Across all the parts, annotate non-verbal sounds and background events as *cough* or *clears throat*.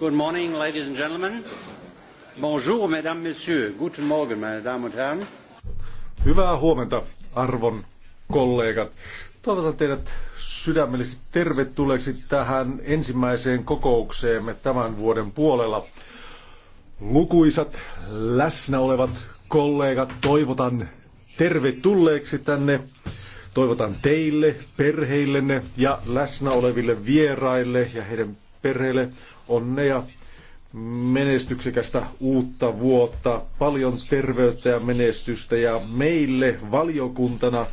Good morning, ladies and gentlemen. Bonjour, mesdames, messieurs. Guten Morgen, meine Damen und Herren. Hyvää huomenta, arvon kollegat. Toivotan teidät sydämellisesti tervetulleeksi tähän ensimmäiseen kokoukseemme tämän vuoden puolella. Lukuisat läsnä olevat kollegat toivotan tervetulleeksi tänne Toivotan teille, perheillenne ja läsnä oleville vieraille ja heidän perheille onnea, menestyksekästä uutta vuotta, paljon terveyttä ja menestystä ja meille valiokuntana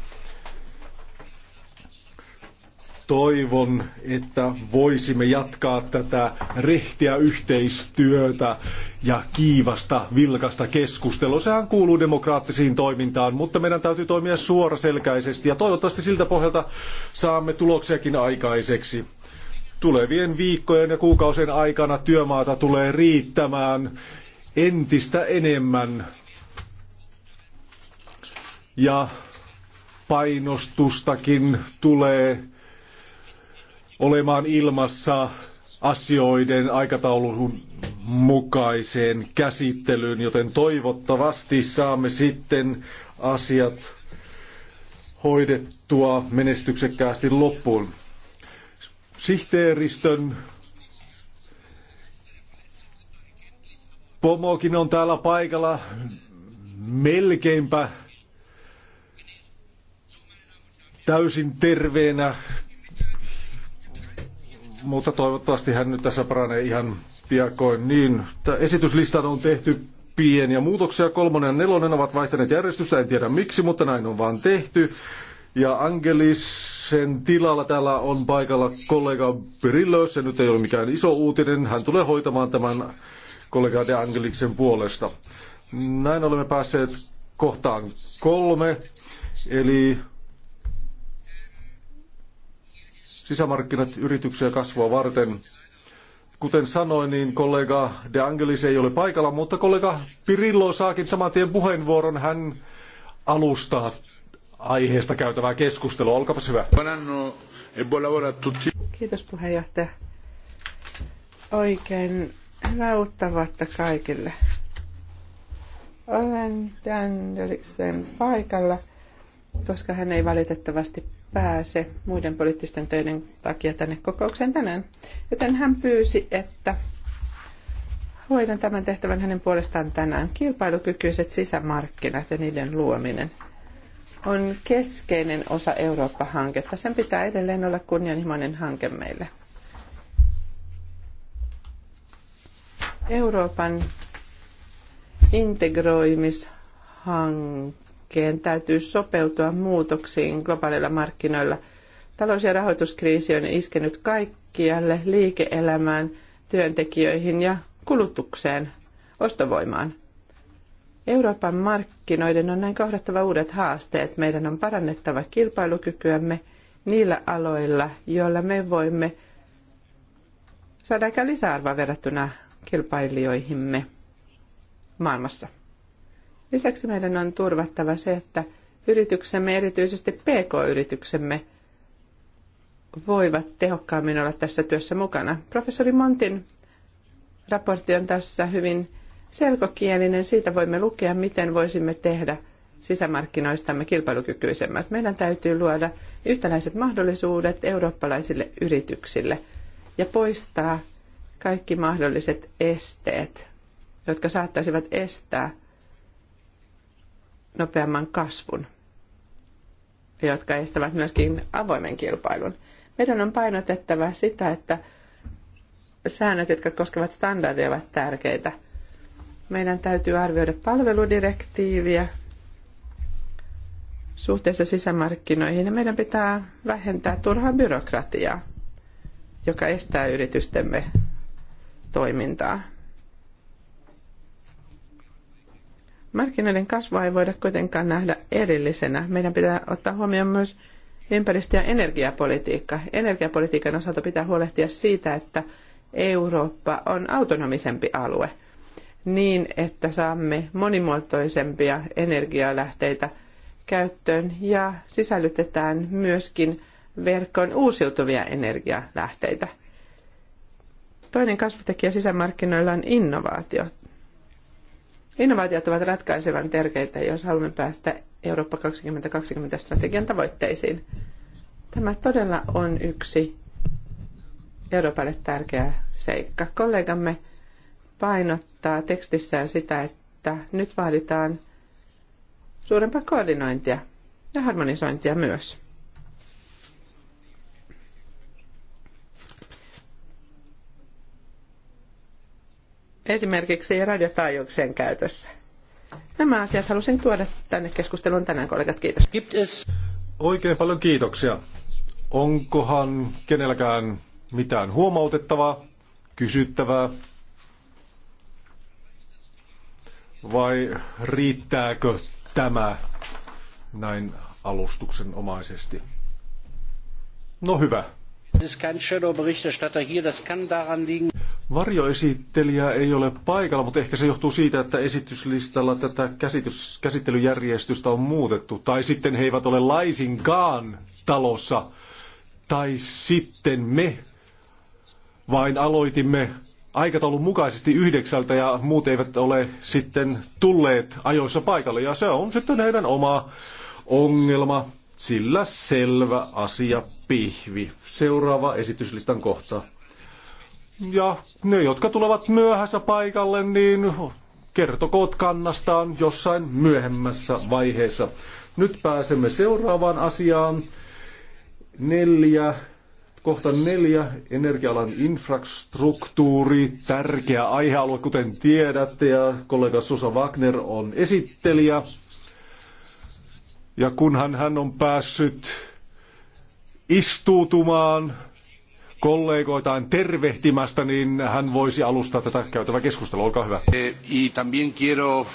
toivon, että voisimme jatkaa tätä rehtiä yhteistyötä ja kiivasta, vilkasta keskustelua. Sehän kuuluu demokraattisiin toimintaan, mutta meidän täytyy toimia suoraselkäisesti ja toivottavasti siltä pohjalta saamme tuloksiakin aikaiseksi tulevien viikkojen ja kuukausien aikana työmaata tulee riittämään entistä enemmän. Ja painostustakin tulee olemaan ilmassa asioiden aikataulun mukaiseen käsittelyyn, joten toivottavasti saamme sitten asiat hoidettua menestyksekkäästi loppuun. Sihteeristön pomokin on täällä paikalla melkeinpä täysin terveenä, mutta toivottavasti hän nyt tässä paranee ihan piakoin. Niin, esityslistan on tehty pieniä muutoksia. Kolmonen ja nelonen ovat vaihtaneet järjestystä, en tiedä miksi, mutta näin on vaan tehty. Ja Angelisen tilalla täällä on paikalla kollega Pirillo, se nyt ei ole mikään iso uutinen. Hän tulee hoitamaan tämän kollega De Angeliksen puolesta. Näin olemme päässeet kohtaan kolme, eli sisämarkkinat yrityksiä kasvua varten. Kuten sanoin, niin kollega De Angelis ei ole paikalla, mutta kollega Pirillo saakin saman tien puheenvuoron. Hän alustaa aiheesta käytävää keskustelua. Olkapas hyvä. Kiitos puheenjohtaja. Oikein hyvää uutta vuotta kaikille. Olen Dan Deliksen paikalla, koska hän ei valitettavasti pääse muiden poliittisten töiden takia tänne kokoukseen tänään. Joten hän pyysi, että hoidan tämän tehtävän hänen puolestaan tänään. Kilpailukykyiset sisämarkkinat ja niiden luominen – on keskeinen osa Eurooppa-hanketta. Sen pitää edelleen olla kunnianhimoinen hanke meille. Euroopan integroimishankkeen täytyy sopeutua muutoksiin globaaleilla markkinoilla. Talous- ja rahoituskriisi on iskenyt kaikkialle liike-elämään, työntekijöihin ja kulutukseen, ostovoimaan. Euroopan markkinoiden on näin kohdattava uudet haasteet. Meidän on parannettava kilpailukykyämme niillä aloilla, joilla me voimme saada aika lisäarvoa verrattuna kilpailijoihimme maailmassa. Lisäksi meidän on turvattava se, että yrityksemme, erityisesti PK-yrityksemme, voivat tehokkaammin olla tässä työssä mukana. Professori Montin raportti on tässä hyvin selkokielinen. Siitä voimme lukea, miten voisimme tehdä sisämarkkinoistamme kilpailukykyisemmät. Meidän täytyy luoda yhtäläiset mahdollisuudet eurooppalaisille yrityksille ja poistaa kaikki mahdolliset esteet, jotka saattaisivat estää nopeamman kasvun, jotka estävät myöskin avoimen kilpailun. Meidän on painotettava sitä, että säännöt, jotka koskevat standardeja, ovat tärkeitä – meidän täytyy arvioida palveludirektiiviä suhteessa sisämarkkinoihin ja meidän pitää vähentää turhaa byrokratiaa, joka estää yritystemme toimintaa. Markkinoiden kasvua ei voida kuitenkaan nähdä erillisenä. Meidän pitää ottaa huomioon myös ympäristö- ja energiapolitiikka. Energiapolitiikan osalta pitää huolehtia siitä, että Eurooppa on autonomisempi alue – niin, että saamme monimuotoisempia energialähteitä käyttöön ja sisällytetään myöskin verkkoon uusiutuvia energialähteitä. Toinen kasvutekijä sisämarkkinoilla on innovaatiot. Innovaatiot ovat ratkaisevan tärkeitä, jos haluamme päästä Eurooppa 2020 strategian tavoitteisiin. Tämä todella on yksi Euroopalle tärkeä seikka. Kollegamme painottaa tekstissään sitä, että nyt vaaditaan suurempaa koordinointia ja harmonisointia myös. Esimerkiksi radiotaajuuksien käytössä. Nämä asiat halusin tuoda tänne keskusteluun tänään, kollegat. Kiitos. Oikein paljon kiitoksia. Onkohan kenelläkään mitään huomautettavaa, kysyttävää? Vai riittääkö tämä näin alustuksen omaisesti? No hyvä. Varjoesittelijä ei ole paikalla, mutta ehkä se johtuu siitä, että esityslistalla tätä käsitys, käsittelyjärjestystä on muutettu. Tai sitten he eivät ole laisinkaan talossa. Tai sitten me vain aloitimme aikataulun mukaisesti yhdeksältä ja muut eivät ole sitten tulleet ajoissa paikalle. Ja se on sitten heidän oma ongelma, sillä selvä asia pihvi. Seuraava esityslistan kohta. Ja ne, jotka tulevat myöhässä paikalle, niin kertokoot kannastaan jossain myöhemmässä vaiheessa. Nyt pääsemme seuraavaan asiaan. Neljä Kohta neljä, energialan infrastruktuuri, tärkeä aihealue, kuten tiedätte, ja kollega Susa Wagner on esittelijä. Ja kunhan hän on päässyt istuutumaan kollegoitaan tervehtimästä, niin hän voisi alustaa tätä käytävää keskustelua. Olkaa hyvä. Eh, y también quiero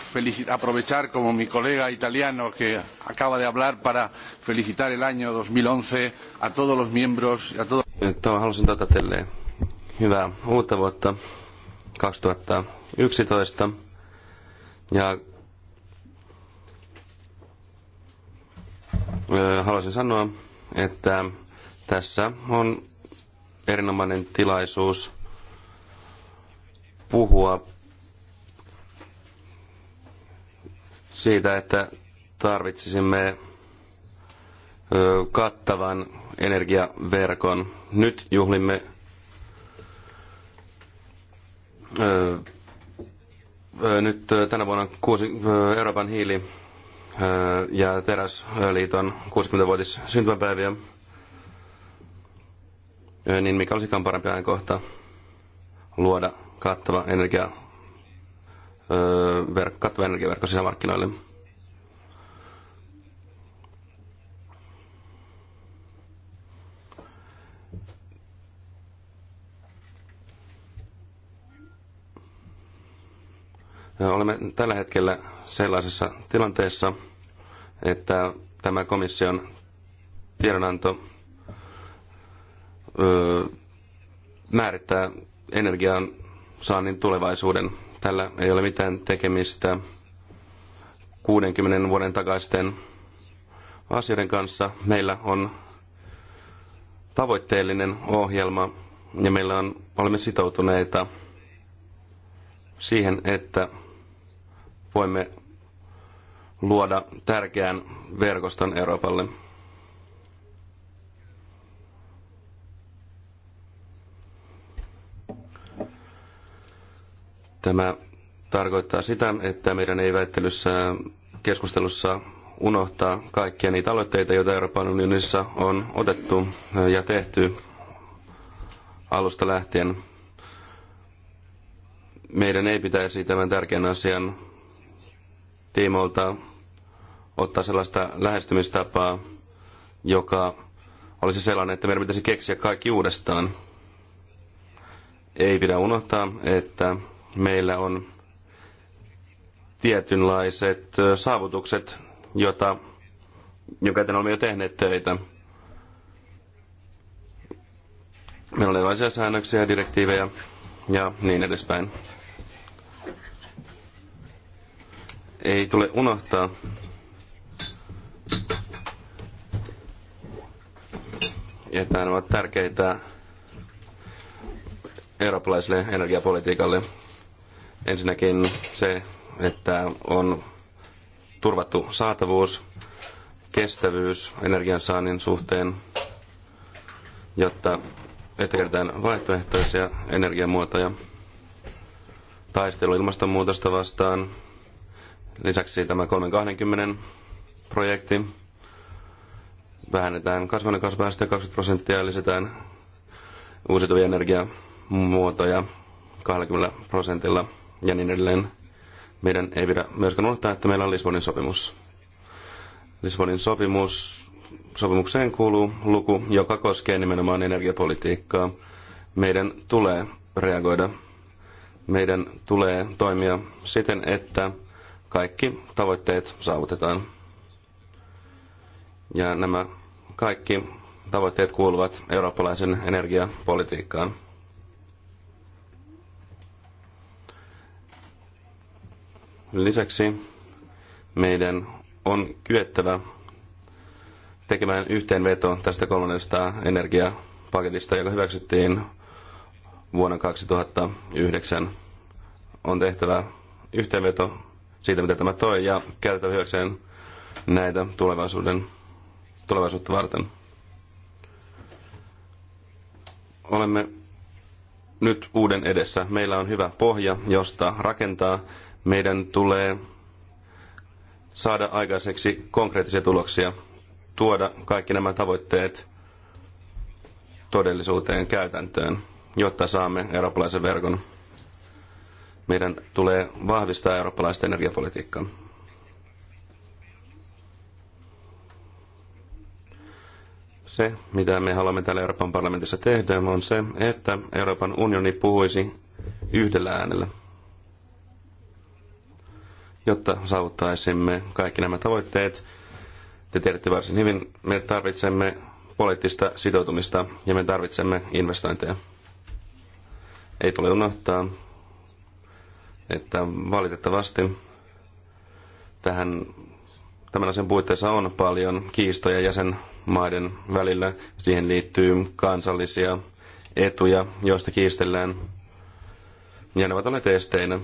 aprovechar como mi colega italiano que acaba de hablar para felicitar el año 2011 a todos los miembros todos... Haluaisin toivottaa teille hyvää uutta vuotta 2011 ja eh, haluaisin sanoa, että tässä on erinomainen tilaisuus puhua siitä, että tarvitsisimme kattavan energiaverkon. Nyt juhlimme nyt tänä vuonna Euroopan hiili- ja teräsliiton 60-vuotis syntymäpäiviä niin mikä olisikaan parempi ajankohta luoda kattava energia, kattava energiaverkko sisämarkkinoille. Olemme tällä hetkellä sellaisessa tilanteessa, että tämä komission tiedonanto määrittää energian saannin tulevaisuuden. Tällä ei ole mitään tekemistä 60 vuoden takaisten asioiden kanssa. Meillä on tavoitteellinen ohjelma ja meillä on, olemme sitoutuneita siihen, että voimme luoda tärkeän verkoston Euroopalle. Tämä tarkoittaa sitä, että meidän ei väittelyssä keskustelussa unohtaa kaikkia niitä aloitteita, joita Euroopan unionissa on otettu ja tehty alusta lähtien. Meidän ei pitäisi tämän tärkeän asian tiimoilta ottaa sellaista lähestymistapaa, joka olisi sellainen, että meidän pitäisi keksiä kaikki uudestaan. Ei pidä unohtaa, että meillä on tietynlaiset saavutukset, jota, jonka eteen olemme jo tehneet töitä. Meillä on erilaisia säännöksiä, direktiivejä ja niin edespäin. Ei tule unohtaa, että nämä ovat tärkeitä eurooppalaiselle energiapolitiikalle. Ensinnäkin se, että on turvattu saatavuus, kestävyys energiansaannin suhteen, jotta etsitään vaihtoehtoisia energiamuotoja, taistelu ilmastonmuutosta vastaan, lisäksi tämä 320 projekti, vähennetään kasvihuonekaasupäästöjä 20 prosenttia ja lisätään uusiutuvia energiamuotoja 20 prosentilla – ja niin edelleen. Meidän ei pidä myöskään unohtaa, että meillä on Lisbonin sopimus. Lisbonin sopimus, sopimukseen kuuluu luku, joka koskee nimenomaan energiapolitiikkaa. Meidän tulee reagoida. Meidän tulee toimia siten, että kaikki tavoitteet saavutetaan. Ja nämä kaikki tavoitteet kuuluvat eurooppalaisen energiapolitiikkaan. Lisäksi meidän on kyettävä tekemään yhteenveto tästä kolmannesta energiapaketista, joka hyväksyttiin vuonna 2009. On tehtävä yhteenveto siitä, mitä tämä toi, ja käytettävä hyväkseen näitä tulevaisuuden, tulevaisuutta varten. Olemme nyt uuden edessä. Meillä on hyvä pohja, josta rakentaa meidän tulee saada aikaiseksi konkreettisia tuloksia, tuoda kaikki nämä tavoitteet todellisuuteen käytäntöön, jotta saamme eurooppalaisen verkon. Meidän tulee vahvistaa eurooppalaista energiapolitiikkaa. se, mitä me haluamme täällä Euroopan parlamentissa tehdä, on se, että Euroopan unioni puhuisi yhdellä äänellä. Jotta saavuttaisimme kaikki nämä tavoitteet, te tiedätte varsin hyvin, me tarvitsemme poliittista sitoutumista ja me tarvitsemme investointeja. Ei tule unohtaa, että valitettavasti tähän, tämän asian puitteissa on paljon kiistoja jäsenmaiden välillä. Siihen liittyy kansallisia etuja, joista kiistellään. Ja ne ovat olleet esteinä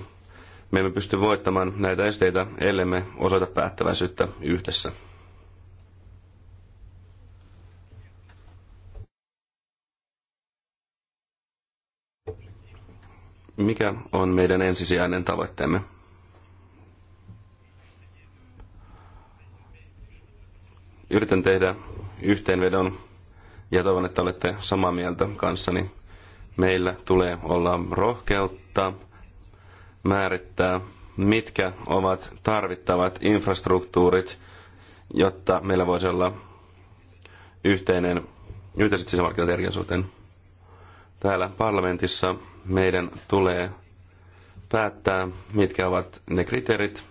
me emme pysty voittamaan näitä esteitä, ellemme osoita päättäväisyyttä yhdessä. Mikä on meidän ensisijainen tavoitteemme? Yritän tehdä yhteenvedon ja toivon, että olette samaa mieltä kanssani. Meillä tulee olla rohkeutta määrittää, mitkä ovat tarvittavat infrastruktuurit, jotta meillä voisi olla yhteinen, yhteiset sisämarkkinat energian suhteen. Täällä parlamentissa meidän tulee päättää, mitkä ovat ne kriteerit,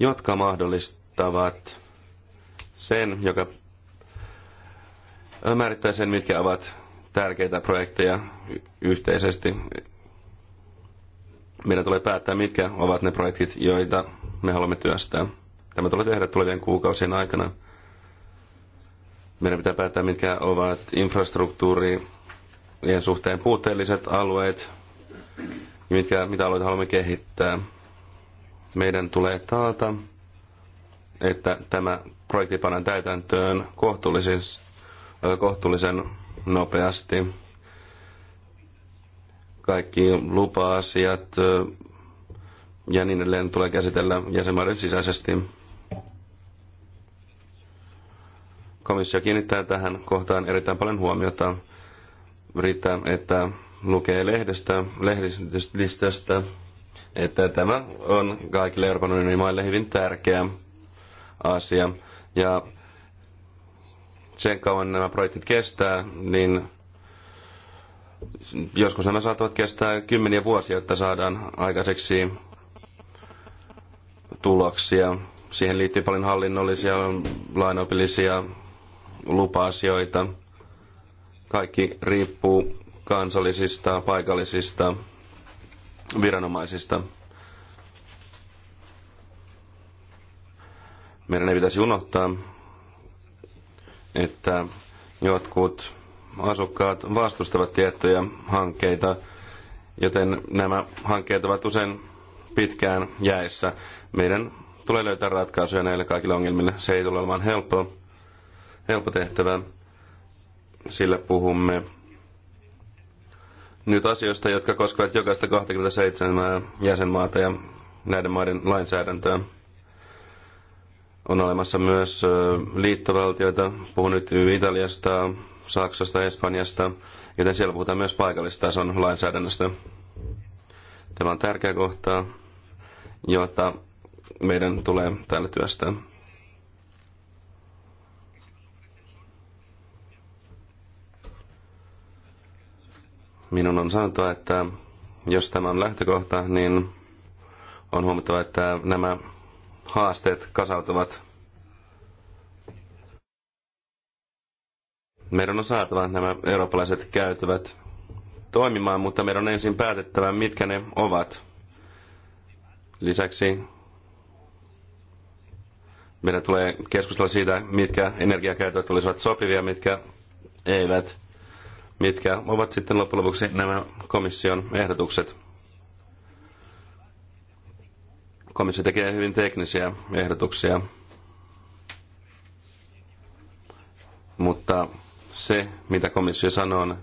jotka mahdollistavat sen, joka määrittää sen, mitkä ovat tärkeitä projekteja yhteisesti meidän tulee päättää, mitkä ovat ne projektit, joita me haluamme työstää. Tämä tulee tehdä tulevien kuukausien aikana. Meidän pitää päättää, mitkä ovat infrastruktuurien suhteen puutteelliset alueet ja mitkä, mitä alueita haluamme kehittää. Meidän tulee taata, että tämä projekti pannaan täytäntöön kohtuullisen nopeasti kaikki lupa-asiat ja niin edelleen tulee käsitellä jäsenmaiden sisäisesti. Komissio kiinnittää tähän kohtaan erittäin paljon huomiota. Riittää, että lukee lehdestä, lehdistöstä, että tämä on kaikille Euroopan unionin maille hyvin tärkeä asia. Ja sen kauan nämä projektit kestää, niin joskus nämä saattavat kestää kymmeniä vuosia, että saadaan aikaiseksi tuloksia. Siihen liittyy paljon hallinnollisia, lainopillisia lupa-asioita. Kaikki riippuu kansallisista, paikallisista viranomaisista. Meidän ei pitäisi unohtaa, että jotkut asukkaat vastustavat tiettyjä hankkeita, joten nämä hankkeet ovat usein pitkään jäissä. Meidän tulee löytää ratkaisuja näille kaikille ongelmille. Se ei tule olemaan helppo, helppo tehtävä, sillä puhumme nyt asioista, jotka koskevat jokaista 27 jäsenmaata ja näiden maiden lainsäädäntöä. On olemassa myös liittovaltioita. Puhun nyt Italiasta, Saksasta, Espanjasta, joten siellä puhutaan myös paikallistason lainsäädännöstä. Tämä on tärkeä kohta, jota meidän tulee täällä työstää. Minun on sanottava, että jos tämä on lähtökohta, niin on huomattava, että nämä haasteet kasautuvat Meidän on saatava nämä eurooppalaiset käytävät toimimaan, mutta meidän on ensin päätettävä, mitkä ne ovat. Lisäksi meidän tulee keskustella siitä, mitkä energiakäytöt olisivat sopivia, mitkä eivät, mitkä ovat sitten loppujen lopuksi nämä komission ehdotukset. Komissio tekee hyvin teknisiä ehdotuksia, mutta se, mitä komissio sanoo,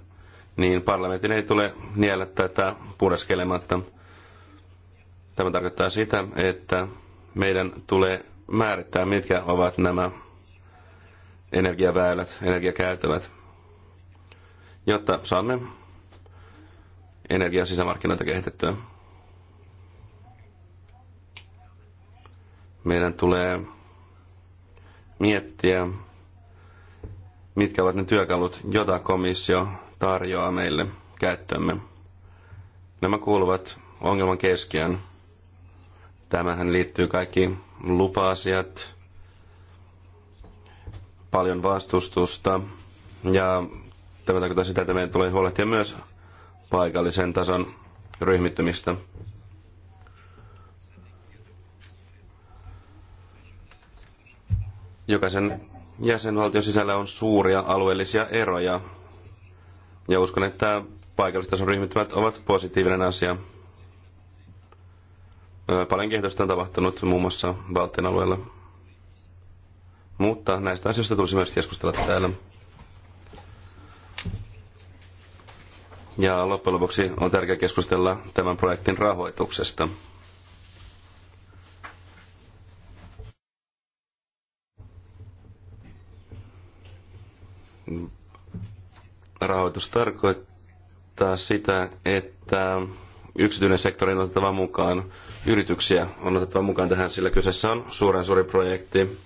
niin parlamentin ei tule niellä tätä pureskelematta. Tämä tarkoittaa sitä, että meidän tulee määrittää, mitkä ovat nämä energiaväylät, energiakäytävät, jotta saamme energian sisämarkkinoita kehitettyä. Meidän tulee miettiä, mitkä ovat ne työkalut, joita komissio tarjoaa meille käyttöömme. Nämä kuuluvat ongelman keskiön. Tämähän liittyy kaikki lupa-asiat, paljon vastustusta ja tämä tarkoittaa sitä, että meidän tulee huolehtia myös paikallisen tason ryhmittymistä. Jokaisen jäsenvaltion sisällä on suuria alueellisia eroja. Ja uskon, että paikallistason ryhmittymät ovat positiivinen asia. Paljon kehitystä on tapahtunut muun muassa Baltian alueella. Mutta näistä asioista tulisi myös keskustella täällä. Ja loppujen lopuksi on tärkeää keskustella tämän projektin rahoituksesta. rahoitus tarkoittaa sitä, että yksityinen sektori on otettava mukaan, yrityksiä on otettava mukaan tähän, sillä kyseessä on suuren suuri projekti.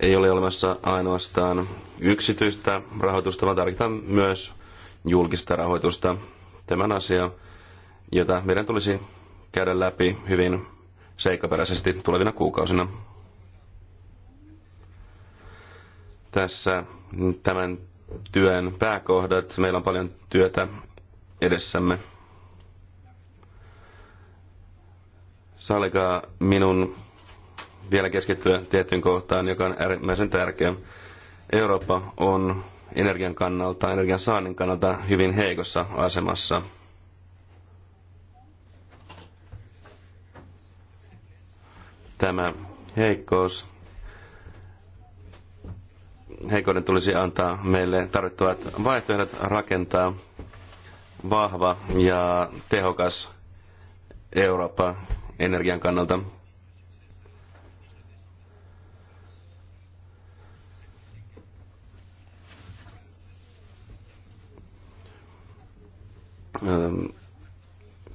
Ei ole olemassa ainoastaan yksityistä rahoitusta, vaan tarvitaan myös julkista rahoitusta. Tämän asia, jota meidän tulisi käydä läpi hyvin seikkaperäisesti tulevina kuukausina. Tässä tämän työn pääkohdat. Meillä on paljon työtä edessämme. Sallikaa minun vielä keskittyä tiettyyn kohtaan, joka on äärimmäisen tärkeä. Eurooppa on energian kannalta, energian saannin kannalta hyvin heikossa asemassa. Tämä heikkous heikoiden tulisi antaa meille tarvittavat vaihtoehdot rakentaa vahva ja tehokas Eurooppa energian kannalta. Ähm,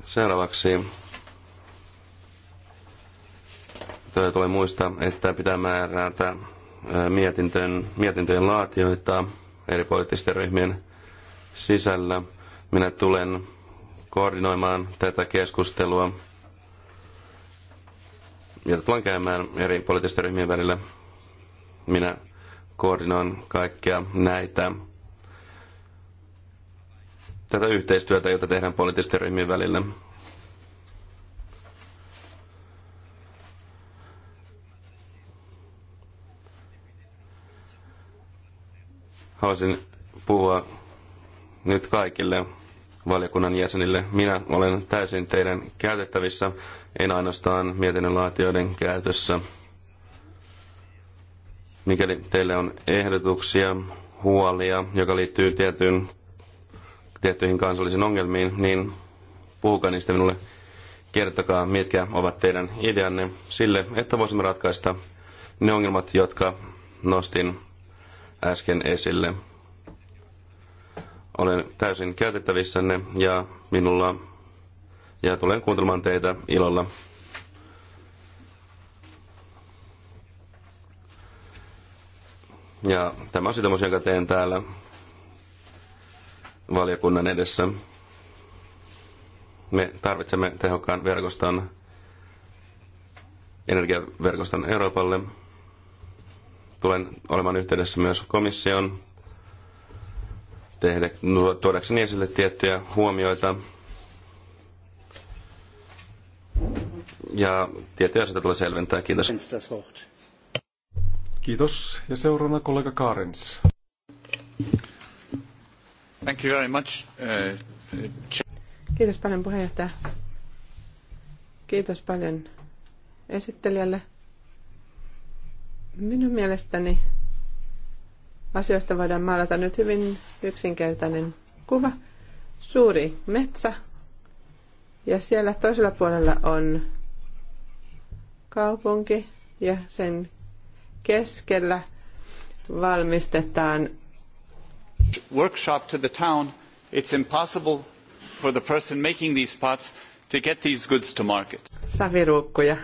seuraavaksi tulee muistaa, että pitää määrätä mietintöjen, mietintöjen laatioita eri poliittisten ryhmien sisällä. Minä tulen koordinoimaan tätä keskustelua, jota tulen käymään eri poliittisten ryhmien välillä. Minä koordinoin kaikkia näitä tätä yhteistyötä, jota tehdään poliittisten ryhmien välillä. Haluaisin puhua nyt kaikille valiokunnan jäsenille. Minä olen täysin teidän käytettävissä, en ainoastaan mietinnön laatioiden käytössä. Mikäli teille on ehdotuksia, huolia, joka liittyy tiettyyn, tiettyihin kansallisiin ongelmiin, niin puhukaa niistä minulle. Kertokaa, mitkä ovat teidän ideanne sille, että voisimme ratkaista ne ongelmat, jotka nostin äsken esille. Olen täysin käytettävissänne ja minulla ja tulen kuuntelemaan teitä ilolla. Ja tämä on sitomus, jonka teen täällä valiokunnan edessä. Me tarvitsemme tehokkaan verkoston, energiaverkoston Euroopalle – tulen olemaan yhteydessä myös komission tehdä, tuodakseni esille tiettyjä huomioita. Ja tiettyjä asioita tulee selventää. Kiitos. Kiitos. Ja seuraavana kollega Kaarens. Thank you very much. Uh, Kiitos paljon puheenjohtaja. Kiitos paljon esittelijälle. Minun mielestäni asioista voidaan maalata nyt hyvin yksinkertainen kuva. Suuri metsä ja siellä toisella puolella on kaupunki ja sen keskellä valmistetaan workshop to the town, it's impossible for the person making these pots to get these goods to market. Saviruukkuja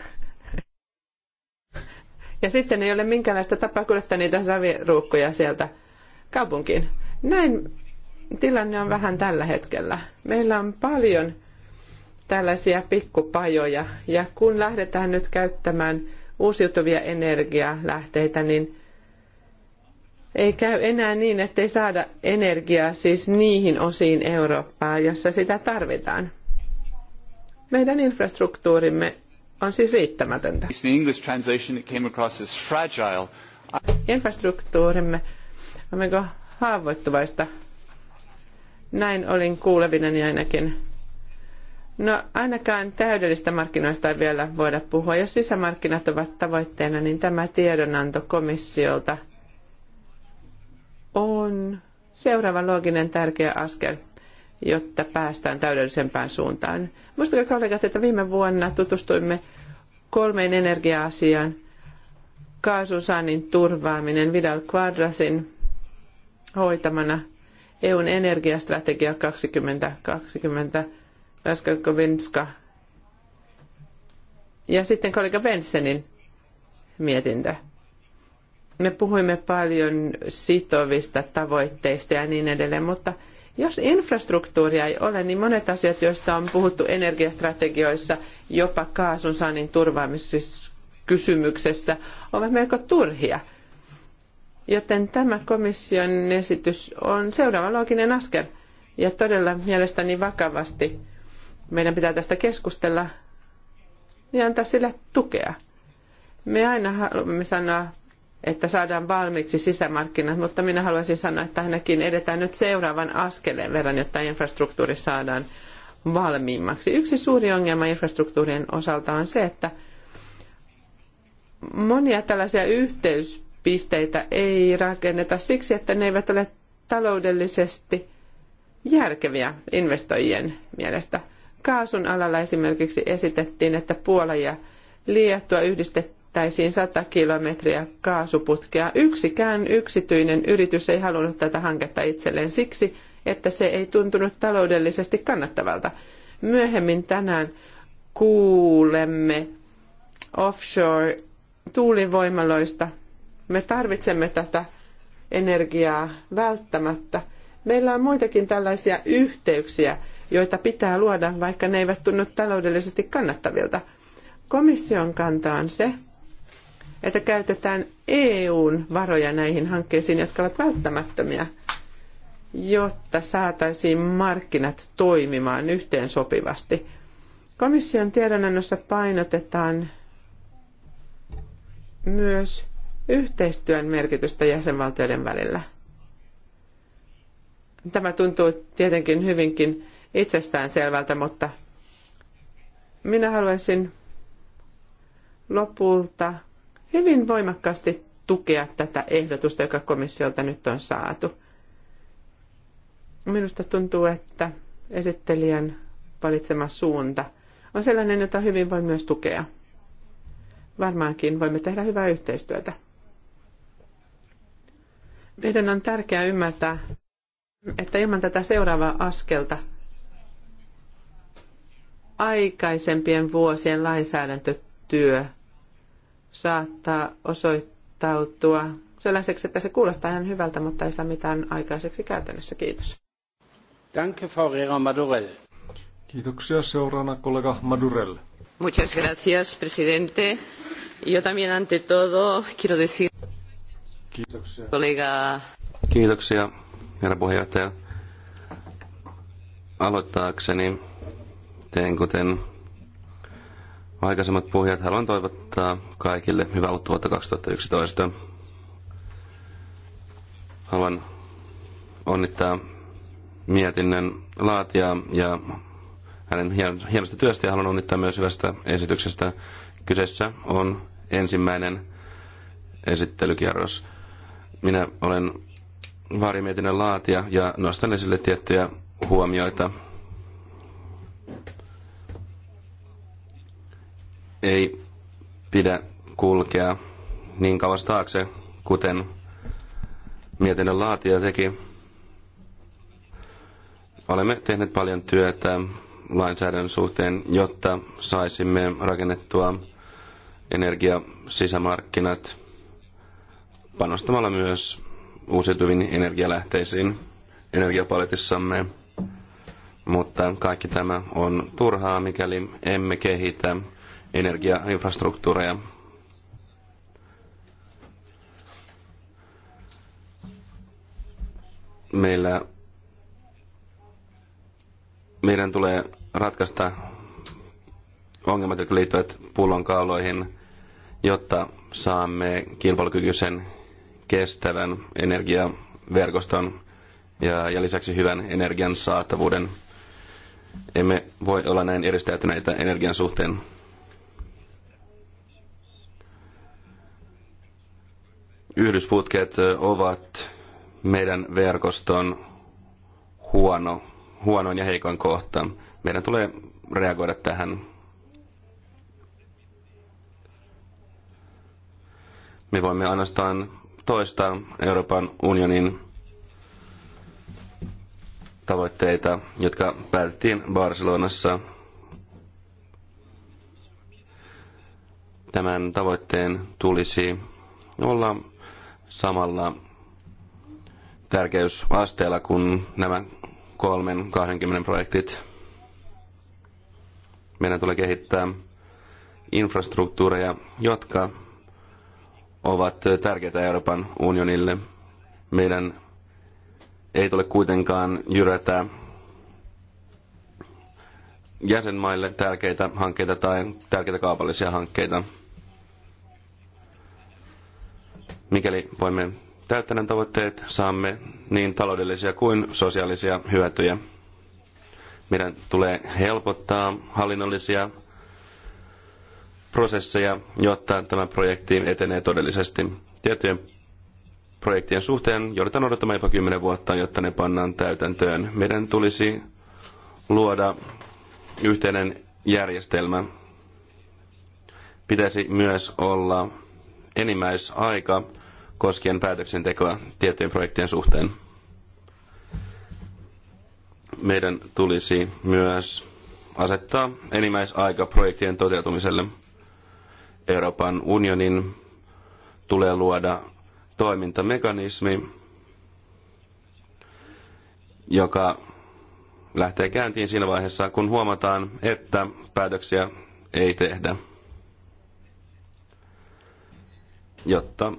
ja sitten ei ole minkäänlaista tapaa kuljettaa niitä saviruukkuja sieltä kaupunkiin. Näin tilanne on vähän tällä hetkellä. Meillä on paljon tällaisia pikkupajoja ja kun lähdetään nyt käyttämään uusiutuvia energialähteitä, niin ei käy enää niin, ei saada energiaa siis niihin osiin Eurooppaa, jossa sitä tarvitaan. Meidän infrastruktuurimme on siis riittämätöntä. In English translation it came across as fragile. Infrastruktuurimme, olemmeko haavoittuvaista? Näin olin kuulevinani ainakin. No ainakaan täydellistä markkinoista ei vielä voida puhua. Jos sisämarkkinat ovat tavoitteena, niin tämä tiedonanto komissiolta on seuraava looginen tärkeä askel jotta päästään täydellisempään suuntaan. Muistakaa kollegat, että viime vuonna tutustuimme kolmeen energia-asiaan. Kaasunsaannin turvaaminen Vidal Quadrasin hoitamana EUn energiastrategia 2020, Raska Venska. ja sitten kollega Bensenin mietintä. Me puhuimme paljon sitovista tavoitteista ja niin edelleen, mutta – jos infrastruktuuria ei ole, niin monet asiat, joista on puhuttu energiastrategioissa, jopa kaasun saannin turvaamiskysymyksessä, ovat melko turhia. Joten tämä komission esitys on seuraava looginen askel. Ja todella mielestäni vakavasti meidän pitää tästä keskustella ja antaa sille tukea. Me aina haluamme sanoa että saadaan valmiiksi sisämarkkinat, mutta minä haluaisin sanoa, että ainakin edetään nyt seuraavan askeleen verran, jotta infrastruktuuri saadaan valmiimmaksi. Yksi suuri ongelma infrastruktuurien osalta on se, että monia tällaisia yhteyspisteitä ei rakenneta siksi, että ne eivät ole taloudellisesti järkeviä investoijien mielestä. Kaasun alalla esimerkiksi esitettiin, että Puola ja Liettua yhdistettiin tehtäisiin 100 kilometriä kaasuputkea. Yksikään yksityinen yritys ei halunnut tätä hanketta itselleen siksi, että se ei tuntunut taloudellisesti kannattavalta. Myöhemmin tänään kuulemme offshore-tuulivoimaloista. Me tarvitsemme tätä energiaa välttämättä. Meillä on muitakin tällaisia yhteyksiä, joita pitää luoda, vaikka ne eivät tunnu taloudellisesti kannattavilta. Komission kanta on se, että käytetään EUn varoja näihin hankkeisiin, jotka ovat välttämättömiä, jotta saataisiin markkinat toimimaan yhteen sopivasti. Komission tiedonannossa painotetaan myös yhteistyön merkitystä jäsenvaltioiden välillä. Tämä tuntuu tietenkin hyvinkin itsestäänselvältä, mutta minä haluaisin lopulta hyvin voimakkaasti tukea tätä ehdotusta, joka komissiolta nyt on saatu. Minusta tuntuu, että esittelijän valitsema suunta on sellainen, jota hyvin voi myös tukea. Varmaankin voimme tehdä hyvää yhteistyötä. Meidän on tärkeää ymmärtää, että ilman tätä seuraavaa askelta aikaisempien vuosien lainsäädäntötyö saattaa osoittautua sellaiseksi, että se kuulostaa ihan hyvältä, mutta ei saa mitään aikaiseksi käytännössä. Kiitos. Danke, Frau Rera Madurell. Kiitoksia. Seuraavana kollega Madurell. Muchas gracias, presidente. Yo también ante todo quiero decir... Kiitoksia. Kollega... Kiitoksia, herra puheenjohtaja. Aloittaakseni teen kuten aikaisemmat puhujat, haluan toivottaa kaikille hyvää uutta vuotta 2011. Haluan onnittaa mietinnön laatijaa ja hänen hienosta työstä ja haluan onnittaa myös hyvästä esityksestä. Kyseessä on ensimmäinen esittelykierros. Minä olen vaarimietinnön laatija ja nostan esille tiettyjä huomioita ei pidä kulkea niin kauas taakse, kuten mietinnön laatija teki. Olemme tehneet paljon työtä lainsäädännön suhteen, jotta saisimme rakennettua energiasisämarkkinat panostamalla myös uusiutuviin energialähteisiin energiapaletissamme. Mutta kaikki tämä on turhaa, mikäli emme kehitä energiainfrastruktuureja. Meillä meidän tulee ratkaista ongelmat, jotka liittyvät pullonkauloihin, jotta saamme kilpailukykyisen kestävän energiaverkoston ja, ja lisäksi hyvän energian saatavuuden. Emme voi olla näin eristäytyneitä energian suhteen. Yhdysputket ovat meidän verkoston huono, huonoin ja heikoin kohta. Meidän tulee reagoida tähän. Me voimme ainoastaan toistaa Euroopan unionin tavoitteita, jotka päätettiin Barcelonassa. Tämän tavoitteen tulisi olla samalla tärkeysasteella kuin nämä kolmen 20 projektit. Meidän tulee kehittää infrastruktuureja, jotka ovat tärkeitä Euroopan unionille. Meidän ei tule kuitenkaan jyrätä jäsenmaille tärkeitä hankkeita tai tärkeitä kaupallisia hankkeita. Mikäli voimme täyttää nämä tavoitteet, saamme niin taloudellisia kuin sosiaalisia hyötyjä. Meidän tulee helpottaa hallinnollisia prosesseja, jotta tämä projekti etenee todellisesti. Tiettyjen projektien suhteen joudutaan odottamaan jopa kymmenen vuotta, jotta ne pannaan täytäntöön. Meidän tulisi luoda yhteinen järjestelmä. Pitäisi myös olla enimmäisaika koskien päätöksentekoa tiettyjen projektien suhteen. Meidän tulisi myös asettaa enimmäisaika projektien toteutumiselle. Euroopan unionin tulee luoda toimintamekanismi, joka lähtee käyntiin siinä vaiheessa, kun huomataan, että päätöksiä ei tehdä jotta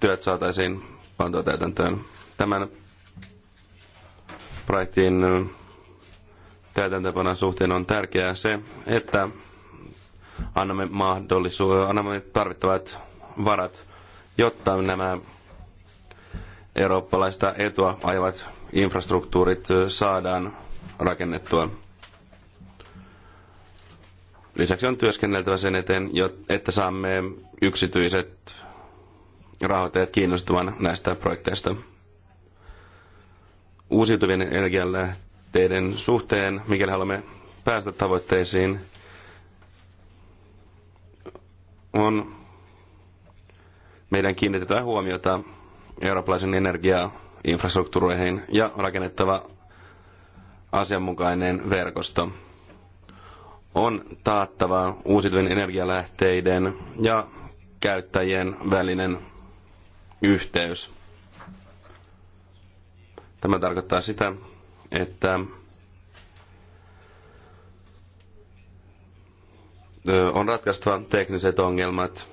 työt saataisiin pantua täytäntöön. Tämän projektin täytäntöpanon suhteen on tärkeää se, että annamme mahdollisuus, annamme tarvittavat varat, jotta nämä eurooppalaista etua ajavat infrastruktuurit saadaan rakennettua. Lisäksi on työskenneltävä sen eteen, että saamme yksityiset rahoittajat kiinnostuvan näistä projekteista. Uusiutuvien energialähteiden suhteen, mikäli haluamme päästä tavoitteisiin, on meidän kiinnitetään huomiota eurooppalaisen energiainfrastruktuureihin ja rakennettava asianmukainen verkosto. On taattava uusiutuvien energialähteiden ja käyttäjien välinen yhteys. Tämä tarkoittaa sitä, että on ratkaistava tekniset ongelmat.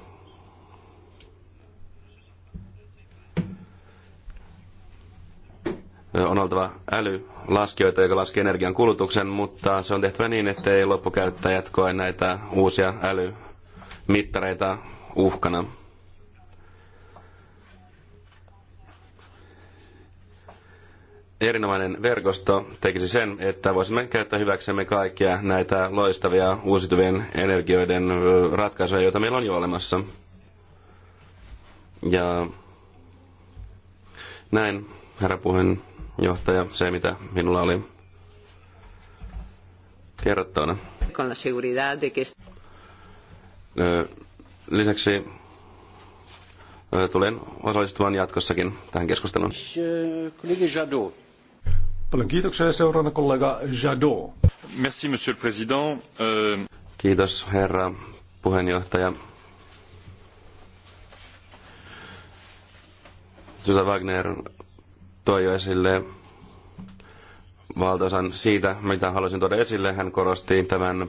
On oltava älylaskijoita, joka laskee energian kulutuksen, mutta se on tehtävä niin, ettei loppukäyttäjät koe näitä uusia älymittareita uhkana. Erinomainen verkosto tekisi sen, että voisimme käyttää hyväksemme kaikkia näitä loistavia uusiutuvien energioiden ratkaisuja, joita meillä on jo olemassa. Ja näin, herra puheenjohtaja, se mitä minulla oli kerrottavana. Lisäksi tulen osallistumaan jatkossakin tähän keskusteluun. Paljon kiitoksia seuraavana kollega Jadot. Merci, monsieur le président. Euh, Kiitos, herra puheenjohtaja. Susa Wagner toi jo esille valtaosan siitä, mitä haluaisin tuoda esille. Hän korosti tämän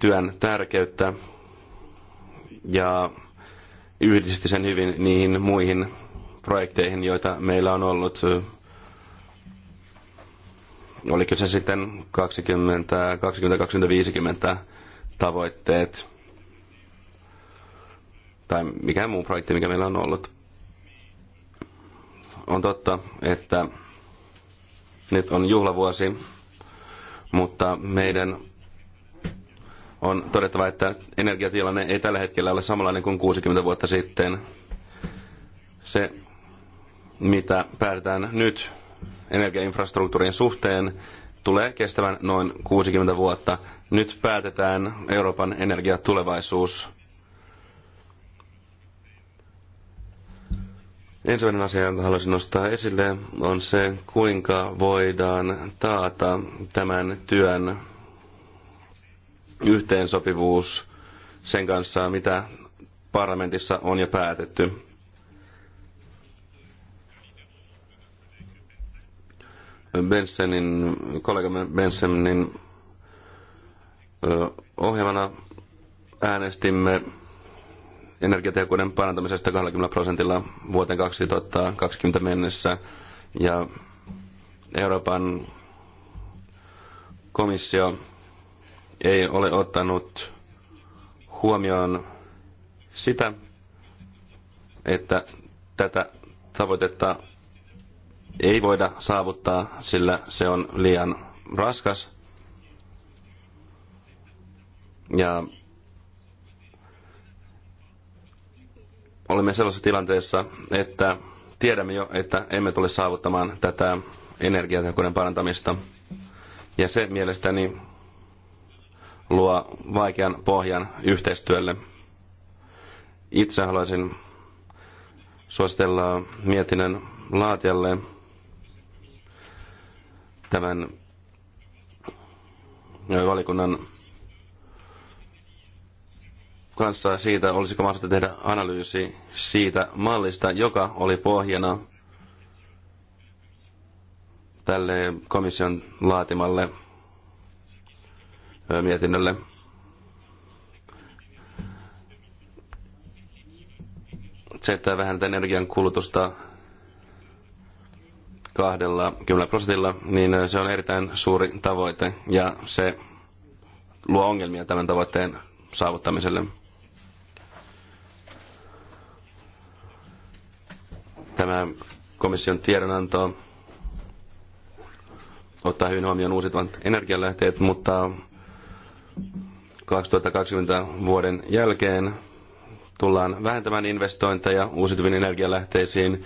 työn tärkeyttä ja yhdisti sen hyvin niihin muihin projekteihin, joita meillä on ollut. Oliko se sitten 20, 20, 50 tavoitteet tai mikä muu projekti, mikä meillä on ollut. On totta, että nyt on juhlavuosi, mutta meidän on todettava, että energiatilanne ei tällä hetkellä ole samanlainen kuin 60 vuotta sitten. Se, mitä päätetään nyt energiainfrastruktuurin suhteen, tulee kestävän noin 60 vuotta. Nyt päätetään Euroopan energiatulevaisuus. Ensimmäinen asia, jonka haluaisin nostaa esille, on se, kuinka voidaan taata tämän työn yhteensopivuus sen kanssa, mitä parlamentissa on jo päätetty. Bensenin, kollega Bensenin ohjelmana äänestimme energiatehokkuuden parantamisesta 20 prosentilla vuoteen 2020 mennessä. Ja Euroopan komissio ei ole ottanut huomioon sitä, että tätä tavoitetta ei voida saavuttaa, sillä se on liian raskas. Ja olemme sellaisessa tilanteessa, että tiedämme jo, että emme tule saavuttamaan tätä energiatehokkuuden parantamista. Ja se mielestäni luo vaikean pohjan yhteistyölle. Itse haluaisin suositella mietinnön laatijalle tämän valikunnan kanssa siitä, olisiko mahdollista tehdä analyysi siitä mallista, joka oli pohjana tälle komission laatimalle mietinnölle. Se, että vähennetään energian kulutusta 20 prosentilla, niin se on erittäin suuri tavoite ja se luo ongelmia tämän tavoitteen saavuttamiselle. Tämä komission tiedonanto ottaa hyvin huomioon uusiutuvat energialähteet, mutta 2020 vuoden jälkeen tullaan vähentämään investointeja uusiutuviin energialähteisiin,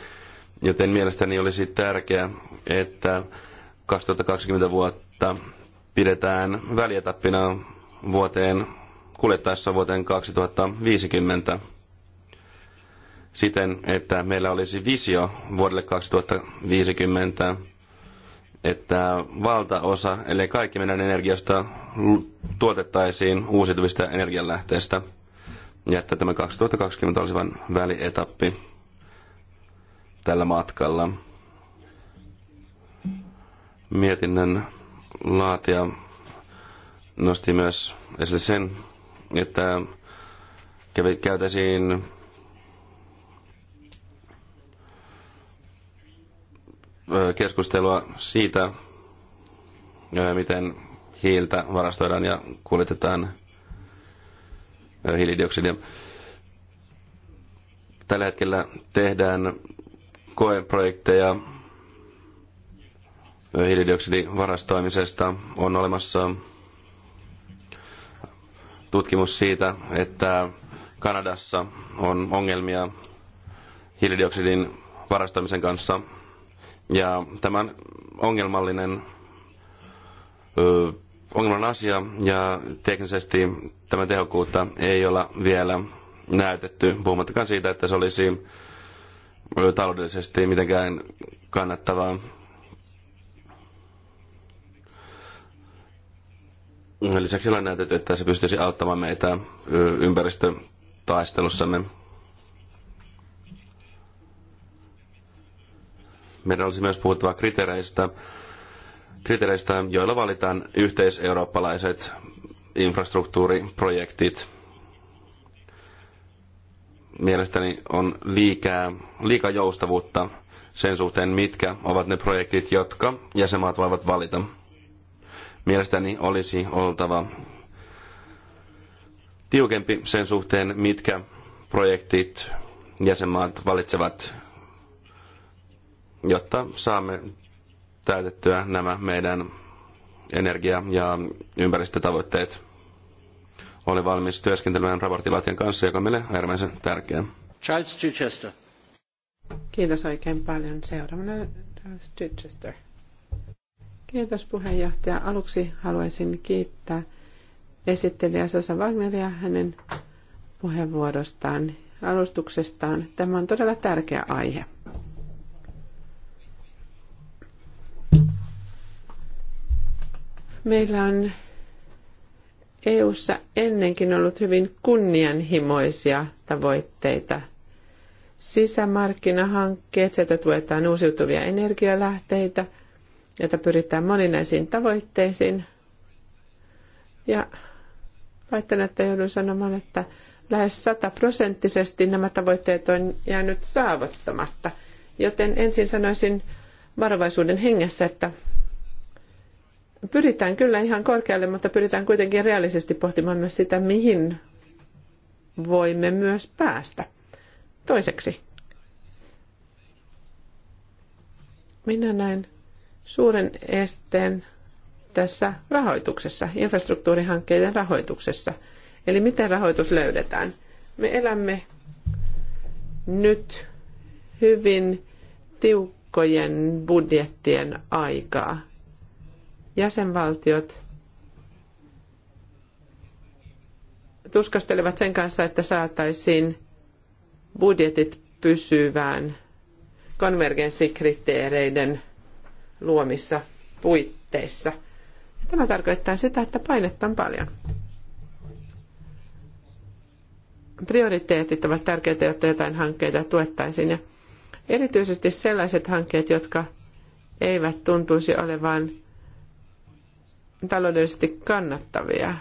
joten mielestäni olisi tärkeää, että 2020 vuotta pidetään välietappina vuoteen kuljettaessa vuoteen 2050 siten, että meillä olisi visio vuodelle 2050 että valtaosa, eli kaikki meidän energiasta tuotettaisiin uusiutuvista energianlähteistä, ja että tämä 2020 olisi vain välietappi tällä matkalla. Mietinnön laatia nosti myös esille sen, että käytäisiin keskustelua siitä, miten hiiltä varastoidaan ja kuljetetaan hiilidioksidia. Tällä hetkellä tehdään koeprojekteja hiilidioksidivarastoimisesta. On olemassa tutkimus siitä, että Kanadassa on ongelmia hiilidioksidin varastoimisen kanssa – ja tämän ongelmallinen ö, ongelman asia ja teknisesti tämän tehokkuutta ei olla vielä näytetty, puhumattakaan siitä, että se olisi taloudellisesti mitenkään kannattavaa. Lisäksi on näytetty, että se pystyisi auttamaan meitä ympäristötaistelussamme Meidän olisi myös puhuttava kriteereistä, kriteereistä joilla valitaan yhteiseurooppalaiset infrastruktuuriprojektit. Mielestäni on liikaa, liikaa joustavuutta sen suhteen, mitkä ovat ne projektit, jotka jäsenmaat voivat valita. Mielestäni olisi oltava tiukempi sen suhteen, mitkä projektit jäsenmaat valitsevat jotta saamme täytettyä nämä meidän energia- ja ympäristötavoitteet. Olen valmis työskentelemään raportilaatien kanssa, joka on meille äärimmäisen tärkeä. Charles Chichester. Kiitos oikein paljon. Seuraavana Charles Chichester. Kiitos puheenjohtaja. Aluksi haluaisin kiittää esittelijä Sosa Wagneria hänen puheenvuorostaan, alustuksestaan. Tämä on todella tärkeä aihe. Meillä on EU:ssa ennenkin ollut hyvin kunnianhimoisia tavoitteita. Sisämarkkinahankkeet, sieltä tuetaan uusiutuvia energialähteitä, joita pyritään moninaisiin tavoitteisiin. Ja väittän, että joudun sanomaan, että lähes sataprosenttisesti nämä tavoitteet on jäänyt saavuttamatta. Joten ensin sanoisin varovaisuuden hengessä, että pyritään kyllä ihan korkealle, mutta pyritään kuitenkin realistisesti pohtimaan myös sitä, mihin voimme myös päästä. Toiseksi, minä näen suuren esteen tässä rahoituksessa, infrastruktuurihankkeiden rahoituksessa. Eli miten rahoitus löydetään? Me elämme nyt hyvin tiukkojen budjettien aikaa Jäsenvaltiot tuskastelevat sen kanssa, että saataisiin budjetit pysyvään konvergenssikriteereiden luomissa puitteissa. Tämä tarkoittaa sitä, että painetta on paljon. Prioriteetit ovat tärkeitä, jotta jotain hankkeita tuettaisiin. Ja erityisesti sellaiset hankkeet, jotka eivät tuntuisi olevan taloudellisesti kannattavia,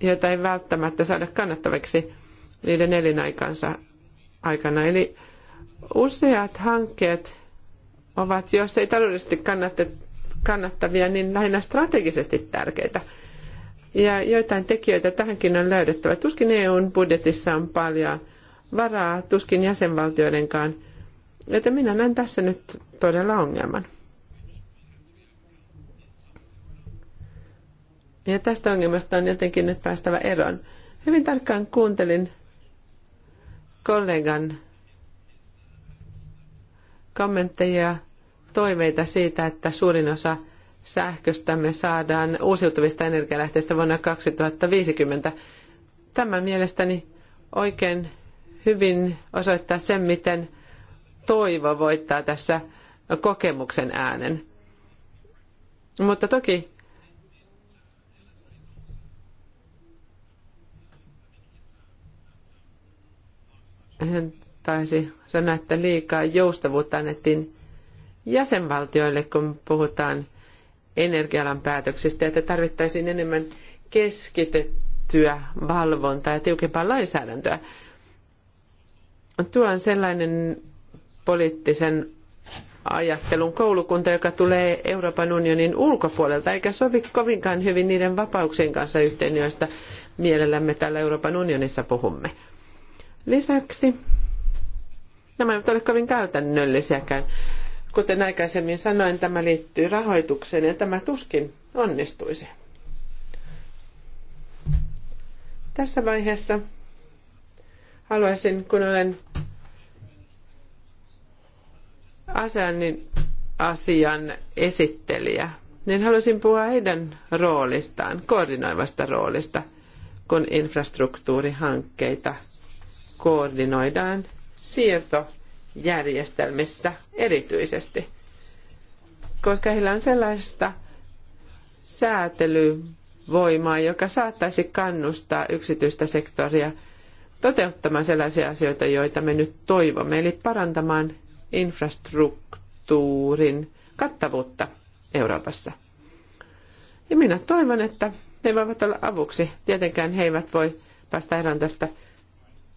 joita ei välttämättä saada kannattaviksi niiden elinaikansa aikana. Eli useat hankkeet ovat, jos ei taloudellisesti kannattavia, niin lähinnä strategisesti tärkeitä. Ja joitain tekijöitä tähänkin on löydettävä. Tuskin EUn budjetissa on paljon varaa, tuskin jäsenvaltioidenkaan. Joten minä näen tässä nyt todella ongelman. Ja tästä ongelmasta on jotenkin nyt päästävä eroon. Hyvin tarkkaan kuuntelin kollegan kommentteja ja toiveita siitä, että suurin osa sähköstämme saadaan uusiutuvista energialähteistä vuonna 2050. Tämä mielestäni oikein hyvin osoittaa sen, miten toivo voittaa tässä kokemuksen äänen. Mutta toki hän taisi sanoa, että liikaa joustavuutta annettiin jäsenvaltioille, kun puhutaan energialan päätöksistä, että tarvittaisiin enemmän keskitettyä valvontaa ja tiukempaa lainsäädäntöä. Tuo on sellainen poliittisen ajattelun koulukunta, joka tulee Euroopan unionin ulkopuolelta, eikä sovi kovinkaan hyvin niiden vapauksien kanssa yhteen, joista mielellämme täällä Euroopan unionissa puhumme. Lisäksi nämä eivät ole kovin käytännöllisiäkään. Kuten aikaisemmin sanoin, tämä liittyy rahoitukseen ja tämä tuskin onnistuisi. Tässä vaiheessa haluaisin, kun olen Aseanin asian esittelijä, niin haluaisin puhua heidän roolistaan, koordinoivasta roolista, kun infrastruktuurihankkeita – koordinoidaan siirtojärjestelmissä erityisesti, koska heillä on sellaista säätelyvoimaa, joka saattaisi kannustaa yksityistä sektoria toteuttamaan sellaisia asioita, joita me nyt toivomme, eli parantamaan infrastruktuurin kattavuutta Euroopassa. Ja minä toivon, että ne voivat olla avuksi. Tietenkään he eivät voi päästä eroon tästä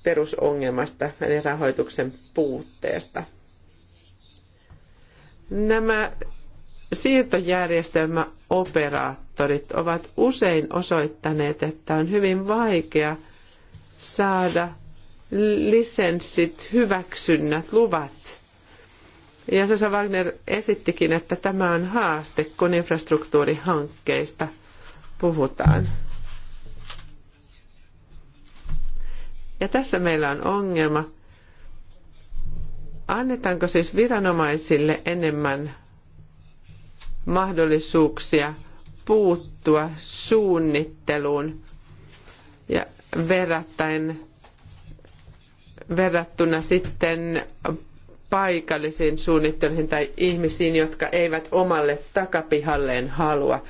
perusongelmasta, eli rahoituksen puutteesta. Nämä siirtojärjestelmäoperaattorit ovat usein osoittaneet, että on hyvin vaikea saada lisenssit, hyväksynnät, luvat. Ja Sosa Wagner esittikin, että tämä on haaste, kun infrastruktuurihankkeista puhutaan. Ja tässä meillä on ongelma. Annetaanko siis viranomaisille enemmän mahdollisuuksia puuttua suunnitteluun ja verrattain, verrattuna sitten paikallisiin suunnitteluihin tai ihmisiin, jotka eivät omalle takapihalleen halua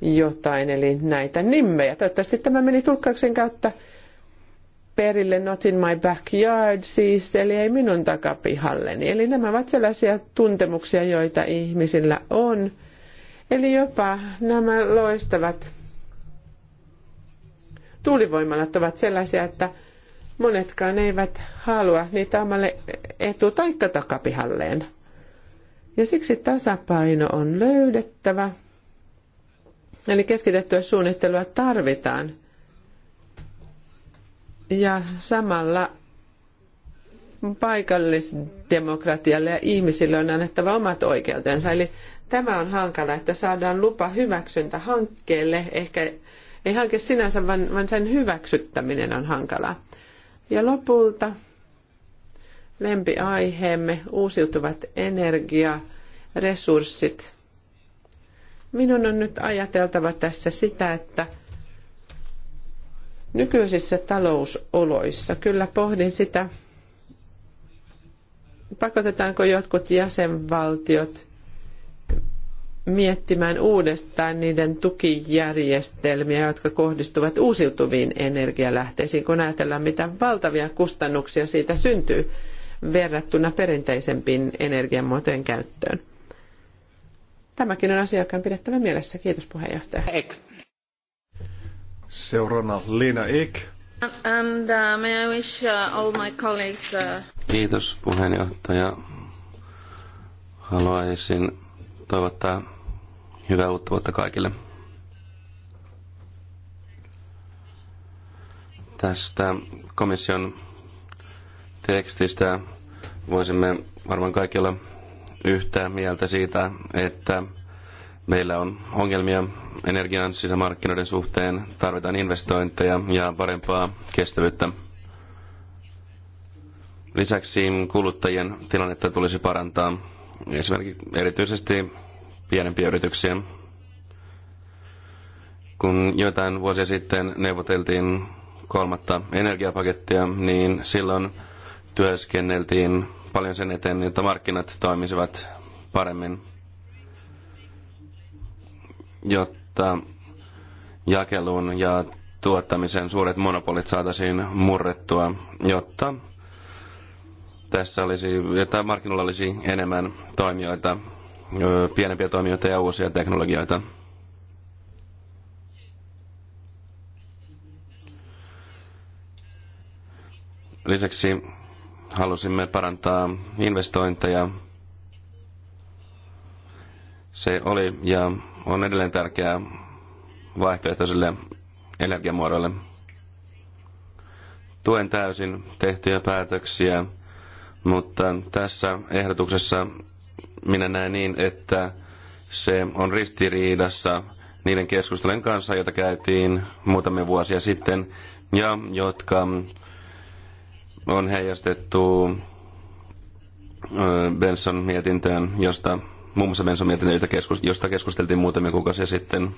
jotain, eli näitä nimmejä. Toivottavasti tämä meni tulkkauksen kautta perille Not in my backyard siis, eli ei minun takapihalleni. Eli nämä ovat sellaisia tuntemuksia, joita ihmisillä on. Eli jopa nämä loistavat tuulivoimalat ovat sellaisia, että monetkaan eivät halua niitä omalle etu- tai takapihalleen. Ja siksi tasapaino on löydettävä. Eli keskitettyä suunnittelua tarvitaan – ja samalla paikallisdemokratialle ja ihmisille on annettava omat oikeutensa. Eli tämä on hankala, että saadaan lupa hyväksyntä hankkeelle. Ehkä ei hanke sinänsä, vaan, vaan sen hyväksyttäminen on hankalaa. Ja lopulta lempiaiheemme, uusiutuvat energiaresurssit. Minun on nyt ajateltava tässä sitä, että – Nykyisissä talousoloissa kyllä pohdin sitä, pakotetaanko jotkut jäsenvaltiot miettimään uudestaan niiden tukijärjestelmiä, jotka kohdistuvat uusiutuviin energialähteisiin, kun ajatellaan, mitä valtavia kustannuksia siitä syntyy verrattuna perinteisempiin energiamuotojen käyttöön. Tämäkin on asia, joka on pidettävä mielessä. Kiitos puheenjohtaja. Ek. Seurana Lena Ek. And uh, may I wish uh, all my colleagues... Uh... Kiitos puheenjohtaja. Haluaisin toivottaa hyvää uutta vuotta kaikille. Tästä komission tekstistä voisimme varmaan kaikilla yhtä mieltä siitä, että meillä on ongelmia energian sisämarkkinoiden suhteen tarvitaan investointeja ja parempaa kestävyyttä. Lisäksi kuluttajien tilannetta tulisi parantaa esimerkiksi erityisesti pienempiä yrityksiä. Kun joitain vuosia sitten neuvoteltiin kolmatta energiapakettia, niin silloin työskenneltiin paljon sen eteen, että markkinat toimisivat paremmin. Jotta jotta jakelun ja tuottamisen suuret monopolit saataisiin murrettua, jotta tässä olisi, että markkinoilla olisi enemmän toimijoita, pienempiä toimijoita ja uusia teknologioita. Lisäksi halusimme parantaa investointeja se oli ja on edelleen tärkeää vaihtoehtoisille energiamuodoille. Tuen täysin tehtyjä päätöksiä, mutta tässä ehdotuksessa minä näen niin, että se on ristiriidassa niiden keskustelujen kanssa, joita käytiin muutamia vuosia sitten, ja jotka on heijastettu Benson mietintöön, josta muun muassa Benson mietinnön, josta keskusteltiin muutamia kuukausia sitten.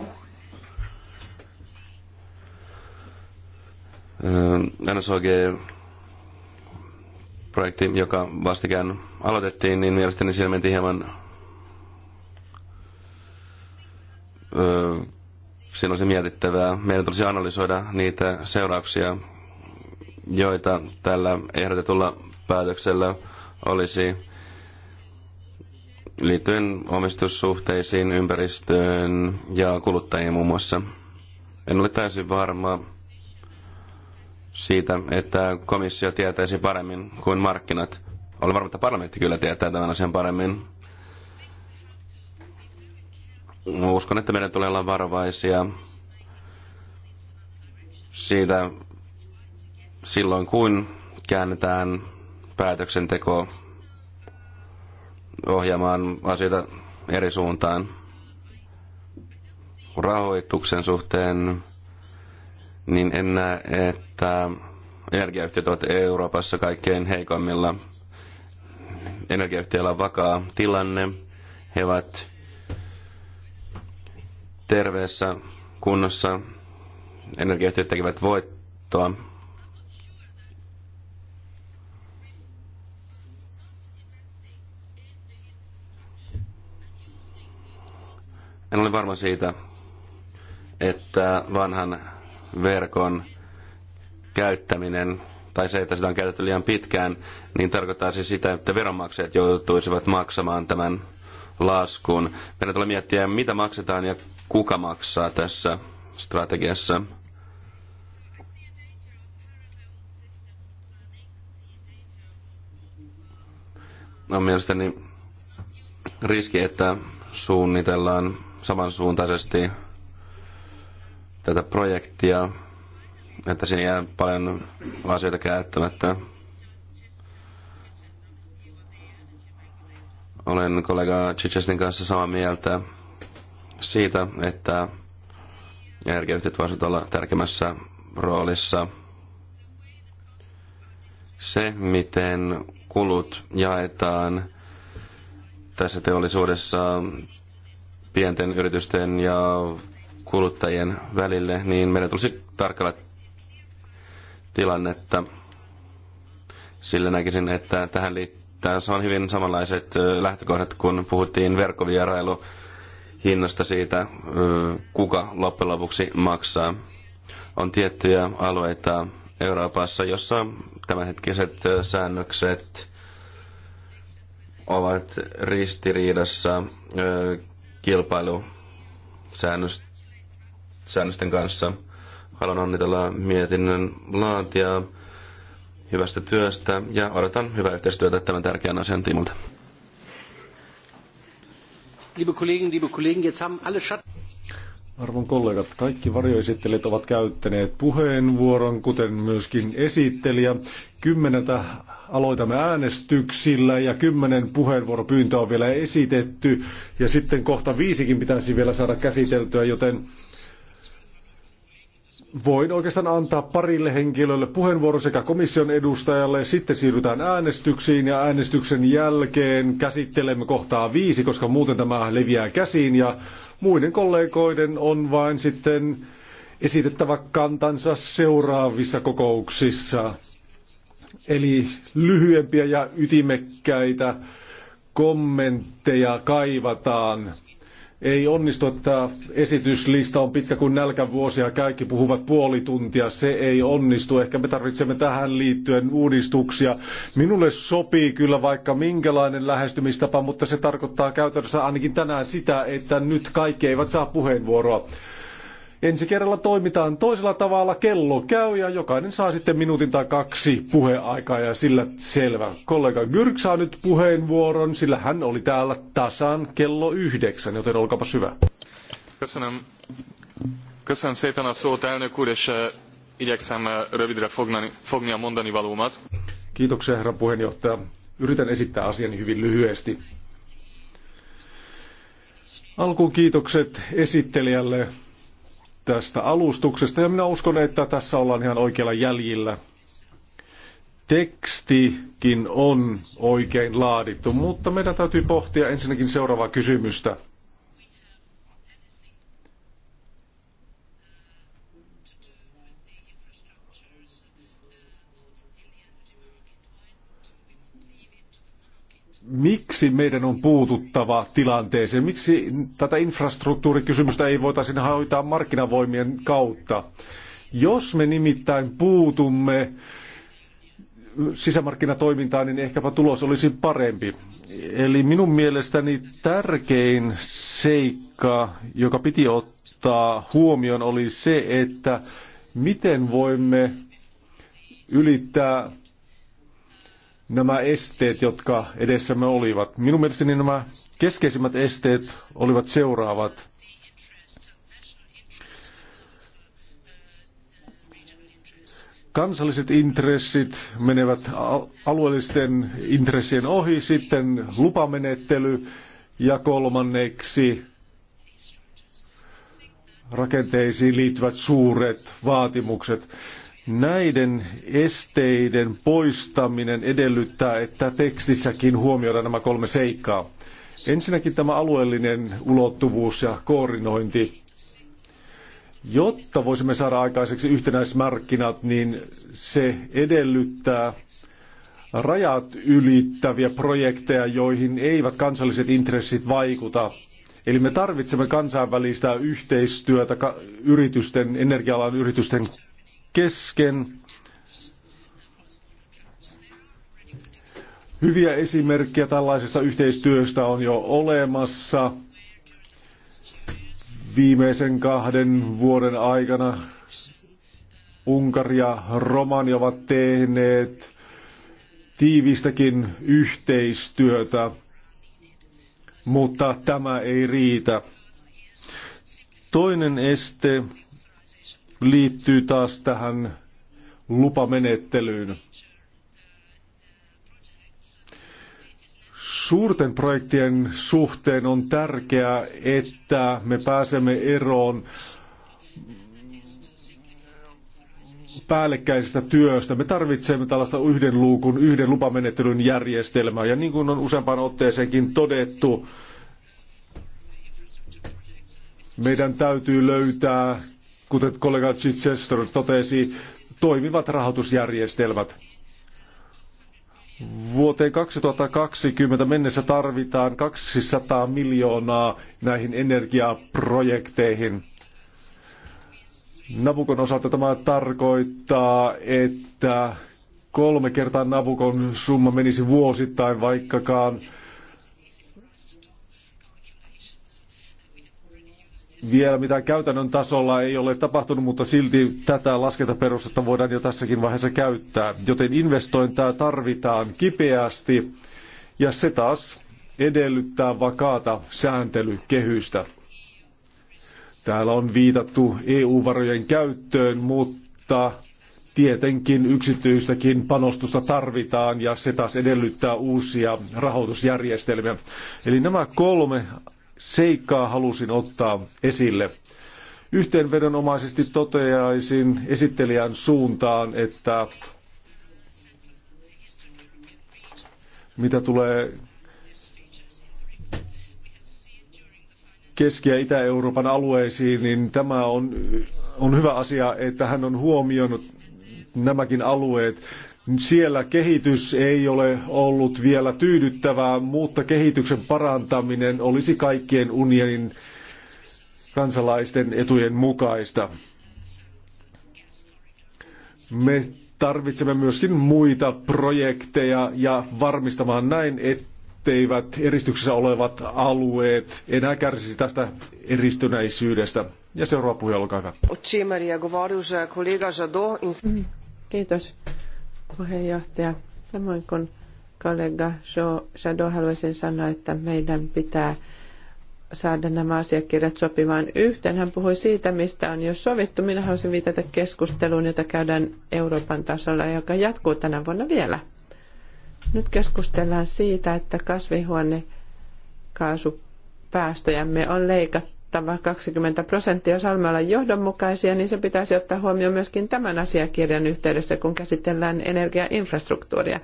NSOG-projekti, joka vastikään aloitettiin, niin mielestäni siinä mentiin hieman... Öö, siinä olisi mietittävää. Meidän tulisi analysoida niitä seurauksia, joita tällä ehdotetulla päätöksellä olisi liittyen omistussuhteisiin, ympäristöön ja kuluttajien muun muassa. En ole täysin varma siitä, että komissio tietäisi paremmin kuin markkinat. Olen varma, että parlamentti kyllä tietää tämän asian paremmin. Uskon, että meidän tulee olla varovaisia siitä silloin, kun käännetään päätöksenteko ohjaamaan asioita eri suuntaan. Rahoituksen suhteen niin en näe, että energiayhtiöt ovat Euroopassa kaikkein heikoimmilla. Energiayhtiöillä on vakaa tilanne. He ovat terveessä kunnossa. Energiayhtiöt tekevät voittoa En ole varma siitä, että vanhan verkon käyttäminen tai se, että sitä on käytetty liian pitkään, niin tarkoittaa siis sitä, että veronmaksajat joutuisivat maksamaan tämän laskun. Meidän tulee miettiä, mitä maksetaan ja kuka maksaa tässä strategiassa. On mielestäni riski, että suunnitellaan samansuuntaisesti tätä projektia, että siinä jää paljon asioita käyttämättä. Olen kollega Chichestin kanssa samaa mieltä siitä, että energiayhtiöt voisivat olla tärkeimmässä roolissa. Se, miten kulut jaetaan tässä teollisuudessa pienten yritysten ja kuluttajien välille, niin meidän tulisi tarkkailla tilannetta. Sillä näkisin, että tähän liittää on hyvin samanlaiset lähtökohdat, kun puhuttiin verkkovierailu hinnasta siitä, kuka loppujen lopuksi maksaa. On tiettyjä alueita Euroopassa, jossa tämänhetkiset säännökset ovat ristiriidassa kilpailusäännösten kanssa. Haluan onnitella mietinnön laatijaa hyvästä työstä ja odotan hyvää yhteistyötä tämän tärkeän asian tiimolta. Liebe Kollegen, liebe Kollegen, jetzt haben alle Schatten... Arvon kollegat, kaikki varjoesittelijät ovat käyttäneet puheenvuoron, kuten myöskin esittelijä. Kymmeneltä aloitamme äänestyksillä ja kymmenen puheenvuoropyyntöä on vielä esitetty. Ja sitten kohta viisikin pitäisi vielä saada käsiteltyä, joten voin oikeastaan antaa parille henkilölle puheenvuoron sekä komission edustajalle. Sitten siirrytään äänestyksiin ja äänestyksen jälkeen käsittelemme kohtaa viisi, koska muuten tämä leviää käsiin ja muiden kollegoiden on vain sitten esitettävä kantansa seuraavissa kokouksissa. Eli lyhyempiä ja ytimekkäitä kommentteja kaivataan. Ei onnistu, että esityslista on pitkä kuin nälkävuosia, kaikki puhuvat puoli tuntia, se ei onnistu. Ehkä me tarvitsemme tähän liittyen uudistuksia. Minulle sopii kyllä vaikka minkälainen lähestymistapa, mutta se tarkoittaa käytännössä ainakin tänään sitä, että nyt kaikki eivät saa puheenvuoroa. Ensi kerralla toimitaan toisella tavalla, kello käy ja jokainen saa sitten minuutin tai kaksi puheaikaa ja sillä selvä. Kollega Gyrk saa nyt puheenvuoron, sillä hän oli täällä tasan kello yhdeksän, joten olkaapa hyvä. Köszönöm. Köszönöm szépen a szót, elnök úr, és eh, igyekszem eh, rövidre fognani, fogni a mondani valómat. Kiitoksia, herra puheenjohtaja. Yritän esittää asiani hyvin lyhyesti. Alkuun kiitokset esittelijälle tästä alustuksesta ja minä uskon, että tässä ollaan ihan oikealla jäljillä. Tekstikin on oikein laadittu, mutta meidän täytyy pohtia ensinnäkin seuraavaa kysymystä – miksi meidän on puututtava tilanteeseen? Miksi tätä infrastruktuurikysymystä ei voitaisiin hoitaa markkinavoimien kautta? Jos me nimittäin puutumme sisämarkkinatoimintaan, niin ehkäpä tulos olisi parempi. Eli minun mielestäni tärkein seikka, joka piti ottaa huomioon, oli se, että miten voimme ylittää nämä esteet, jotka edessämme olivat. Minun mielestäni nämä keskeisimmät esteet olivat seuraavat. Kansalliset intressit menevät alueellisten intressien ohi, sitten lupamenettely ja kolmanneksi rakenteisiin liittyvät suuret vaatimukset. Näiden esteiden poistaminen edellyttää, että tekstissäkin huomioidaan nämä kolme seikkaa. Ensinnäkin tämä alueellinen ulottuvuus ja koordinointi. Jotta voisimme saada aikaiseksi yhtenäismarkkinat, niin se edellyttää rajat ylittäviä projekteja, joihin eivät kansalliset intressit vaikuta. Eli me tarvitsemme kansainvälistä yhteistyötä yritysten, energia-alan yritysten kesken. Hyviä esimerkkejä tällaisesta yhteistyöstä on jo olemassa. Viimeisen kahden vuoden aikana Unkari ja Romani ovat tehneet tiivistäkin yhteistyötä, mutta tämä ei riitä. Toinen este liittyy taas tähän lupamenettelyyn. Suurten projektien suhteen on tärkeää, että me pääsemme eroon päällekkäisestä työstä. Me tarvitsemme tällaista yhden luukun, yhden lupamenettelyn järjestelmää. Ja niin kuin on useampaan otteeseenkin todettu, meidän täytyy löytää kuten kollega Chichester totesi, toimivat rahoitusjärjestelmät. Vuoteen 2020 mennessä tarvitaan 200 miljoonaa näihin energiaprojekteihin. Nabukon osalta tämä tarkoittaa, että kolme kertaa Nabukon summa menisi vuosittain, vaikkakaan vielä mitään käytännön tasolla ei ole tapahtunut, mutta silti tätä laskentaperustetta voidaan jo tässäkin vaiheessa käyttää. Joten investointaa tarvitaan kipeästi ja se taas edellyttää vakaata sääntelykehystä. Täällä on viitattu EU-varojen käyttöön, mutta tietenkin yksityistäkin panostusta tarvitaan ja se taas edellyttää uusia rahoitusjärjestelmiä. Eli nämä kolme seikkaa halusin ottaa esille. Yhteenvedonomaisesti toteaisin esittelijän suuntaan, että mitä tulee Keski- ja Itä-Euroopan alueisiin, niin tämä on, on hyvä asia, että hän on huomioinut nämäkin alueet, siellä kehitys ei ole ollut vielä tyydyttävää, mutta kehityksen parantaminen olisi kaikkien unionin kansalaisten etujen mukaista. Me tarvitsemme myöskin muita projekteja ja varmistamaan näin, etteivät eristyksessä olevat alueet enää kärsisi tästä eristyneisyydestä. Ja seuraava puhuja, olkaa hyvä. Kiitos puheenjohtaja. Samoin kuin kollega Shadow haluaisin sanoa, että meidän pitää saada nämä asiakirjat sopimaan yhteen. Hän puhui siitä, mistä on jo sovittu. Minä haluaisin viitata keskusteluun, jota käydään Euroopan tasolla, joka jatkuu tänä vuonna vielä. Nyt keskustellaan siitä, että kasvihuonekaasupäästöjämme on leikattu Tämä 20 prosenttia, jos haluamme olla johdonmukaisia, niin se pitäisi ottaa huomioon myöskin tämän asiakirjan yhteydessä, kun käsitellään energiainfrastruktuuria.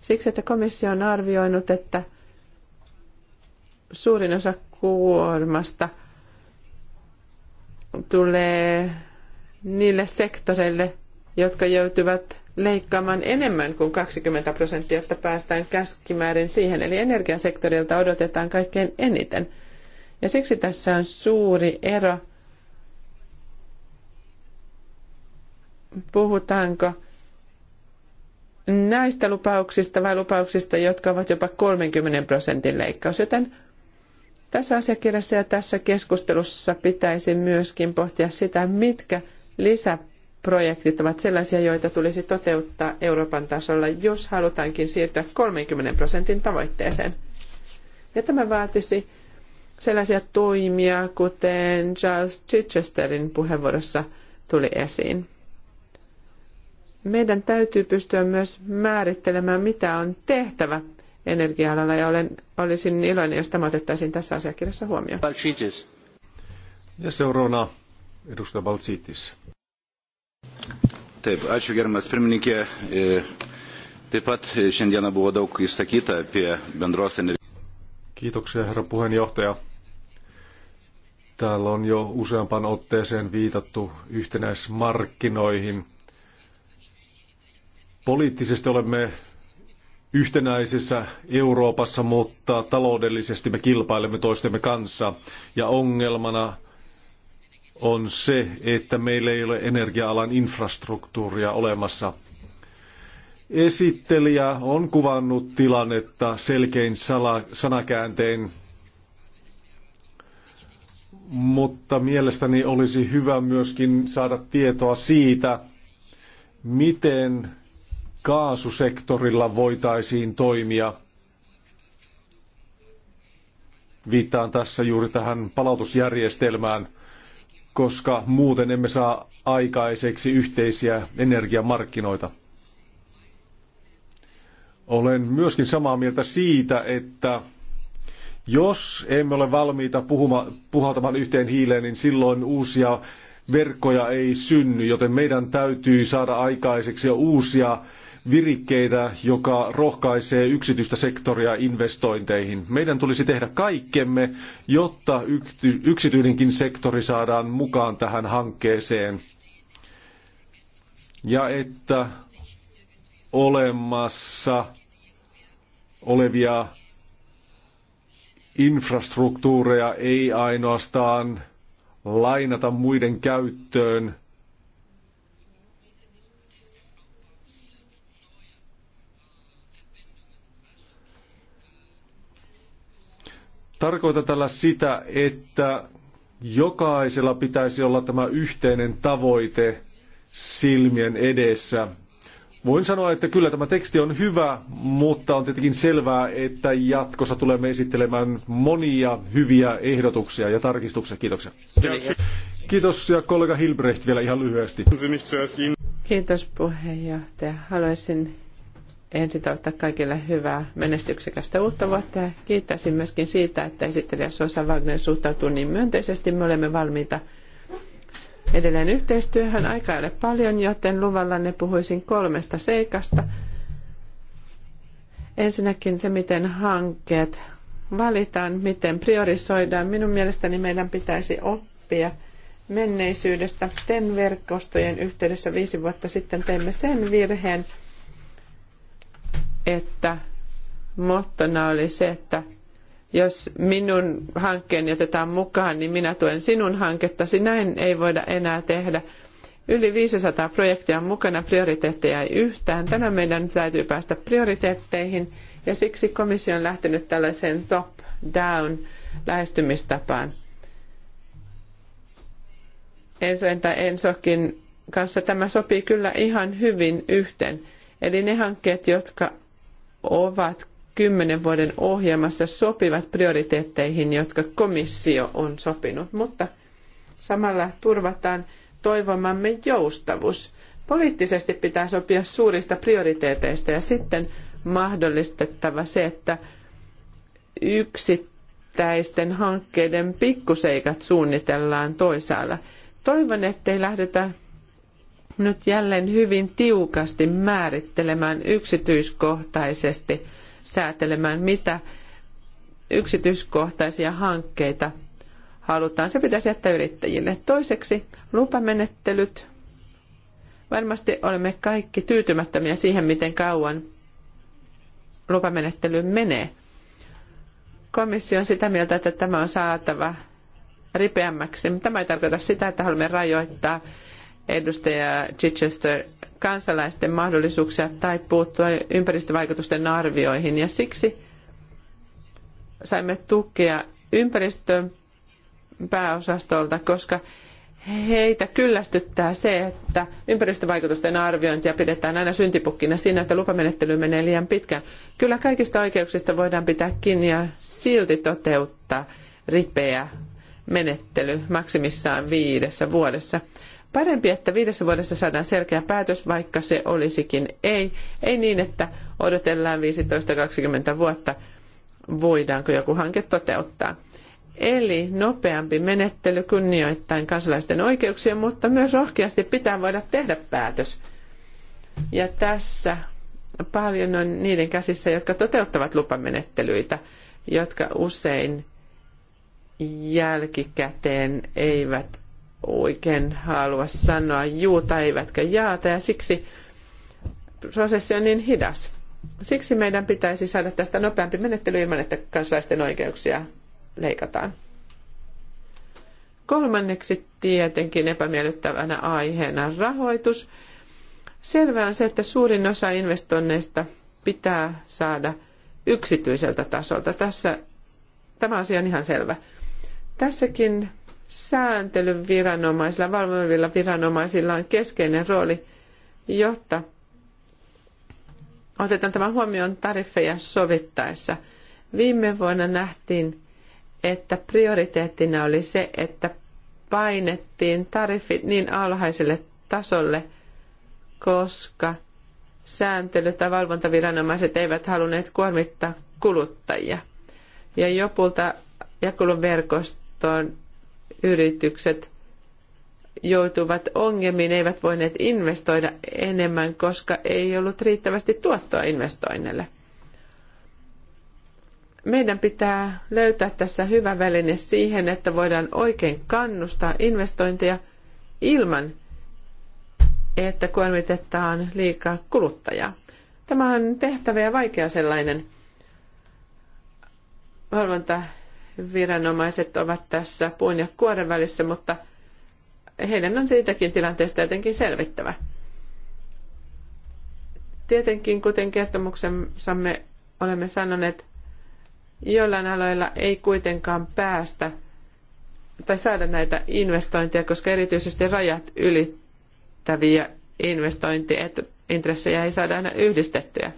Siksi, että komissio on arvioinut, että suurin osa kuormasta tulee niille sektoreille, jotka joutuvat leikkaamaan enemmän kuin 20 prosenttia, että päästään käskimäärin siihen. Eli energiasektorilta odotetaan kaikkein eniten – ja siksi tässä on suuri ero, puhutaanko näistä lupauksista vai lupauksista, jotka ovat jopa 30 prosentin leikkaus. Joten tässä asiakirjassa ja tässä keskustelussa pitäisi myöskin pohtia sitä, mitkä lisäprojektit ovat sellaisia, joita tulisi toteuttaa Euroopan tasolla, jos halutaankin siirtyä 30 prosentin tavoitteeseen. Ja tämä vaatisi sellaisia toimia, kuten Charles Chichesterin puheenvuorossa tuli esiin. Meidän täytyy pystyä myös määrittelemään, mitä on tehtävä energia-alalla, ja olen, olisin iloinen, jos tämä otettaisiin tässä asiakirjassa huomioon. Ja seuraavana edustaja Balcitis. Taip, ačiū gerbiamas pirmininkė. E, taip pat šiandieną buvo daug išsakyta apie bendros energijos. Kiitoksia, herra puheenjohtaja. Täällä on jo useampaan otteeseen viitattu yhtenäismarkkinoihin. Poliittisesti olemme yhtenäisessä Euroopassa, mutta taloudellisesti me kilpailemme toistemme kanssa. Ja ongelmana on se, että meillä ei ole energia-alan infrastruktuuria olemassa. Esittelijä on kuvannut tilannetta selkein sala, sanakääntein, mutta mielestäni olisi hyvä myöskin saada tietoa siitä, miten kaasusektorilla voitaisiin toimia. Viittaan tässä juuri tähän palautusjärjestelmään, koska muuten emme saa aikaiseksi yhteisiä energiamarkkinoita. Olen myöskin samaa mieltä siitä, että jos emme ole valmiita puhuma, puhaltamaan yhteen hiileen, niin silloin uusia verkkoja ei synny, joten meidän täytyy saada aikaiseksi jo uusia virikkeitä, joka rohkaisee yksityistä sektoria investointeihin. Meidän tulisi tehdä kaikkemme, jotta yksityinenkin sektori saadaan mukaan tähän hankkeeseen. Ja että olemassa olevia infrastruktuureja ei ainoastaan lainata muiden käyttöön, Tarkoita tällä sitä, että jokaisella pitäisi olla tämä yhteinen tavoite silmien edessä. Voin sanoa, että kyllä tämä teksti on hyvä, mutta on tietenkin selvää, että jatkossa tulemme esittelemään monia hyviä ehdotuksia ja tarkistuksia. Kiitoksia. Kiitos ja kollega Hilbrecht vielä ihan lyhyesti. Kiitos puheenjohtaja. Haluaisin ensin toivottaa kaikille hyvää menestyksekästä uutta vuotta ja kiittäisin myöskin siitä, että esittelijä Sosa Wagner suhtautuu niin myönteisesti. Me olemme valmiita edelleen yhteistyöhön. Aika ei ole paljon, joten luvallanne puhuisin kolmesta seikasta. Ensinnäkin se, miten hankkeet valitaan, miten priorisoidaan. Minun mielestäni meidän pitäisi oppia menneisyydestä. TEN-verkostojen yhteydessä viisi vuotta sitten teimme sen virheen, että mottona oli se, että jos minun hankkeeni otetaan mukaan, niin minä tuen sinun hankettasi. Näin ei voida enää tehdä. Yli 500 projektia on mukana, prioriteetteja ei yhtään. Tänään meidän täytyy päästä prioriteetteihin ja siksi komissio on lähtenyt tällaiseen top-down lähestymistapaan. Ensoen tai Ensokin kanssa tämä sopii kyllä ihan hyvin yhteen. Eli ne hankkeet, jotka ovat kymmenen vuoden ohjelmassa sopivat prioriteetteihin, jotka komissio on sopinut, mutta samalla turvataan toivomamme joustavuus. Poliittisesti pitää sopia suurista prioriteeteista ja sitten mahdollistettava se, että yksittäisten hankkeiden pikkuseikat suunnitellaan toisaalla. Toivon, ettei lähdetä nyt jälleen hyvin tiukasti määrittelemään yksityiskohtaisesti – säätelemään, mitä yksityiskohtaisia hankkeita halutaan. Se pitäisi jättää yrittäjille. Toiseksi lupamenettelyt. Varmasti olemme kaikki tyytymättömiä siihen, miten kauan lupamenettely menee. Komissio on sitä mieltä, että tämä on saatava ripeämmäksi. Tämä ei tarkoita sitä, että haluamme rajoittaa edustaja Chichester kansalaisten mahdollisuuksia tai puuttua ympäristövaikutusten arvioihin. Ja siksi saimme tukea ympäristön pääosastolta, koska heitä kyllästyttää se, että ympäristövaikutusten arviointia pidetään aina syntipukkina siinä, että lupamenettely menee liian pitkään. Kyllä kaikista oikeuksista voidaan pitää kiinni ja silti toteuttaa ripeä menettely maksimissaan viidessä vuodessa. Parempi, että viidessä vuodessa saadaan selkeä päätös, vaikka se olisikin ei. Ei niin, että odotellaan 15-20 vuotta, voidaanko joku hanke toteuttaa. Eli nopeampi menettely kunnioittain kansalaisten oikeuksia, mutta myös rohkeasti pitää voida tehdä päätös. Ja tässä paljon on niiden käsissä, jotka toteuttavat lupamenettelyitä, jotka usein jälkikäteen eivät oikein halua sanoa juuta eivätkä jaata ja siksi prosessi on niin hidas. Siksi meidän pitäisi saada tästä nopeampi menettely ilman, että kansalaisten oikeuksia leikataan. Kolmanneksi tietenkin epämiellyttävänä aiheena rahoitus. Selvää on se, että suurin osa investoinneista pitää saada yksityiseltä tasolta. Tässä, tämä asia on ihan selvä. Tässäkin Sääntelyviranomaisilla valvovilla viranomaisilla on keskeinen rooli, jotta otetaan tämä huomioon tariffeja sovittaessa. Viime vuonna nähtiin, että prioriteettina oli se, että painettiin tariffit niin alhaiselle tasolle, koska sääntely- tai valvontaviranomaiset eivät halunneet kuormittaa kuluttajia. Ja jopulta jakeluverkostoon yritykset joutuvat ongelmiin, eivät voineet investoida enemmän, koska ei ollut riittävästi tuottoa investoinnille. Meidän pitää löytää tässä hyvä väline siihen, että voidaan oikein kannustaa investointeja ilman, että kuormitetaan liikaa kuluttajaa. Tämä on tehtävä ja vaikea sellainen valvonta viranomaiset ovat tässä puun ja kuoren välissä, mutta heidän on siitäkin tilanteesta jotenkin selvittävä. Tietenkin, kuten kertomuksessamme olemme sanoneet, joillain aloilla ei kuitenkaan päästä tai saada näitä investointeja, koska erityisesti rajat ylittäviä intressejä ei saada aina yhdistettyä.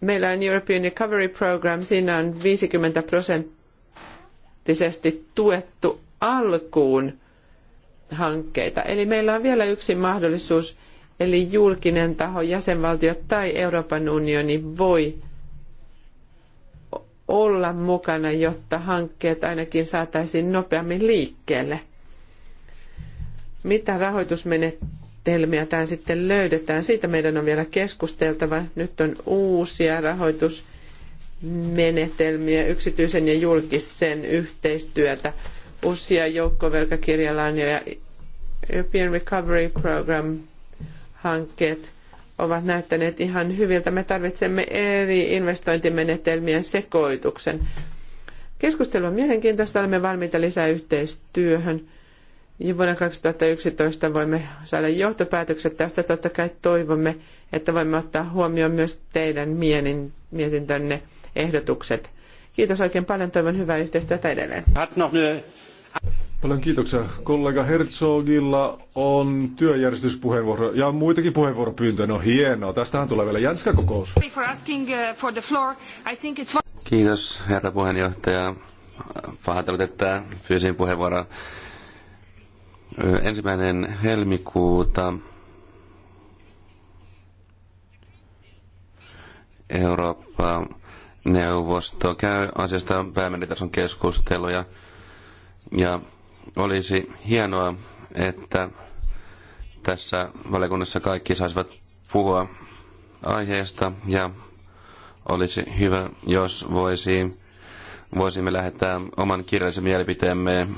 Meillä on European Recovery Program, siinä on 50 prosenttisesti tuettu alkuun hankkeita. Eli meillä on vielä yksi mahdollisuus, eli julkinen taho, jäsenvaltio tai Euroopan unioni voi olla mukana, jotta hankkeet ainakin saataisiin nopeammin liikkeelle. Mitä rahoitusmenettelyä? menetelmiä tähän sitten löydetään. Siitä meidän on vielä keskusteltava. Nyt on uusia rahoitusmenetelmiä, yksityisen ja julkisen yhteistyötä, uusia joukkovelkakirjalainoja, European Recovery Program hankkeet ovat näyttäneet ihan hyviltä. Me tarvitsemme eri investointimenetelmien sekoituksen. Keskustelu on mielenkiintoista, olemme valmiita lisää yhteistyöhön ja vuonna 2011 voimme saada johtopäätökset tästä. Totta kai toivomme, että voimme ottaa huomioon myös teidän mietintönne ehdotukset. Kiitos oikein paljon. Toivon hyvää yhteistyötä edelleen. Paljon kiitoksia. Kollega Herzogilla on työjärjestyspuheenvuoro ja muitakin puheenvuoropyyntöjä. No hienoa. Tästähän tulee vielä jänskä kokous. Uh, Kiitos herra puheenjohtaja. Pahoittelut, että pyysin puheenvuoroa ensimmäinen helmikuuta Eurooppa-neuvosto käy asiasta pääministerin keskusteluja ja olisi hienoa, että tässä valiokunnassa kaikki saisivat puhua aiheesta ja olisi hyvä, jos voisi, voisimme lähettää oman kirjallisen mielipiteemme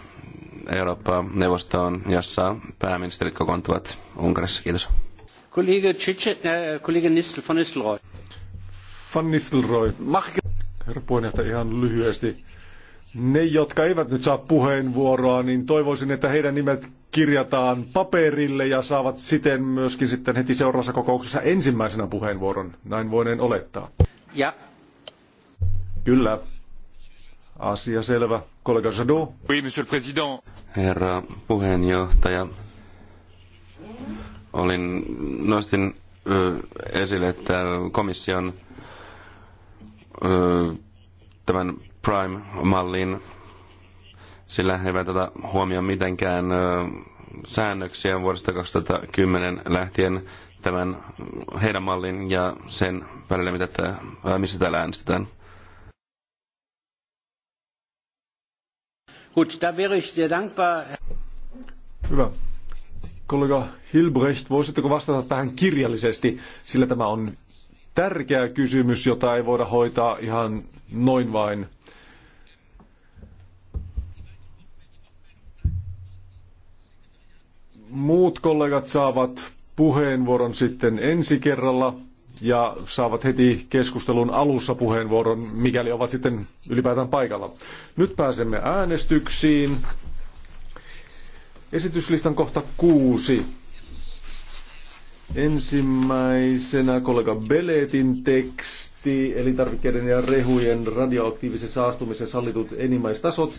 Eurooppa-neuvostoon, jossa pääministerit kokoontuvat Unkarissa. Kiitos. Kollega Cicet, äh, kollega Nistel, von Nistelrooy. Van Nistelrooy. Herra puheenjohtaja, ihan lyhyesti. Ne, jotka eivät nyt saa puheenvuoroa, niin toivoisin, että heidän nimet kirjataan paperille ja saavat siten myöskin sitten heti seuraavassa kokouksessa ensimmäisenä puheenvuoron. Näin voinen olettaa. Ja. Kyllä. Asia selvä. Kollega Jadot. Oui, monsieur le président. Herra puheenjohtaja, olin, nostin ö, esille, että komission ö, tämän Prime-mallin, sillä he eivät tätä huomioon mitenkään ö, säännöksiä vuodesta 2010 lähtien tämän heidän mallin ja sen välillä, mitä tämä, missä täällä äänestetään. Gut, da wäre ich sehr dankbar. Hyvä. Kollega Hilbrecht, voisitteko vastata tähän kirjallisesti, sillä tämä on tärkeä kysymys, jota ei voida hoitaa ihan noin vain. Muut kollegat saavat puheenvuoron sitten ensi kerralla ja saavat heti keskustelun alussa puheenvuoron, mikäli ovat sitten ylipäätään paikalla. Nyt pääsemme äänestyksiin. Esityslistan kohta kuusi. Ensimmäisenä kollega Beletin teksti, elintarvikkeiden ja rehujen radioaktiivisen saastumisen sallitut enimmäistasot.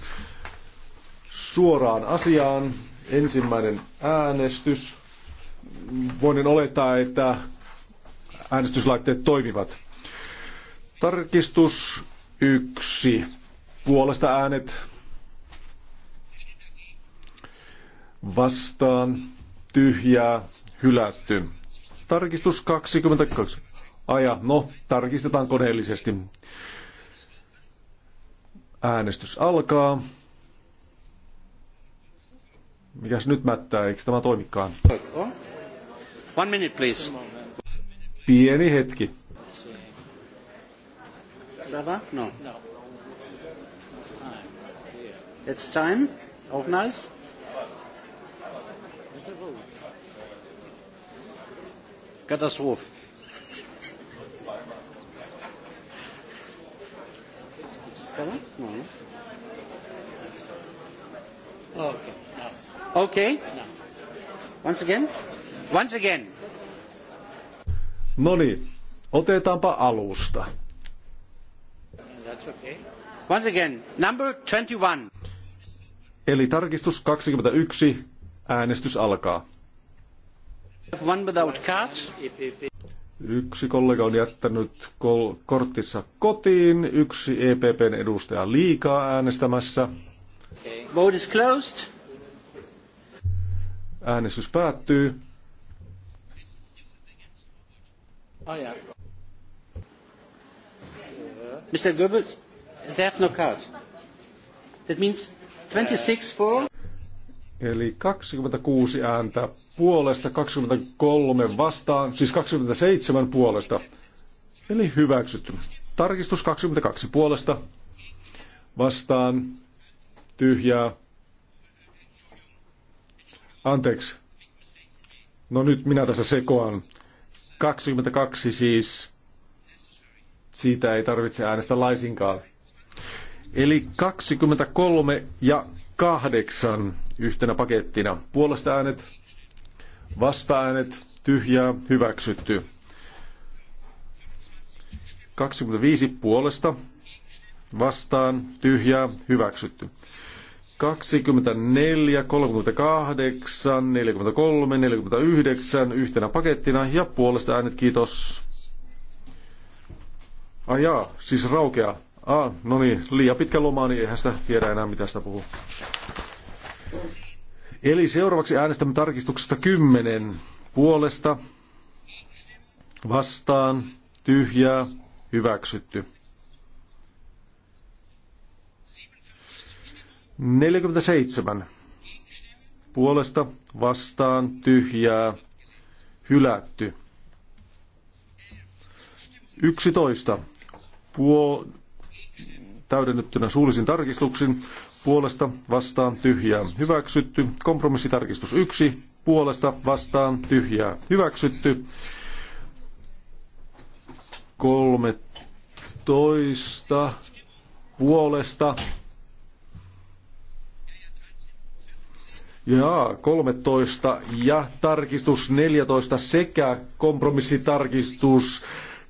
Suoraan asiaan. Ensimmäinen äänestys. Voin olettaa, että äänestyslaitteet toimivat. Tarkistus yksi. Puolesta äänet vastaan tyhjää hylätty. Tarkistus 22. Aja, no, tarkistetaan koneellisesti. Äänestys alkaa. Mikäs nyt mättää? Eikö tämä toimikaan? One minute, please. Pieni hetki. Sava? No. It's time. Auch nice. Katastrophe. Sava? No, no. Okay. Okay. Once again? Once again. No niin, otetaanpa alusta. Once again, number 21. Eli tarkistus 21, äänestys alkaa. One without Yksi kollega on jättänyt kol- korttinsa kotiin, yksi EPPn edustaja liikaa äänestämässä. Vote is closed. Äänestys päättyy. Oh, yeah. Mr. Goebbels, they have no card. That means 26 for... Eli 26 ääntä puolesta, 23 vastaan, siis 27 puolesta. Eli hyväksytty. Tarkistus 22 puolesta. Vastaan. Tyhjää. Anteeksi. No nyt minä tässä sekoan. 22 siis, siitä ei tarvitse äänestää laisinkaan. Eli 23 ja 8 yhtenä pakettina. Puolesta äänet, vasta-äänet, tyhjää, hyväksytty. 25 puolesta, vastaan, tyhjää, hyväksytty. 24, 38, 43, 49 yhtenä pakettina ja puolesta äänet kiitos. Ai jaa, siis raukea. Ah, no niin, liian pitkä loma, niin eihän sitä tiedä enää mitä sitä puhuu. Eli seuraavaksi äänestämme tarkistuksesta 10 puolesta vastaan tyhjää hyväksytty. 47. Puolesta vastaan tyhjää hylätty. 11. Puo täydennettynä suullisin tarkistuksin puolesta vastaan tyhjää hyväksytty. Kompromissitarkistus 1 puolesta vastaan tyhjää hyväksytty. 13 puolesta ja 13 ja tarkistus 14 sekä kompromissitarkistus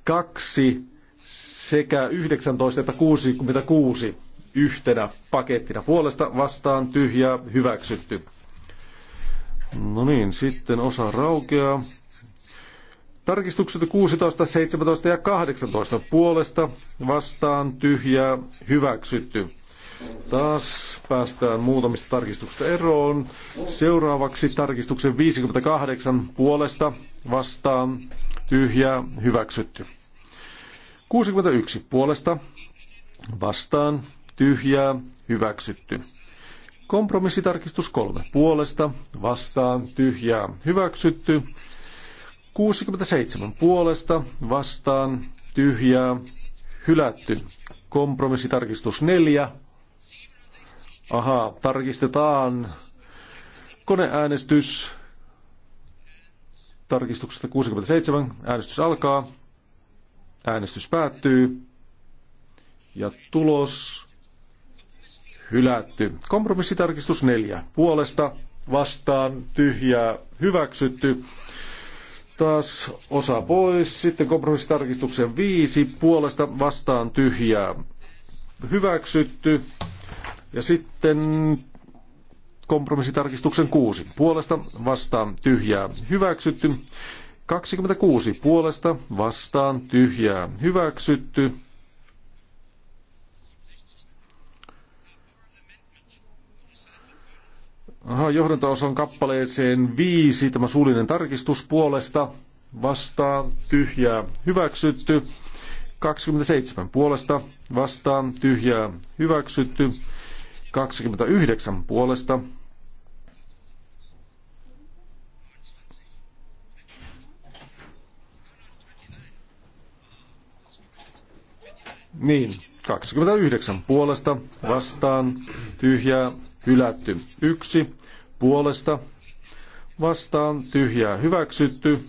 2 sekä 19 että 66 yhtenä pakettina. Puolesta vastaan tyhjä hyväksytty. No niin, sitten osa raukeaa. Tarkistukset 16, 17 ja 18 puolesta vastaan tyhjää hyväksytty. Taas päästään muutamista tarkistuksista eroon. Seuraavaksi tarkistuksen 58 puolesta vastaan tyhjää hyväksytty. 61 puolesta vastaan tyhjää hyväksytty. Kompromissitarkistus 3 puolesta vastaan tyhjää hyväksytty. 67 puolesta vastaan tyhjää hylätty. Kompromissitarkistus 4 Aha, tarkistetaan. Koneäänestys tarkistuksesta 67. Äänestys alkaa. Äänestys päättyy. Ja tulos hylätty. Kompromissitarkistus 4. Puolesta vastaan tyhjää hyväksytty. Taas osa pois. Sitten kompromissitarkistuksen 5. Puolesta vastaan tyhjää hyväksytty. Ja sitten kompromissitarkistuksen 6. Puolesta vastaan tyhjää hyväksytty. 26. Puolesta vastaan tyhjää hyväksytty. Aha, johdanto kappaleeseen 5, tämä suullinen tarkistus puolesta vastaan tyhjää hyväksytty. 27 puolesta vastaan tyhjää hyväksytty. 29 puolesta. Niin, 29 puolesta vastaan tyhjää hylätty. Yksi puolesta vastaan tyhjää hyväksytty.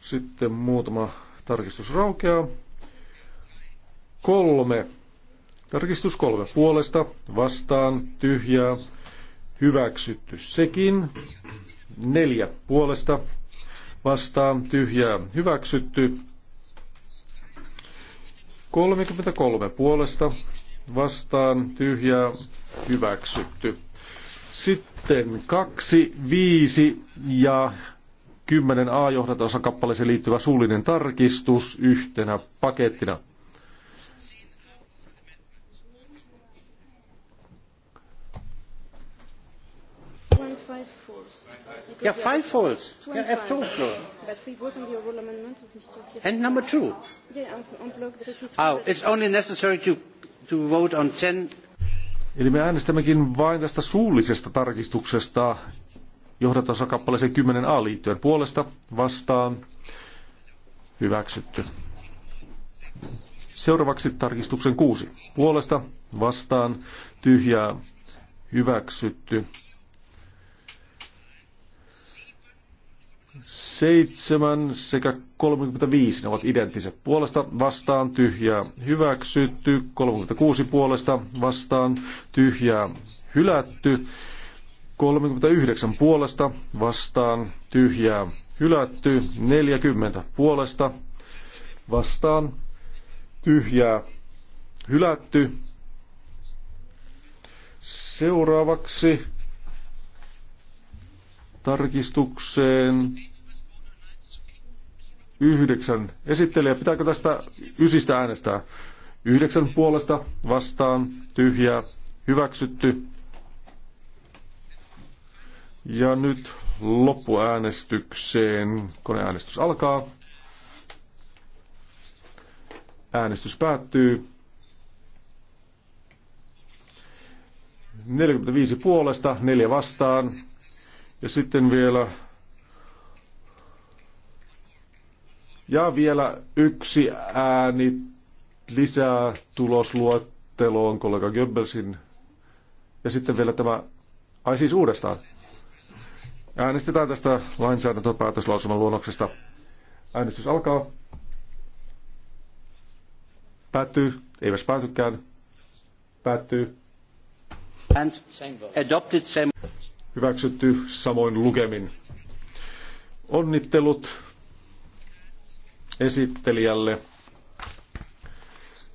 Sitten muutama tarkistus raukeaa. Kolme Tarkistus kolme puolesta, vastaan, tyhjää, hyväksytty sekin. Neljä puolesta, vastaan, tyhjää, hyväksytty. 33 puolesta, vastaan, tyhjää, hyväksytty. Sitten kaksi, viisi ja 10 A-johdatosakappaleeseen liittyvä suullinen tarkistus yhtenä pakettina Yeah, five folds. Yeah, F two floor. But we vote on the overall amendment of Mr. Pierre. And number two. Yeah, on block Oh, it's only necessary to, to vote on ten. Eli me äänestämmekin vain tästä suullisesta tarkistuksesta johdatusosakappaleeseen 10a liittyen puolesta vastaan hyväksytty. Seuraavaksi tarkistuksen 6. Puolesta vastaan tyhjää hyväksytty. 7 sekä 35, ne ovat identtiset. Puolesta vastaan tyhjää hyväksytty, 36 puolesta vastaan tyhjää hylätty, 39 puolesta vastaan tyhjää hylätty, 40 puolesta vastaan tyhjää hylätty. Seuraavaksi tarkistukseen yhdeksän. Esittelijä, pitääkö tästä ysistä äänestää? Yhdeksän puolesta vastaan, tyhjää, hyväksytty. Ja nyt loppuäänestykseen. Koneäänestys alkaa. Äänestys päättyy. 45 puolesta, 4 vastaan, ja sitten vielä Ja vielä yksi ääni lisää tulosluetteloon kollega Goebbelsin. Ja sitten vielä tämä, ai siis uudestaan. Äänestetään tästä lainsäädäntöpäätöslausuman luonnoksesta. Äänestys alkaa. Päättyy. Eiväs päätykään. Päättyy. And adopted same hyväksytty samoin lukemin. Onnittelut esittelijälle.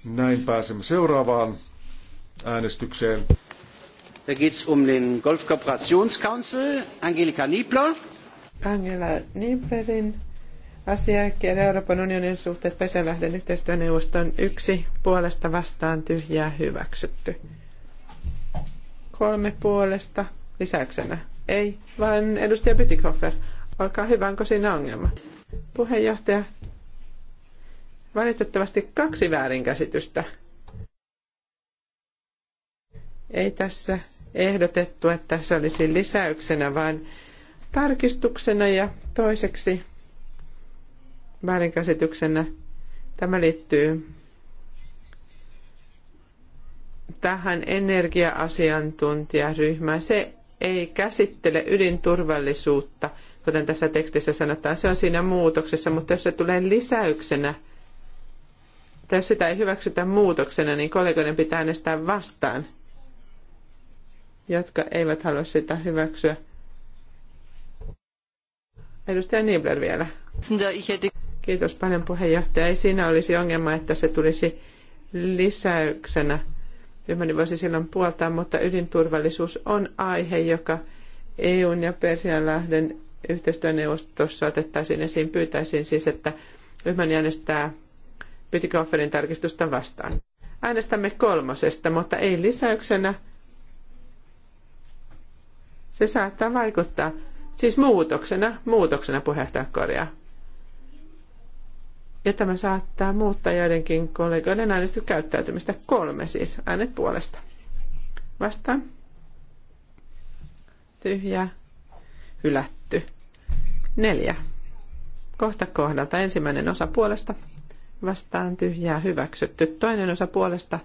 Näin pääsemme seuraavaan äänestykseen. Da geht's um den Golf Council, Angelika Niebler. Angela Nieblerin asiakirja Euroopan unionin suhteet Pesälähden yhteistyöneuvoston yksi puolesta vastaan tyhjää hyväksytty. Kolme puolesta lisäyksenä. Ei, vaan edustaja Bytikoffer. Olkaa hyvä, onko siinä ongelma? Puheenjohtaja, valitettavasti kaksi väärinkäsitystä. Ei tässä ehdotettu, että se olisi lisäyksenä, vaan tarkistuksena ja toiseksi väärinkäsityksenä tämä liittyy tähän energia-asiantuntijaryhmään. Se ei käsittele ydinturvallisuutta, kuten tässä tekstissä sanotaan. Se on siinä muutoksessa, mutta jos se tulee lisäyksenä, tai jos sitä ei hyväksytä muutoksena, niin kollegoiden pitää äänestää vastaan, jotka eivät halua sitä hyväksyä. Edustaja Niebler vielä. Kiitos paljon puheenjohtaja. Ei siinä olisi ongelma, että se tulisi lisäyksenä ryhmäni voisi silloin puoltaa, mutta ydinturvallisuus on aihe, joka EUn ja Persian lähden yhteistyöneuvostossa otettaisiin esiin. Pyytäisin siis, että ryhmäni äänestää Pytikofferin tarkistusta vastaan. Äänestämme kolmosesta, mutta ei lisäyksenä. Se saattaa vaikuttaa, siis muutoksena, muutoksena puheenjohtaja korjaa. Ja tämä saattaa muuttaa joidenkin kollegoiden äänestyskäyttäytymistä. Kolme siis, äänet puolesta. Vastaan. Tyhjä. Hylätty. Neljä. Kohta kohdalta ensimmäinen osa puolesta. Vastaan tyhjää hyväksytty. Toinen osa puolesta.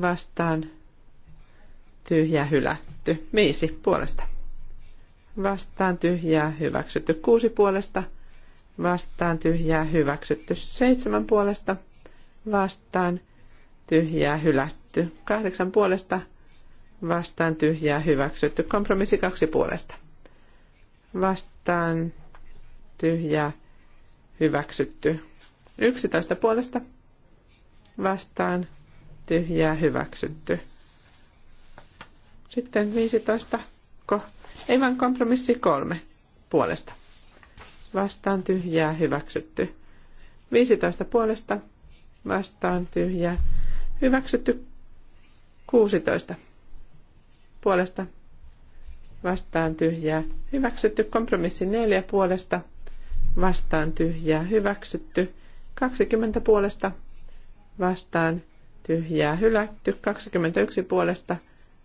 Vastaan tyhjää hylätty. Viisi puolesta. Vastaan tyhjää hyväksytty. Kuusi puolesta vastaan tyhjää hyväksytty. Seitsemän puolesta vastaan tyhjää hylätty. Kahdeksan puolesta vastaan tyhjää hyväksytty. Kompromissi kaksi puolesta vastaan tyhjää hyväksytty. Yksitoista puolesta vastaan tyhjää hyväksytty. Sitten 15. Ko, ei vaan kompromissi kolme puolesta vastaan tyhjää hyväksytty. 15 puolesta vastaan tyhjää hyväksytty. 16 puolesta vastaan tyhjää hyväksytty. Kompromissi 4 puolesta vastaan tyhjää hyväksytty. 20 puolesta vastaan tyhjää hylätty. 21 puolesta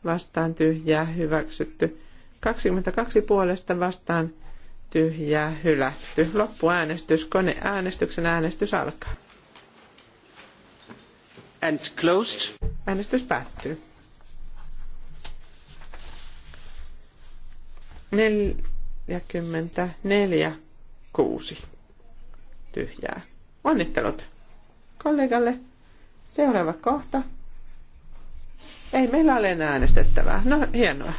vastaan tyhjää hyväksytty. 22 puolesta vastaan tyhjää hylätty. Loppuäänestys, koneäänestyksen äänestys alkaa. And closed. Äänestys päättyy. neljä kuusi tyhjää. Onnittelut kollegalle. Seuraava kohta. Ei meillä ole enää äänestettävää. No, hienoa.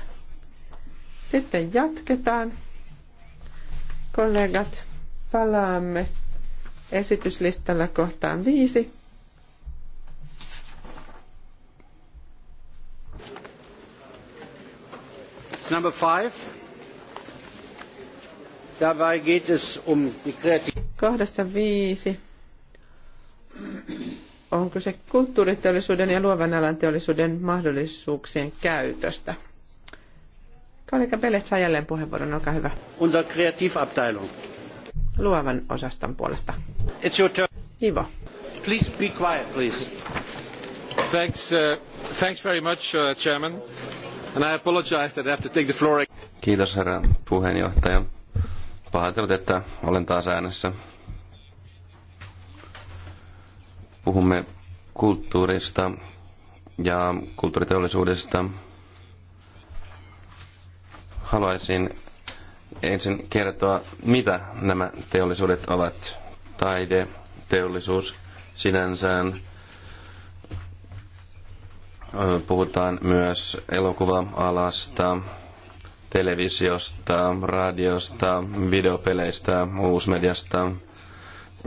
Sitten jatketaan. Kollegat, palaamme esityslistalla kohtaan viisi. number five. Dabei geht es um die Kohdassa viisi on se kulttuuriteollisuuden ja luovan alan teollisuuden mahdollisuuksien käytöstä. Kollega Bellet saa jälleen puheenvuoron, olkaa hyvä. Unser Kreativabteilung. Luovan osaston puolesta. It's your turn. Ivo. Please be quiet, please. Thanks, uh, thanks very much, uh, Chairman. And I apologize that I have to take the floor. again. Kiitos, herra puheenjohtaja. Pahoittelut, että olen taas äänessä. Puhumme kulttuurista ja kulttuuriteollisuudesta – Haluaisin ensin kertoa, mitä nämä teollisuudet ovat. Taide, teollisuus sinänsään. Puhutaan myös elokuva-alasta, televisiosta, radiosta, videopeleistä, uusmediasta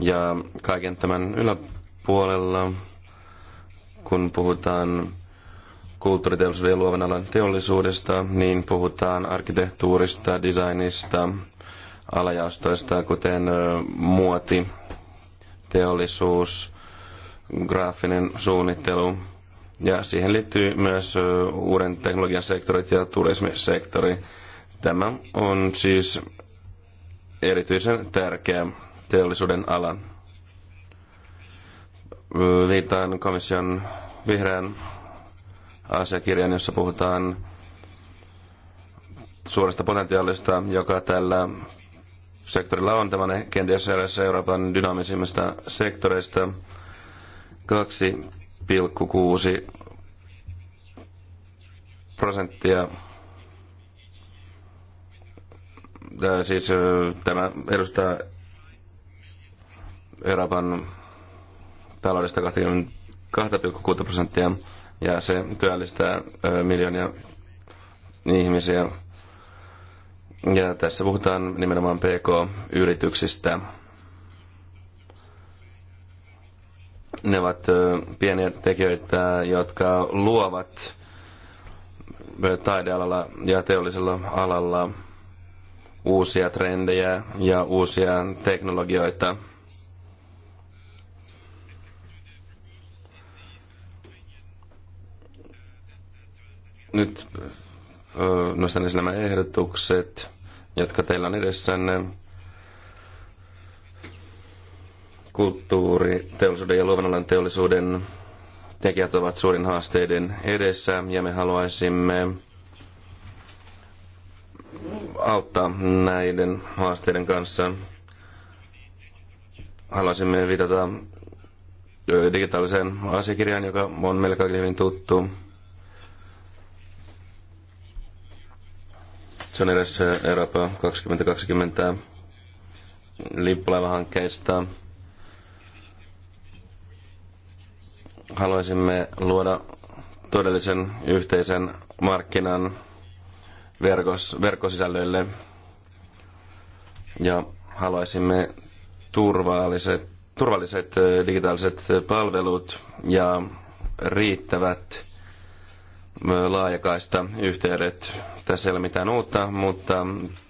ja kaiken tämän yläpuolella, kun puhutaan kulttuuriteollisuuden ja luovan alan teollisuudesta, niin puhutaan arkkitehtuurista, designista, alajaostoista, kuten muoti, teollisuus, graafinen suunnittelu. Ja siihen liittyy myös uuden teknologian sektorit ja turismisektori. Tämä on siis erityisen tärkeä teollisuuden ala. Viitaan komission vihreän asiakirjan, jossa puhutaan suuresta potentiaalista, joka tällä sektorilla on. Tämä on kenties eräs Euroopan dynaamisimmista sektoreista. 2,6 prosenttia siis tämä edustaa Euroopan taloudesta 2,6 prosenttia ja se työllistää miljoonia ihmisiä. Ja tässä puhutaan nimenomaan PK-yrityksistä. Ne ovat pieniä tekijöitä, jotka luovat taidealalla ja teollisella alalla uusia trendejä ja uusia teknologioita – Nyt nostan esille nämä ehdotukset, jotka teillä on edessänne. Kulttuuri, teollisuuden ja luovan alan teollisuuden tekijät ovat suurin haasteiden edessä ja me haluaisimme auttaa näiden haasteiden kanssa. Haluaisimme viitata digitaaliseen asiakirjaan, joka on meille kaikille hyvin tuttu. Se on edessä Eurooppa 2020 lippulaivahankkeista. Haluaisimme luoda todellisen yhteisen markkinan verkos, verkkosisällöille ja haluaisimme turvalliset, turvalliset eh, digitaaliset palvelut ja riittävät laajakaista yhteydet. Tässä ei ole mitään uutta, mutta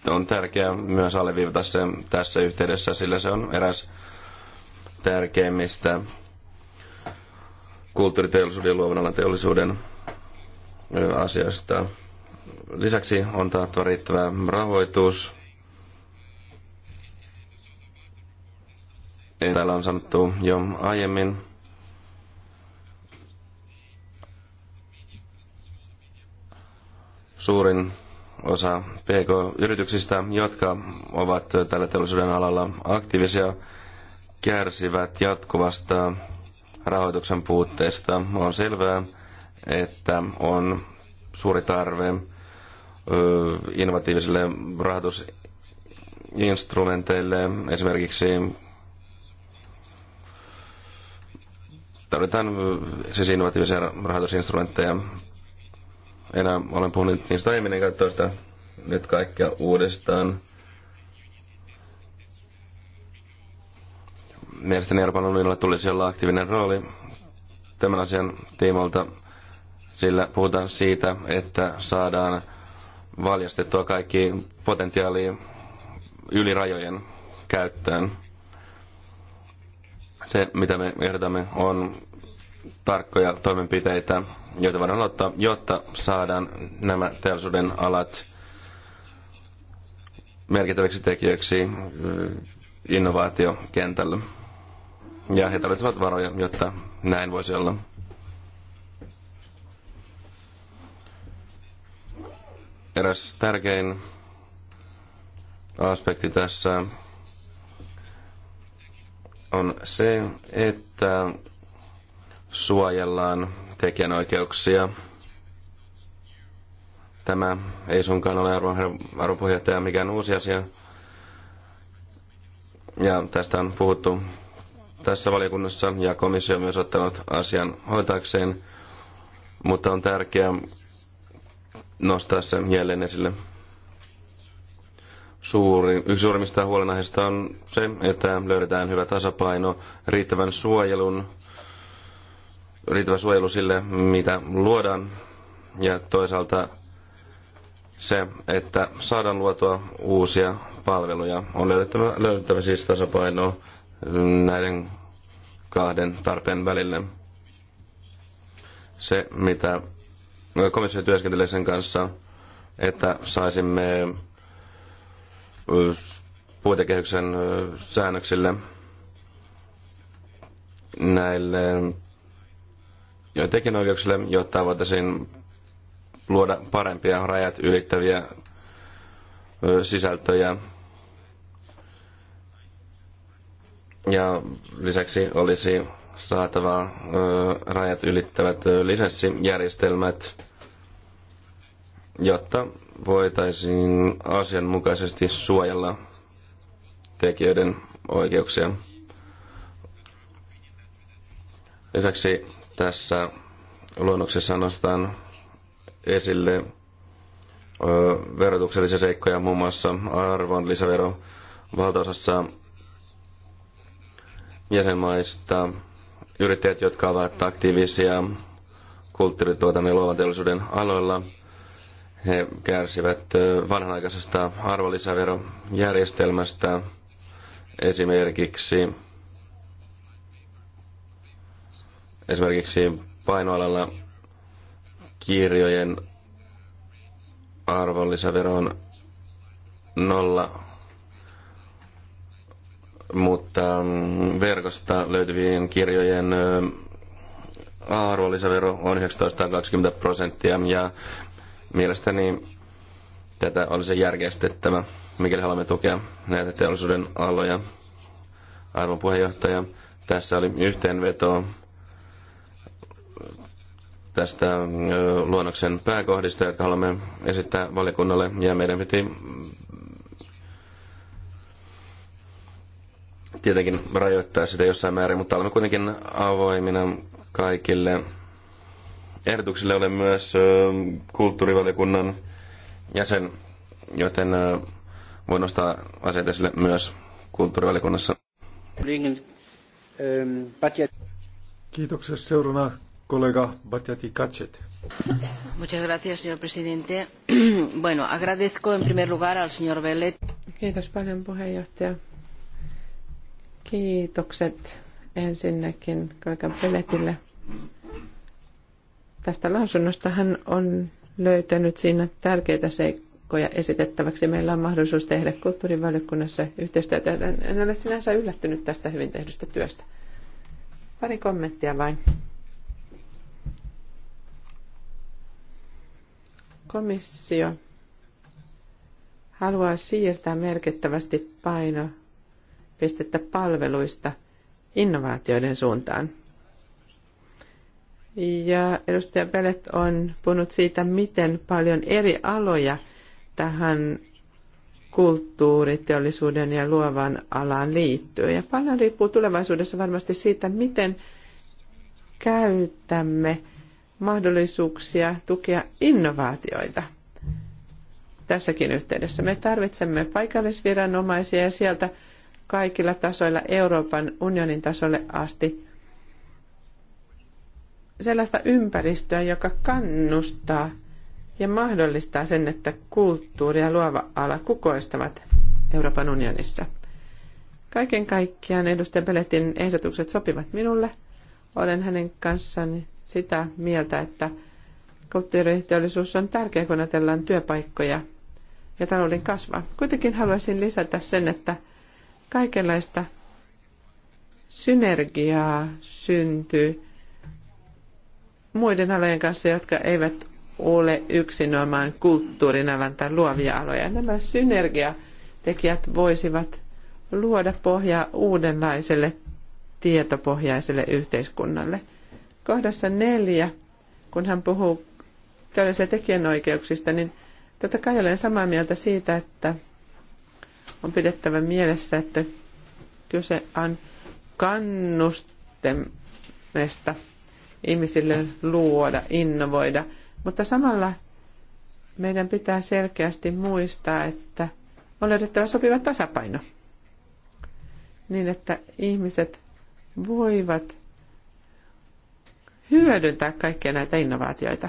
on tärkeää myös alleviivata se tässä yhteydessä, sillä se on eräs tärkeimmistä kulttuuriteollisuuden ja luovan alan teollisuuden asioista. Lisäksi on taattava riittävä rahoitus. Täällä on sanottu jo aiemmin, Suurin osa PK-yrityksistä, jotka ovat tällä teollisuuden alalla aktiivisia, kärsivät jatkuvasta rahoituksen puutteesta. On selvää, että on suuri tarve innovatiivisille rahoitusinstrumenteille, esimerkiksi tarvitaan siis innovatiivisia rahoitusinstrumentteja enää olen puhunut niistä aiemmin, enkä toista nyt kaikkea uudestaan. Mielestäni Euroopan unionilla tulisi olla aktiivinen rooli tämän asian tiimolta, sillä puhutaan siitä, että saadaan valjastettua kaikki potentiaali yli rajojen käyttöön. Se, mitä me ehdotamme, on tarkkoja toimenpiteitä, joita voidaan ottaa, jotta saadaan nämä teollisuuden alat merkittäväksi tekijöiksi innovaatiokentällä. Ja he tarvitsevat varoja, jotta näin voisi olla. Eräs tärkein aspekti tässä on se, että suojellaan tekijänoikeuksia. Tämä ei suinkaan ole arvon puheenjohtaja mikään uusi asia. Ja tästä on puhuttu tässä valiokunnassa ja komissio on myös ottanut asian hoitaakseen, mutta on tärkeää nostaa se jälleen esille. Suuri, yksi suurimmista huolenaiheista on se, että löydetään hyvä tasapaino riittävän suojelun riittävä suojelu sille, mitä luodaan, ja toisaalta se, että saadaan luotua uusia palveluja. On löydettävä, löydettävä siis tasapaino näiden kahden tarpeen välille. Se, mitä komissio työskentelee sen kanssa, että saisimme puitekehyksen säännöksille näille tekijänoikeuksille, jotta voitaisiin luoda parempia rajat ylittäviä sisältöjä. Ja lisäksi olisi saatava rajat ylittävät lisenssijärjestelmät, jotta voitaisiin asianmukaisesti suojella tekijöiden oikeuksia. Lisäksi tässä luonnoksessa nostetaan esille verotuksellisia seikkoja, muun muassa arvonlisävero valtaosassa jäsenmaista. Yrittäjät, jotka ovat aktiivisia kulttuurituotannon ja luovan teollisuuden aloilla, he kärsivät vanhanaikaisesta arvonlisäverojärjestelmästä esimerkiksi Esimerkiksi painoalalla kirjojen arvonlisävero on nolla, mutta mm, verkosta löytyvien kirjojen arvonlisävero on 1920 prosenttia ja mielestäni tätä olisi järjestettävä, mikäli haluamme tukea näitä teollisuuden aloja. Arvon puheenjohtaja, tässä oli yhteenveto tästä luonnoksen pääkohdista, jotka haluamme esittää valiokunnalle, ja meidän piti tietenkin rajoittaa sitä jossain määrin, mutta olemme kuitenkin avoimina kaikille ehdotuksille. Olen myös kulttuurivaliokunnan jäsen, joten voin nostaa asioita esille myös kulttuurivaliokunnassa. Ähm, Kiitoksia Seuraavana kollega Batjati Kacet. Muchas gracias, señor presidente. *clears throat* Bueno, agradezco en primer lugar al señor Bellet. Kiitos paljon puheenjohtaja. Kiitokset ensinnäkin kollegan Belletille tästä lausunnosta. Hän on löytänyt siinä tärkeitä seikkoja esitettäväksi. Meillä on mahdollisuus tehdä kulttuurivaliokunnassa yhteistyötä. En ole sinänsä yllättynyt tästä hyvin tehdystä työstä. Pari kommenttia vain. Komissio haluaa siirtää merkittävästi painopistettä palveluista innovaatioiden suuntaan. Ja edustaja Pelet on puhunut siitä, miten paljon eri aloja tähän kulttuuriteollisuuden ja luovan alaan liittyy. Ja paljon riippuu tulevaisuudessa varmasti siitä, miten käytämme mahdollisuuksia tukea innovaatioita. Tässäkin yhteydessä me tarvitsemme paikallisviranomaisia ja sieltä kaikilla tasoilla Euroopan unionin tasolle asti sellaista ympäristöä, joka kannustaa ja mahdollistaa sen, että kulttuuri ja luova ala kukoistavat Euroopan unionissa. Kaiken kaikkiaan edustaja Peletin ehdotukset sopivat minulle. Olen hänen kanssaan sitä mieltä, että kulttuuriteollisuus on tärkeä, kun ajatellaan työpaikkoja ja talouden kasvaa. Kuitenkin haluaisin lisätä sen, että kaikenlaista synergiaa syntyy muiden alojen kanssa, jotka eivät ole yksinomaan kulttuurin alan tai luovia aloja. Nämä synergiatekijät voisivat luoda pohjaa uudenlaiselle tietopohjaiselle yhteiskunnalle – kohdassa neljä, kun hän puhuu teollisia tekijänoikeuksista, niin totta kai olen samaa mieltä siitä, että on pidettävä mielessä, että kyse on kannustemesta ihmisille luoda, innovoida, mutta samalla meidän pitää selkeästi muistaa, että on löydettävä sopiva tasapaino niin, että ihmiset voivat hyödyntää kaikkia näitä innovaatioita.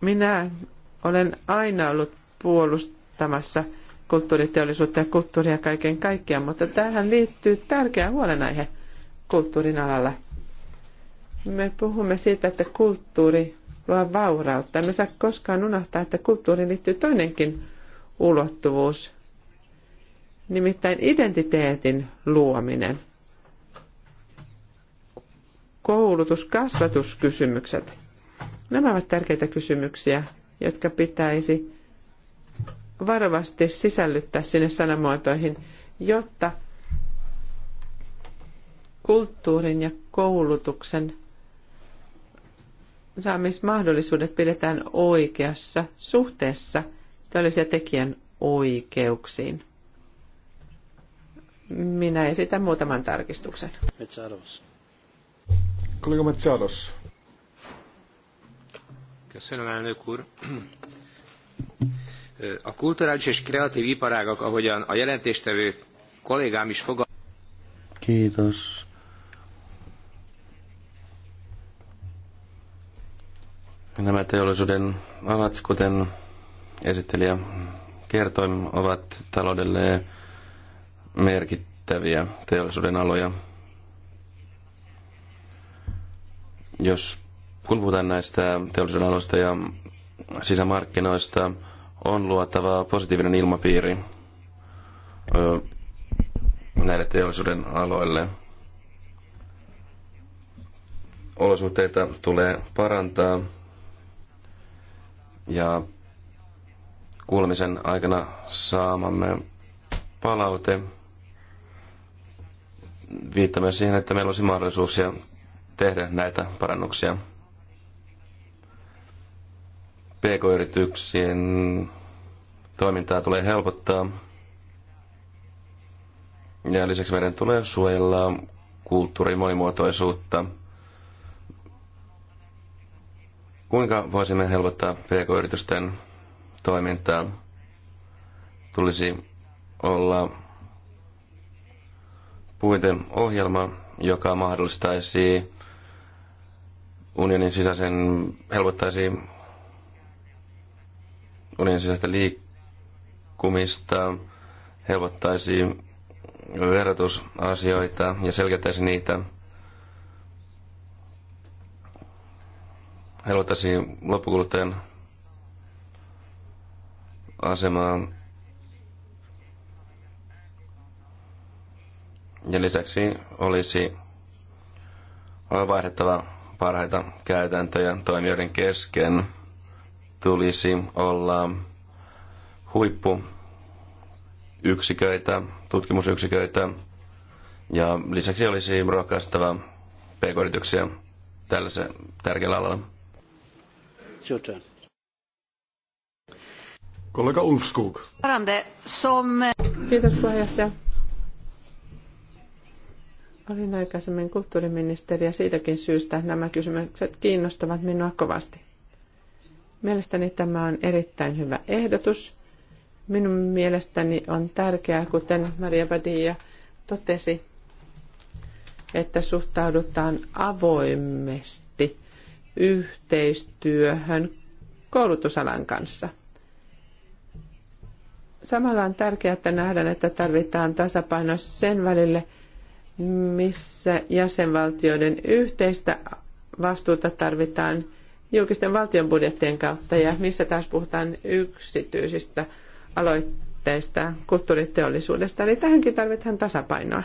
Minä olen aina ollut puolustamassa kulttuuriteollisuutta ja kulttuuria kaiken kaikkiaan, mutta tähän liittyy tärkeä huolenaihe kulttuurin alalla. Me puhumme siitä, että kulttuuri luo vaurautta. Me saa koskaan unohtaa, että kulttuuriin liittyy toinenkin ulottuvuus, nimittäin identiteetin luominen – koulutus, kasvatuskysymykset. Nämä ovat tärkeitä kysymyksiä, jotka pitäisi varovasti sisällyttää sinne sanamuotoihin, jotta kulttuurin ja koulutuksen saamismahdollisuudet pidetään oikeassa suhteessa tällaisia tekijän oikeuksiin. Minä esitän muutaman tarkistuksen. Metsäarvossa. Kollega Metsados. Köszönöm, elnök úr. A kulturális és kreatív iparágak, ahogyan a jelentéstevő kollégám is fogal... Kiitos. Nämä teollisuuden alat, kuten esittelijä kertoi, ovat taloudelle merkittäviä teollisuuden aloja. Jos kun puhutaan näistä teollisuuden aloista ja sisämarkkinoista, on luotava positiivinen ilmapiiri näille teollisuuden aloille. Olosuhteita tulee parantaa ja kuulemisen aikana saamamme palaute viittaamme siihen, että meillä olisi mahdollisuuksia tehdä näitä parannuksia. PK-yrityksien toimintaa tulee helpottaa. Ja lisäksi meidän tulee suojella kulttuurin monimuotoisuutta. Kuinka voisimme helpottaa pk-yritysten toimintaa? Tulisi olla puiteohjelma, joka mahdollistaisi unionin sisäisen helpottaisi unionin sisäistä liikkumista, helpottaisi verotusasioita ja selkeyttäisi niitä. Helpottaisi loppukuluttajan asemaa. Ja lisäksi olisi vaihdettava parhaita käytäntöjä toimijoiden kesken tulisi olla huippuyksiköitä, tutkimusyksiköitä ja lisäksi olisi rohkaistava pk-yrityksiä tällaisen tärkeällä alalla. Kollega Ulfskog. Kiitos puheenjohtaja. Olin aikaisemmin kulttuuriministeri ja siitäkin syystä nämä kysymykset kiinnostavat minua kovasti. Mielestäni tämä on erittäin hyvä ehdotus. Minun mielestäni on tärkeää, kuten Maria Badia totesi, että suhtaudutaan avoimesti yhteistyöhön koulutusalan kanssa. Samalla on tärkeää, että nähdään, että tarvitaan tasapaino sen välille – missä jäsenvaltioiden yhteistä vastuuta tarvitaan julkisten valtion budjettien kautta ja missä taas puhutaan yksityisistä aloitteista kulttuuriteollisuudesta. Eli tähänkin tarvitaan tasapainoa.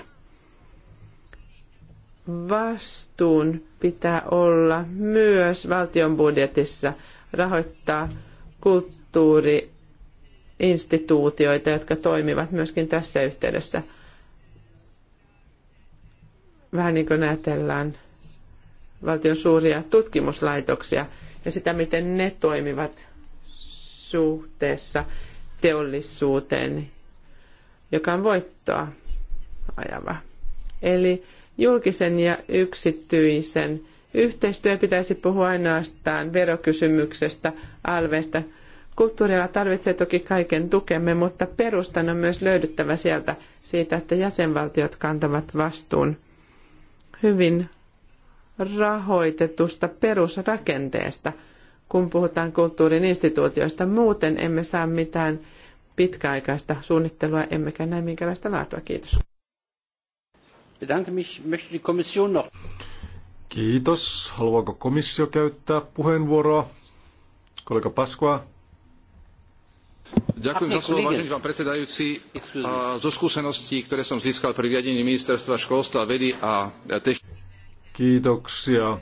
Vastuun pitää olla myös valtion budjetissa rahoittaa kulttuuriinstituutioita, jotka toimivat myöskin tässä yhteydessä – vähän niin kuin ajatellaan valtion suuria tutkimuslaitoksia ja sitä, miten ne toimivat suhteessa teollisuuteen, joka on voittoa ajava. Eli julkisen ja yksityisen yhteistyö pitäisi puhua ainoastaan verokysymyksestä, alvesta. Kulttuurilla tarvitsee toki kaiken tukemme, mutta perustan on myös löydyttävä sieltä siitä, että jäsenvaltiot kantavat vastuun hyvin rahoitetusta perusrakenteesta, kun puhutaan kulttuurin instituutioista. Muuten emme saa mitään pitkäaikaista suunnittelua, emmekä näe minkälaista laatua. Kiitos. Kiitos. Haluaako komissio käyttää puheenvuoroa? Kollega Pasqua. Ďakujem za slovo, vážený pán predsedajúci. Zo skúseností, ktoré som získal pri riadení ministerstva školstva, vedy a techniky... Kiitoksia.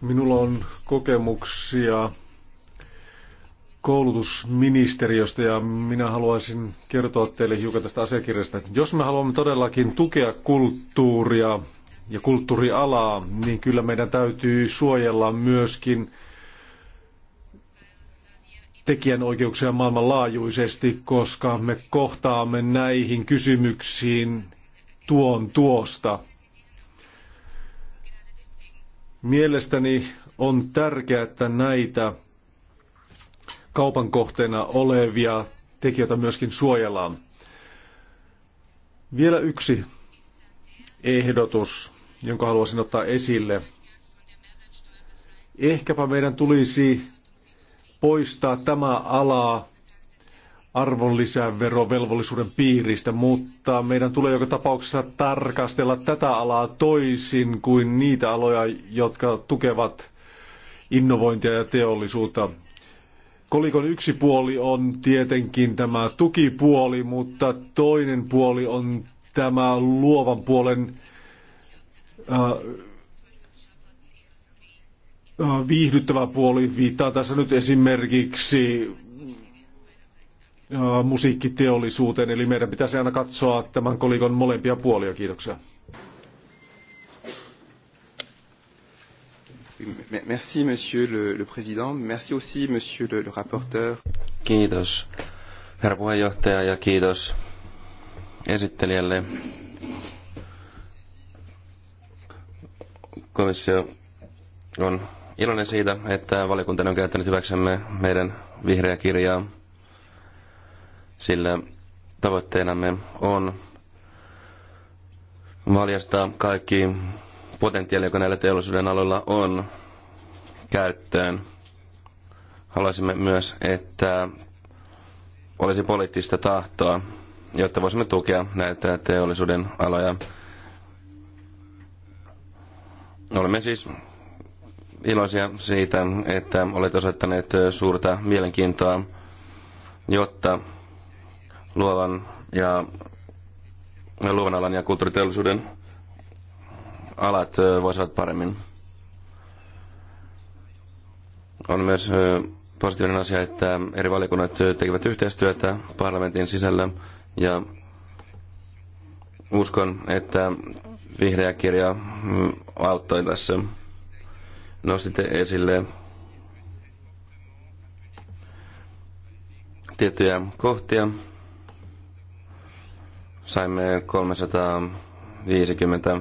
Minulla on kokemuksia koulutusministeriöstä ja minä haluaisin kertoa teille hiukan tästä asiakirjasta. Jos me haluamme todellakin tukea kulttuuria ja kulttuurialaa, niin kyllä meidän täytyy suojella myöskin tekijänoikeuksia maailmanlaajuisesti, koska me kohtaamme näihin kysymyksiin tuon tuosta. Mielestäni on tärkeää, että näitä kaupan kohteena olevia tekijöitä myöskin suojellaan. Vielä yksi ehdotus, jonka haluaisin ottaa esille. Ehkäpä meidän tulisi poistaa tämä ala arvonlisäverovelvollisuuden piiristä, mutta meidän tulee joka tapauksessa tarkastella tätä alaa toisin kuin niitä aloja, jotka tukevat innovointia ja teollisuutta. Kolikon yksi puoli on tietenkin tämä tukipuoli, mutta toinen puoli on tämä luovan puolen äh, Äh, viihdyttävä puoli. Viittaa tässä nyt esimerkiksi äh, musiikkiteollisuuteen, eli meidän pitäisi aina katsoa tämän kolikon molempia puolia. Kiitoksia. Merci, monsieur le, le président. Merci aussi, monsieur le, le rapporteur. Kiitos, herra puheenjohtaja, ja kiitos esittelijälle. Komissio on iloinen siitä, että valiokunta on käyttänyt hyväksemme meidän vihreä kirjaa, sillä tavoitteenamme on valjastaa kaikki potentiaali, joka näillä teollisuuden aloilla on käyttöön. Haluaisimme myös, että olisi poliittista tahtoa, jotta voisimme tukea näitä teollisuuden aloja. Olemme siis iloisia siitä, että olet osoittaneet suurta mielenkiintoa, jotta luovan ja luovan alan ja kulttuuriteollisuuden alat voisivat paremmin. On myös positiivinen asia, että eri valiokunnat tekevät yhteistyötä parlamentin sisällä ja uskon, että vihreä kirja mm, auttoi tässä nostitte esille tiettyjä kohtia. Saimme 350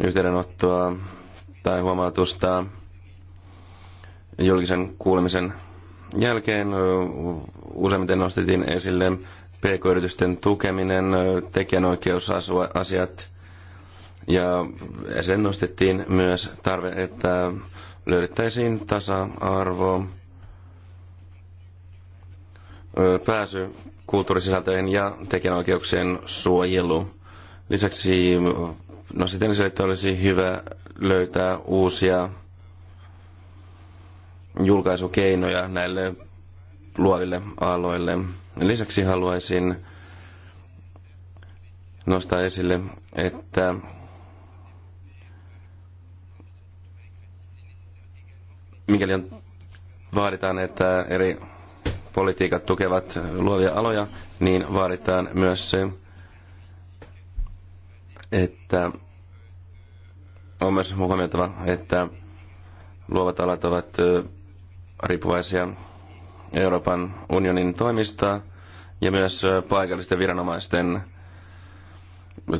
yhteydenottoa tai huomautusta julkisen kuulemisen jälkeen. Useimmiten nostettiin esille pk-yritysten tukeminen, tekijänoikeusasiat, ja sen nostettiin myös tarve, että löydettäisiin tasa-arvo pääsy kulttuurisisältöihin ja tekijänoikeuksien suojelu. Lisäksi no siten se, että olisi hyvä löytää uusia julkaisukeinoja näille luoville aloille. Lisäksi haluaisin nostaa esille, että mikäli on, vaaditaan, että eri politiikat tukevat luovia aloja, niin vaaditaan myös se, että on myös huomioitava, että luovat alat ovat riippuvaisia Euroopan unionin toimista ja myös paikallisten viranomaisten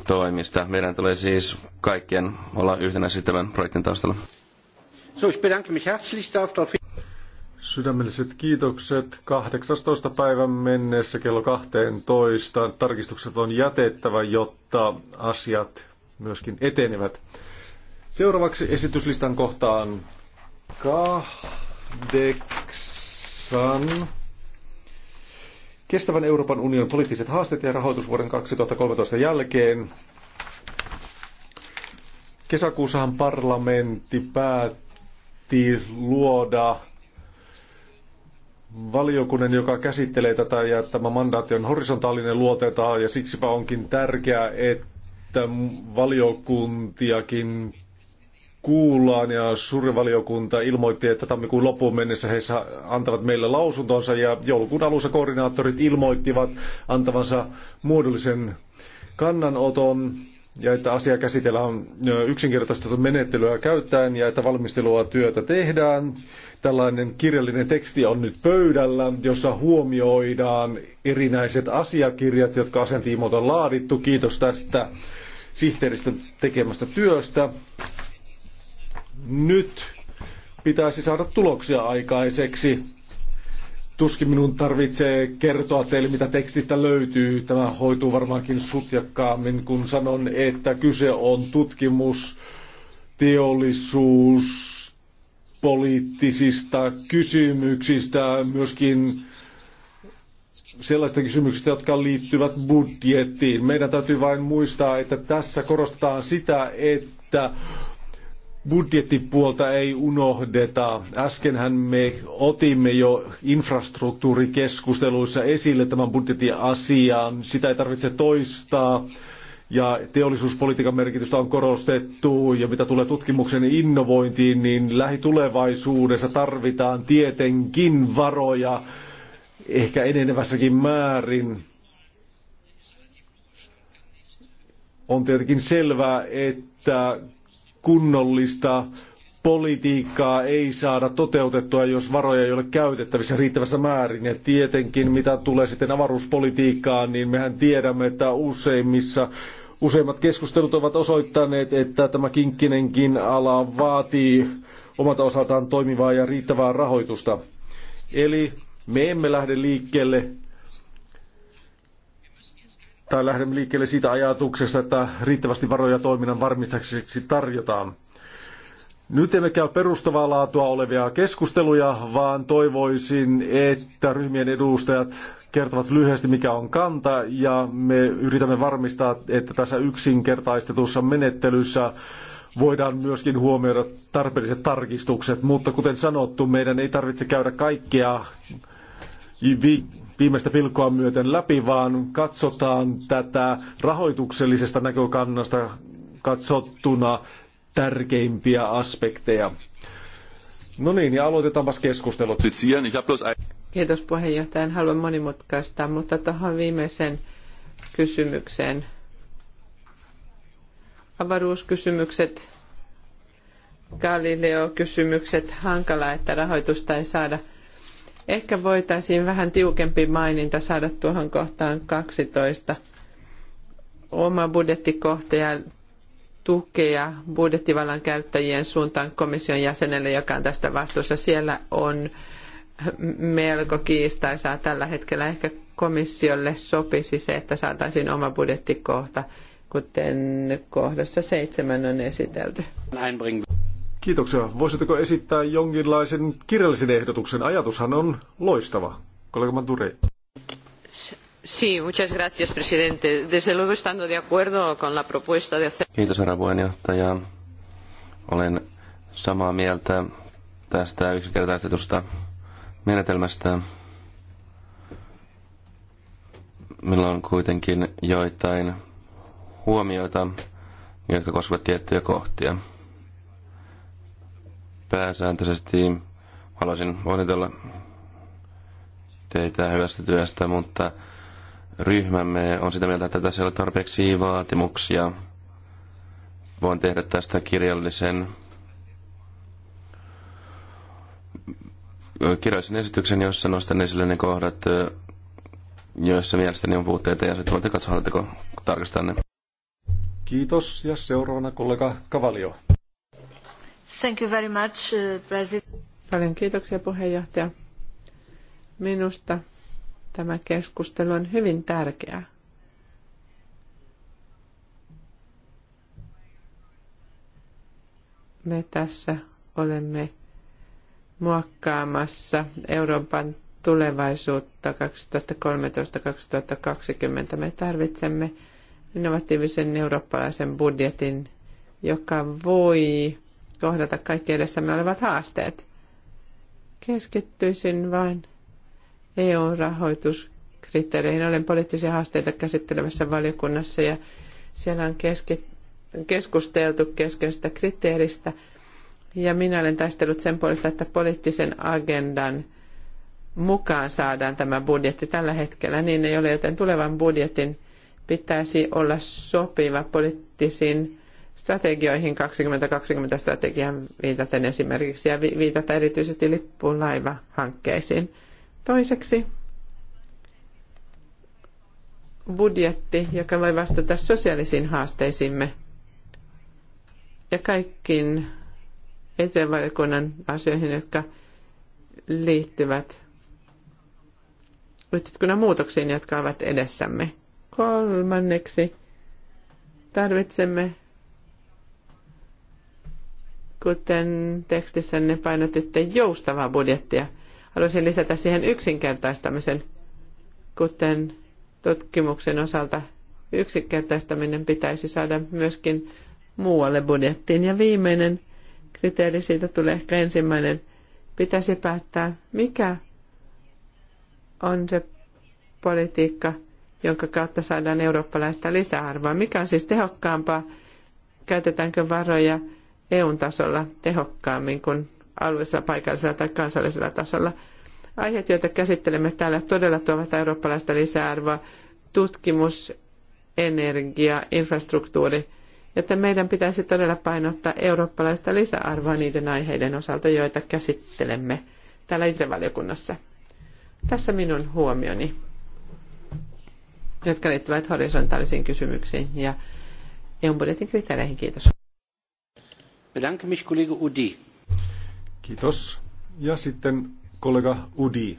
toimista. Meidän tulee siis kaikkien olla yhtenä tämän projektin taustalla. So, ich bedanke mich herzlich Sydämelliset kiitokset. 18. päivän mennessä kello 12 tarkistukset on jätettävä, jotta asiat myöskin etenevät. Seuraavaksi esityslistan kohtaan kahdeksan. Kestävän Euroopan unionin poliittiset haasteet ja rahoitus vuoden 2013 jälkeen. Kesäkuussahan parlamentti päätti yritettiin luoda valiokunnan, joka käsittelee tätä ja tämä mandaatti on horisontaalinen luotetaan ja siksipä onkin tärkeää, että valiokuntiakin kuullaan ja valiokunta ilmoitti, että tammikuun loppuun mennessä he antavat meille lausuntonsa ja joulukuun alussa koordinaattorit ilmoittivat antavansa muodollisen kannanoton ja että asia käsitellään yksinkertaistettu menettelyä käyttäen ja että valmistelua työtä tehdään. Tällainen kirjallinen teksti on nyt pöydällä, jossa huomioidaan erinäiset asiakirjat, jotka asentiimot on laadittu. Kiitos tästä sihteeristön tekemästä työstä. Nyt pitäisi saada tuloksia aikaiseksi Tuskin minun tarvitsee kertoa teille, mitä tekstistä löytyy. Tämä hoituu varmaankin sutjakkaammin, kun sanon, että kyse on tutkimus, teollisuus, poliittisista kysymyksistä, myöskin sellaista kysymyksistä, jotka liittyvät budjettiin. Meidän täytyy vain muistaa, että tässä korostetaan sitä, että budjettipuolta ei unohdeta. Äskenhän me otimme jo infrastruktuurikeskusteluissa esille tämän budjettiasian. Sitä ei tarvitse toistaa. Ja teollisuuspolitiikan merkitystä on korostettu, ja mitä tulee tutkimuksen innovointiin, niin lähitulevaisuudessa tarvitaan tietenkin varoja, ehkä enenevässäkin määrin. On tietenkin selvää, että kunnollista politiikkaa ei saada toteutettua, jos varoja ei ole käytettävissä riittävässä määrin. Ja tietenkin, mitä tulee sitten avaruuspolitiikkaan, niin mehän tiedämme, että useimmissa Useimmat keskustelut ovat osoittaneet, että tämä kinkkinenkin ala vaatii omalta osaltaan toimivaa ja riittävää rahoitusta. Eli me emme lähde liikkeelle tai lähdemme liikkeelle siitä ajatuksesta, että riittävästi varoja toiminnan varmistamiseksi tarjotaan. Nyt emme käy perustavaa laatua olevia keskusteluja, vaan toivoisin, että ryhmien edustajat kertovat lyhyesti, mikä on kanta, ja me yritämme varmistaa, että tässä yksinkertaistetussa menettelyssä voidaan myöskin huomioida tarpeelliset tarkistukset, mutta kuten sanottu, meidän ei tarvitse käydä kaikkea viimeistä pilkoa myöten läpi, vaan katsotaan tätä rahoituksellisesta näkökannasta katsottuna tärkeimpiä aspekteja. No niin, ja aloitetaanpas keskustelut. Kiitos puheenjohtaja, en halua monimutkaistaa, mutta tuohon viimeisen kysymykseen. Avaruuskysymykset, Galileo-kysymykset, hankala, että rahoitusta ei saada – Ehkä voitaisiin vähän tiukempi maininta saada tuohon kohtaan 12. Oma budjettikohta ja tukea budjettivallan käyttäjien suuntaan komission jäsenelle, joka on tästä vastuussa. Siellä on melko kiistaisaa tällä hetkellä. Ehkä komissiolle sopisi se, että saataisiin oma budjettikohta, kuten kohdassa seitsemän on esitelty. Kiitoksia. Voisitteko esittää jonkinlaisen kirjallisen ehdotuksen? Ajatushan on loistava. Kollega Manturi. Sí, muchas gracias, presidente. Desde luego estando de acuerdo con la propuesta de hacer... Kiitos, herra puheenjohtaja. Olen samaa mieltä tästä yksinkertaistetusta menetelmästä. Meillä on kuitenkin joitain huomioita, jotka koskevat tiettyjä kohtia pääsääntöisesti haluaisin onnitella teitä hyvästä työstä, mutta ryhmämme on sitä mieltä, että tässä ei ole tarpeeksi vaatimuksia. Voin tehdä tästä kirjallisen kirjallisen esityksen, jossa nostan esille ne kohdat, joissa mielestäni on puutteita, ja sitten voitte katsoa, haluatteko tarkistaa ne. Kiitos, ja seuraavana kollega Kavalio. Thank you very much, uh, President. Paljon kiitoksia puheenjohtaja. Minusta tämä keskustelu on hyvin tärkeää. Me tässä olemme muokkaamassa Euroopan tulevaisuutta 2013-2020. Me tarvitsemme innovatiivisen eurooppalaisen budjetin, joka voi kohdata kaikki edessämme olevat haasteet. Keskittyisin vain EU-rahoituskriteereihin. Olen poliittisia haasteita käsittelevässä valiokunnassa ja siellä on keske- keskusteltu keskeisestä kriteeristä. Ja minä olen taistellut sen puolesta, että poliittisen agendan mukaan saadaan tämä budjetti tällä hetkellä. Niin ei ole, joten tulevan budjetin pitäisi olla sopiva poliittisiin strategioihin 2020 strategian viitaten esimerkiksi ja viitata erityisesti lippulaiva-hankkeisiin. Toiseksi budjetti, joka voi vastata sosiaalisiin haasteisiimme ja kaikkiin eteenvaliokunnan asioihin, jotka liittyvät yhteiskunnan muutoksiin, jotka ovat edessämme. Kolmanneksi tarvitsemme Kuten tekstissänne painotitte joustavaa budjettia, haluaisin lisätä siihen yksinkertaistamisen, kuten tutkimuksen osalta yksinkertaistaminen pitäisi saada myöskin muualle budjettiin. Ja viimeinen kriteeri siitä tulee ehkä ensimmäinen. Pitäisi päättää, mikä on se politiikka, jonka kautta saadaan eurooppalaista lisäarvoa. Mikä on siis tehokkaampaa? Käytetäänkö varoja EUn tasolla tehokkaammin kuin alueellisella, paikallisella tai kansallisella tasolla. Aiheet, joita käsittelemme täällä, todella tuovat eurooppalaista lisäarvoa. Tutkimus, energia, infrastruktuuri. Joten meidän pitäisi todella painottaa eurooppalaista lisäarvoa niiden aiheiden osalta, joita käsittelemme täällä itsevaliokunnassa. Tässä minun huomioni, jotka liittyvät horisontaalisiin kysymyksiin ja EUn budjetin kriteereihin. Kiitos. Bedanke mich, kollega Udi. Kiitos. Ja sitten kollega Udi.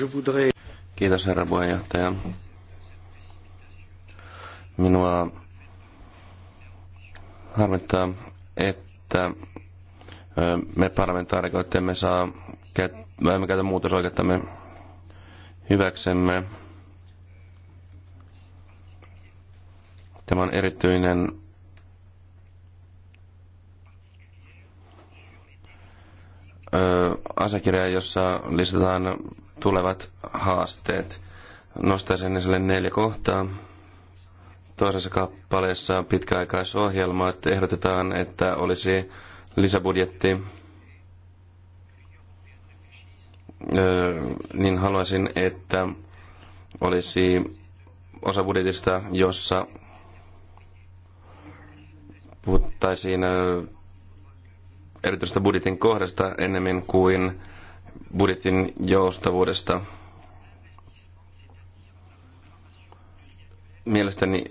Je voudrais... Kiitos, herra puheenjohtaja. Minua harmittaa, että me parlamentaarikot emme saa me emme käytä muutosoikeuttamme hyväksemme. Tämä on erityinen asiakirja, jossa listataan tulevat haasteet. Nostaisin esille neljä kohtaa. Toisessa kappaleessa että ehdotetaan, että olisi lisäbudjetti. Ö, niin haluaisin, että olisi osa budjetista, jossa puhuttaisiin erityisestä budjetin kohdasta ennemmin kuin budjetin joustavuudesta. Mielestäni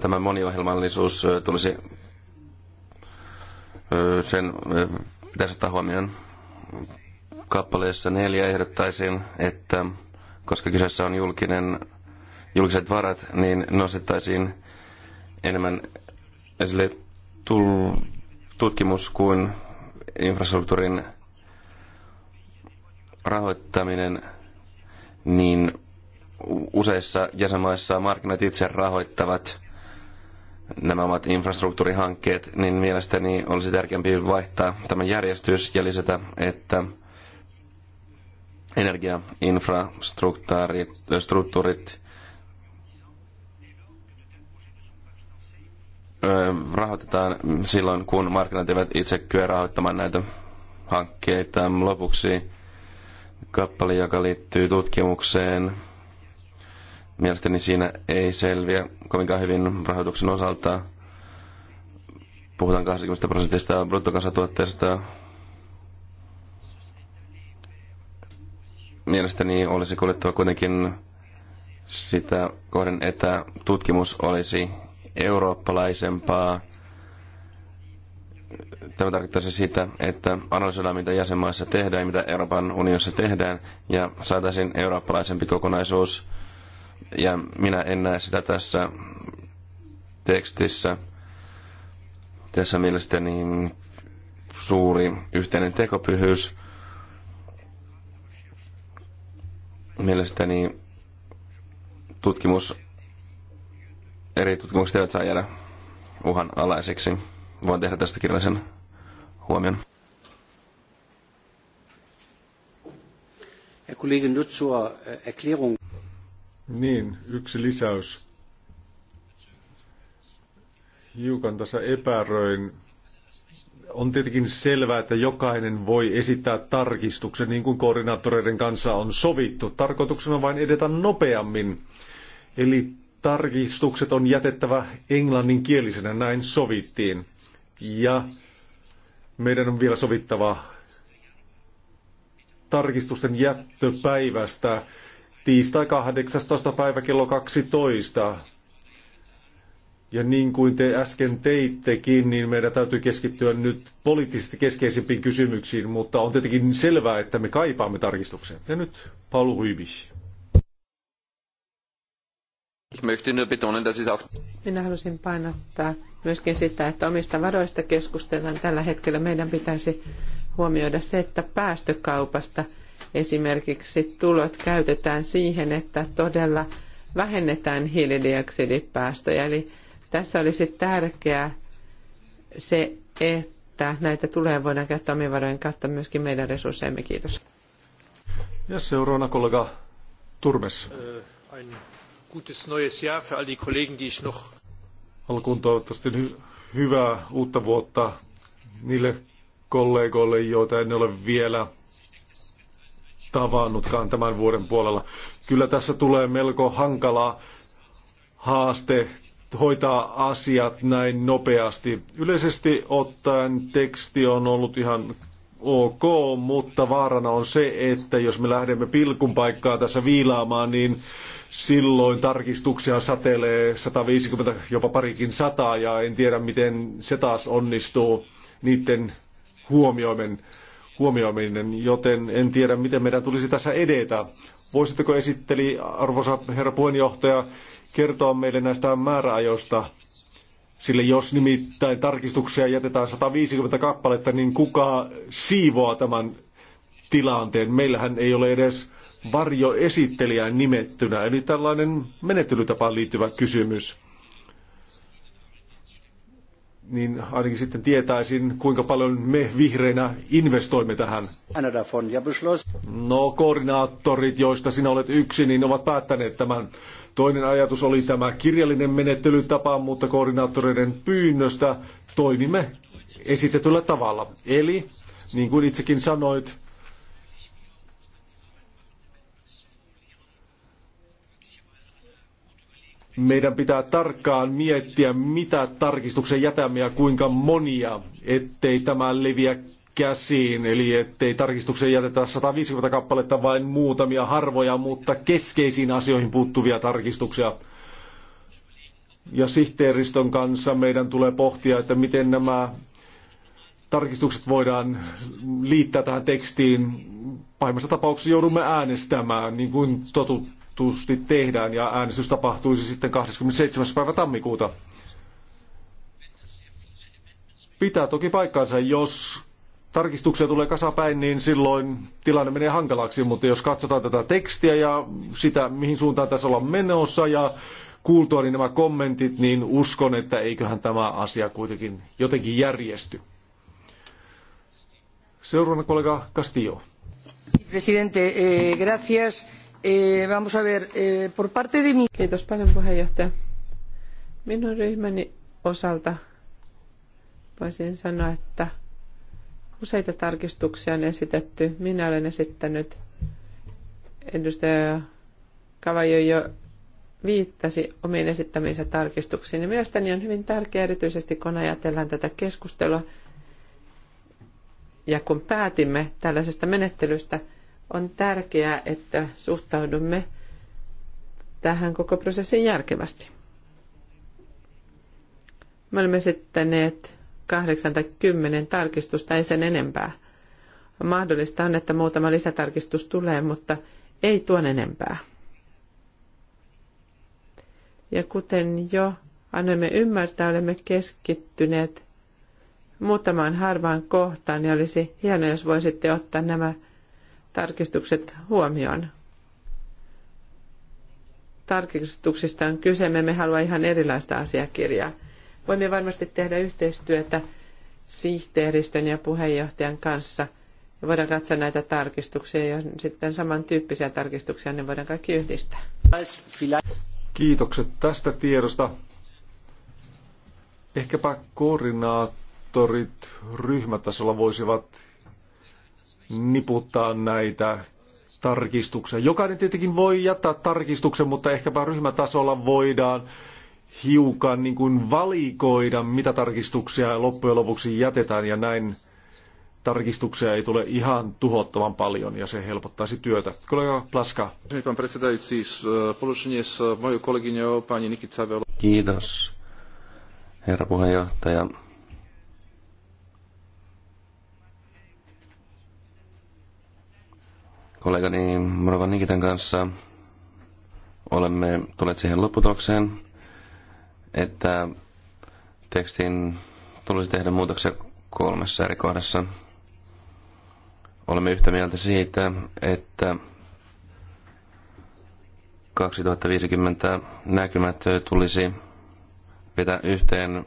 tämä moniohjelmallisuus tulisi sen pitäisi ottaa huomioon. Kappaleessa neljä ehdottaisin, että koska kyseessä on julkinen, julkiset varat, niin nostettaisiin enemmän esille tul- tutkimus kuin infrastruktuurin rahoittaminen, niin useissa jäsenmaissa markkinat itse rahoittavat nämä omat infrastruktuurihankkeet, niin mielestäni olisi tärkeämpi vaihtaa tämä järjestys ja lisätä, että energiainfrastruktuurit rahoitetaan silloin, kun markkinat eivät itse kyllä rahoittamaan näitä hankkeita. Lopuksi kappale, joka liittyy tutkimukseen. Mielestäni siinä ei selviä kovinkaan hyvin rahoituksen osalta. Puhutaan 20 prosentista bruttokansantuotteesta. Mielestäni olisi kuljettava kuitenkin sitä kohden, että tutkimus olisi eurooppalaisempaa. Tämä tarkoittaisi siis sitä, että analysoidaan mitä jäsenmaissa tehdään ja mitä Euroopan unionissa tehdään ja saataisiin eurooppalaisempi kokonaisuus. Ja minä en näe sitä tässä tekstissä. Tässä mielestäni niin suuri yhteinen tekopyhyys. Mielestäni tutkimus eri tutkimukset eivät saa jäädä uhan alaisiksi. Voin tehdä tästä kirjallisen huomion. Äh, Erklärung. Niin, yksi lisäys. Hiukan tässä epäröin. On tietenkin selvää, että jokainen voi esittää tarkistuksen, niin kuin koordinaattoreiden kanssa on sovittu. Tarkoituksena on vain edetä nopeammin. Eli tarkistukset on jätettävä englanninkielisenä, näin sovittiin. Ja meidän on vielä sovittava tarkistusten jättöpäivästä tiistai 18. päivä kello 12. Ja niin kuin te äsken teittekin, niin meidän täytyy keskittyä nyt poliittisesti keskeisimpiin kysymyksiin, mutta on tietenkin selvää, että me kaipaamme tarkistuksen. Ja nyt Paul Rybich. Minä halusin painottaa myöskin sitä, että omista varoista keskustellaan tällä hetkellä. Meidän pitäisi huomioida se, että päästökaupasta esimerkiksi tulot käytetään siihen, että todella vähennetään hiilidioksidipäästöjä. Eli tässä olisi tärkeää se, että näitä tulee voidaan käyttää omien varojen kautta myöskin meidän resursseihimme Kiitos. Ja seuraavana kollega Turmes. Äh, gutes neues Jahr für all die Kollegen, die ich noch... Alkuun toivottavasti hy- hyvää uutta vuotta niille kollegoille, joita en ole vielä tavannutkaan tämän vuoden puolella. Kyllä tässä tulee melko hankala haaste hoitaa asiat näin nopeasti. Yleisesti ottaen teksti on ollut ihan ok, mutta vaarana on se, että jos me lähdemme pilkun paikkaa tässä viilaamaan, niin silloin tarkistuksia satelee 150, jopa parikin sataa, ja en tiedä, miten se taas onnistuu niiden huomioimen, huomioiminen, joten en tiedä, miten meidän tulisi tässä edetä. Voisitteko esitteli, arvoisa herra puheenjohtaja, kertoa meille näistä määräajoista? Sillä jos nimittäin tarkistuksia jätetään 150 kappaletta, niin kuka siivoaa tämän tilanteen? Meillähän ei ole edes varjoesittelijää nimettynä, eli tällainen menettelytapaan liittyvä kysymys. Niin ainakin sitten tietäisin, kuinka paljon me vihreinä investoimme tähän. No koordinaattorit, joista sinä olet yksi, niin ovat päättäneet tämän Toinen ajatus oli tämä kirjallinen menettelytapa, mutta koordinaattoreiden pyynnöstä toimimme esitetyllä tavalla. Eli, niin kuin itsekin sanoit, meidän pitää tarkkaan miettiä, mitä tarkistuksen jätämme ja kuinka monia, ettei tämä leviä käsiin, eli ettei tarkistukseen jätetä 150 kappaletta vain muutamia harvoja, mutta keskeisiin asioihin puuttuvia tarkistuksia. Ja sihteeristön kanssa meidän tulee pohtia, että miten nämä tarkistukset voidaan liittää tähän tekstiin. Pahimmassa tapauksessa joudumme äänestämään, niin kuin totutusti tehdään, ja äänestys tapahtuisi sitten 27. päivä tammikuuta. Pitää toki paikkaansa, jos tarkistuksia tulee kasapäin, niin silloin tilanne menee hankalaksi, mutta jos katsotaan tätä tekstiä ja sitä, mihin suuntaan tässä ollaan menossa ja kuultua niin nämä kommentit, niin uskon, että eiköhän tämä asia kuitenkin jotenkin järjesty. Seuraavana kollega Castillo. Presidente, eh, gracias. Eh, vamos a ver, eh, por parte de mi... Kiitos paljon puheenjohtaja. Minun ryhmäni osalta voisin sanoa, että Useita tarkistuksia on esitetty. Minä olen esittänyt edustaja Kavajo jo viittasi omiin esittämiinsä tarkistuksiin. mielestäni on hyvin tärkeää, erityisesti kun ajatellaan tätä keskustelua ja kun päätimme tällaisesta menettelystä, on tärkeää, että suhtaudumme tähän koko prosessin järkevästi. Me olemme esittäneet kahdeksan tai kymmenen tarkistusta, ei sen enempää. Mahdollista on, että muutama lisätarkistus tulee, mutta ei tuon enempää. Ja kuten jo annoimme ymmärtää, olemme keskittyneet muutamaan harvaan kohtaan, niin olisi hienoa, jos voisitte ottaa nämä tarkistukset huomioon. Tarkistuksista on kyse, me emme halua ihan erilaista asiakirjaa. Voimme varmasti tehdä yhteistyötä sihteeristön ja puheenjohtajan kanssa ja voidaan katsoa näitä tarkistuksia ja sitten samantyyppisiä tarkistuksia, niin voidaan kaikki yhdistää. Kiitokset tästä tiedosta. Ehkäpä koordinaattorit ryhmätasolla voisivat niputtaa näitä tarkistuksia. Jokainen tietenkin voi jättää tarkistuksen, mutta ehkäpä ryhmätasolla voidaan hiukan niin kuin valikoida, mitä tarkistuksia loppujen lopuksi jätetään ja näin tarkistuksia ei tule ihan tuhottoman paljon ja se helpottaisi työtä. Kollega Plaska. E, Kiitos, herra puheenjohtaja. Kollegani Morvan Nikitan kanssa olemme tulleet siihen lopputulokseen, että tekstiin tulisi tehdä muutoksia kolmessa eri kohdassa. Olemme yhtä mieltä siitä, että 2050 näkymät tulisi vetää yhteen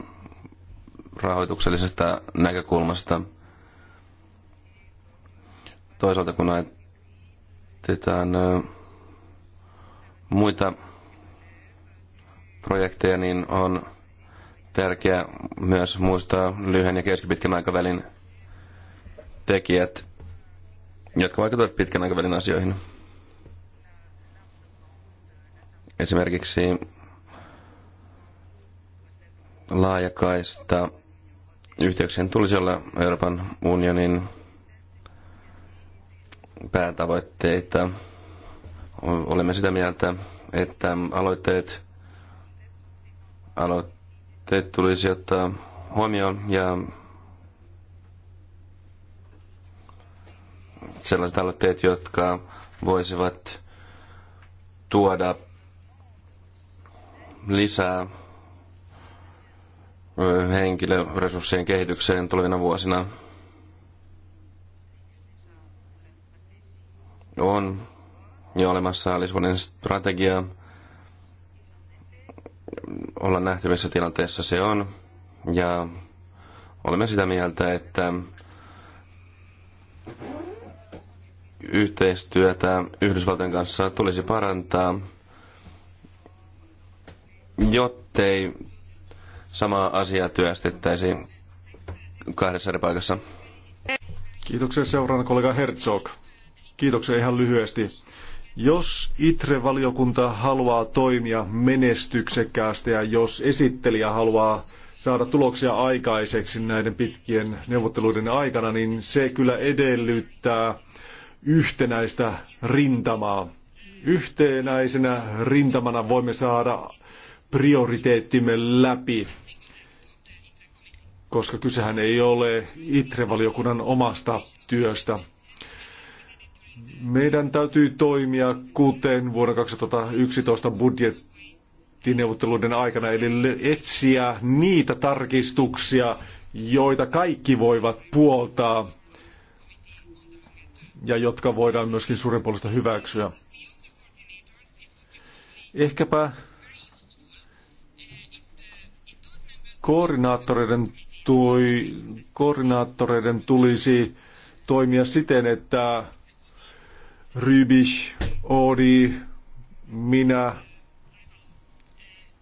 rahoituksellisesta näkökulmasta. Toisaalta kun ajatetaan muita projekteja, niin on tärkeää myös muistaa lyhyen ja keskipitkän aikavälin tekijät, jotka vaikuttavat pitkän aikavälin asioihin. Esimerkiksi laajakaista yhteyksien tulisi olla Euroopan unionin päätavoitteita. Olemme sitä mieltä, että aloitteet aloitteet tulisi ottaa huomioon ja sellaiset aloitteet, jotka voisivat tuoda lisää henkilöresurssien kehitykseen tulevina vuosina. On jo olemassa Lisbonin strategia, olla nähty, missä tilanteessa se on. Ja olemme sitä mieltä, että yhteistyötä Yhdysvaltojen kanssa tulisi parantaa, jottei samaa asiaa työstettäisi kahdessa eri paikassa. Kiitoksia seuraavana kollega Herzog. Kiitoksia ihan lyhyesti. Jos ITRE-valiokunta haluaa toimia menestyksekkäästi ja jos esittelijä haluaa saada tuloksia aikaiseksi näiden pitkien neuvotteluiden aikana, niin se kyllä edellyttää yhtenäistä rintamaa. Yhtenäisenä rintamana voimme saada prioriteettimme läpi, koska kysehän ei ole ITRE-valiokunnan omasta työstä. Meidän täytyy toimia kuten vuonna 2011 budjettineuvotteluiden aikana, eli etsiä niitä tarkistuksia, joita kaikki voivat puoltaa ja jotka voidaan myöskin suuren puolesta hyväksyä. Ehkäpä koordinaattoreiden, tui, koordinaattoreiden tulisi toimia siten, että Rybich, Odi, minä,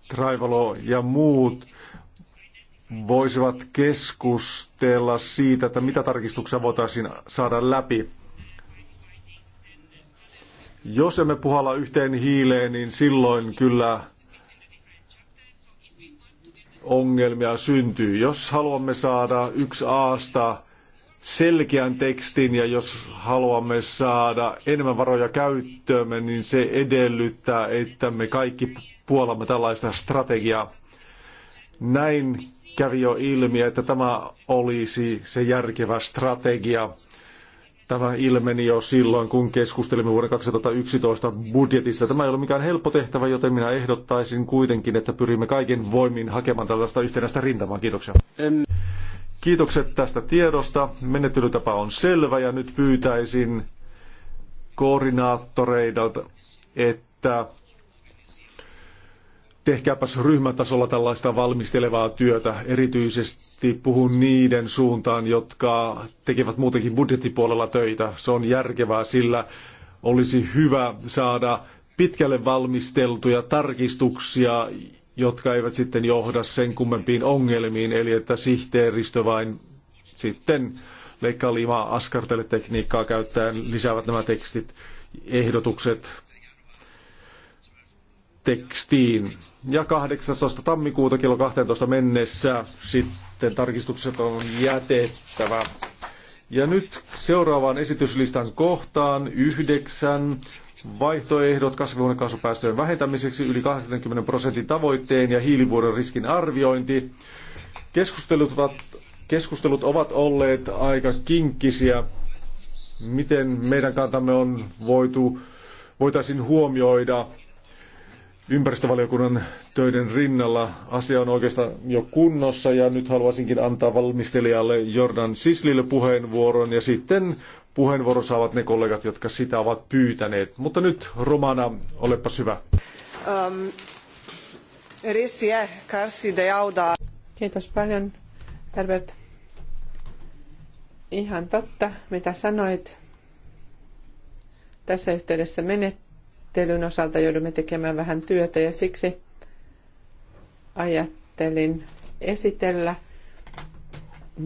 Traivalo ja muut voisivat keskustella siitä, että mitä tarkistuksia voitaisiin saada läpi. Jos emme puhalla yhteen hiileen, niin silloin kyllä ongelmia syntyy. Jos haluamme saada yksi aasta selkeän tekstin ja jos haluamme saada enemmän varoja käyttöömme, niin se edellyttää, että me kaikki puolamme tällaista strategiaa. Näin kävi jo ilmi, että tämä olisi se järkevä strategia. Tämä ilmeni jo silloin, kun keskustelimme vuoden 2011 budjetista. Tämä ei ole mikään helppo tehtävä, joten minä ehdottaisin kuitenkin, että pyrimme kaiken voimin hakemaan tällaista yhtenäistä rintamaa. Kiitoksia. En... Kiitokset tästä tiedosta. Menettelytapa on selvä ja nyt pyytäisin koordinaattoreidalta, että tehkääpäs ryhmätasolla tällaista valmistelevaa työtä. Erityisesti puhun niiden suuntaan, jotka tekevät muutenkin budjettipuolella töitä. Se on järkevää, sillä olisi hyvä saada pitkälle valmisteltuja tarkistuksia, jotka eivät sitten johda sen kummempiin ongelmiin, eli että sihteeristö vain sitten leikkaa liimaa askarteletekniikkaa käyttäen lisäävät nämä tekstit, ehdotukset tekstiin. Ja 18. tammikuuta kello 12 mennessä sitten tarkistukset on jätettävä. Ja nyt seuraavaan esityslistan kohtaan yhdeksän vaihtoehdot kasvihuonekaasupäästöjen vähentämiseksi yli 80 prosentin tavoitteen ja hiilivuodon riskin arviointi. Keskustelut ovat, keskustelut ovat olleet aika kinkkisiä. Miten meidän kantamme on voitu, voitaisiin huomioida ympäristövaliokunnan töiden rinnalla. Asia on oikeastaan jo kunnossa ja nyt haluaisinkin antaa valmistelijalle Jordan Sislille puheenvuoron ja sitten Puheenvuoro saavat ne kollegat, jotka sitä ovat pyytäneet. Mutta nyt, Romana, olepa hyvä. Ähm, Karsi Kiitos paljon, Herbert. Ihan totta, mitä sanoit. Tässä yhteydessä menettelyn osalta joudumme tekemään vähän työtä ja siksi ajattelin esitellä –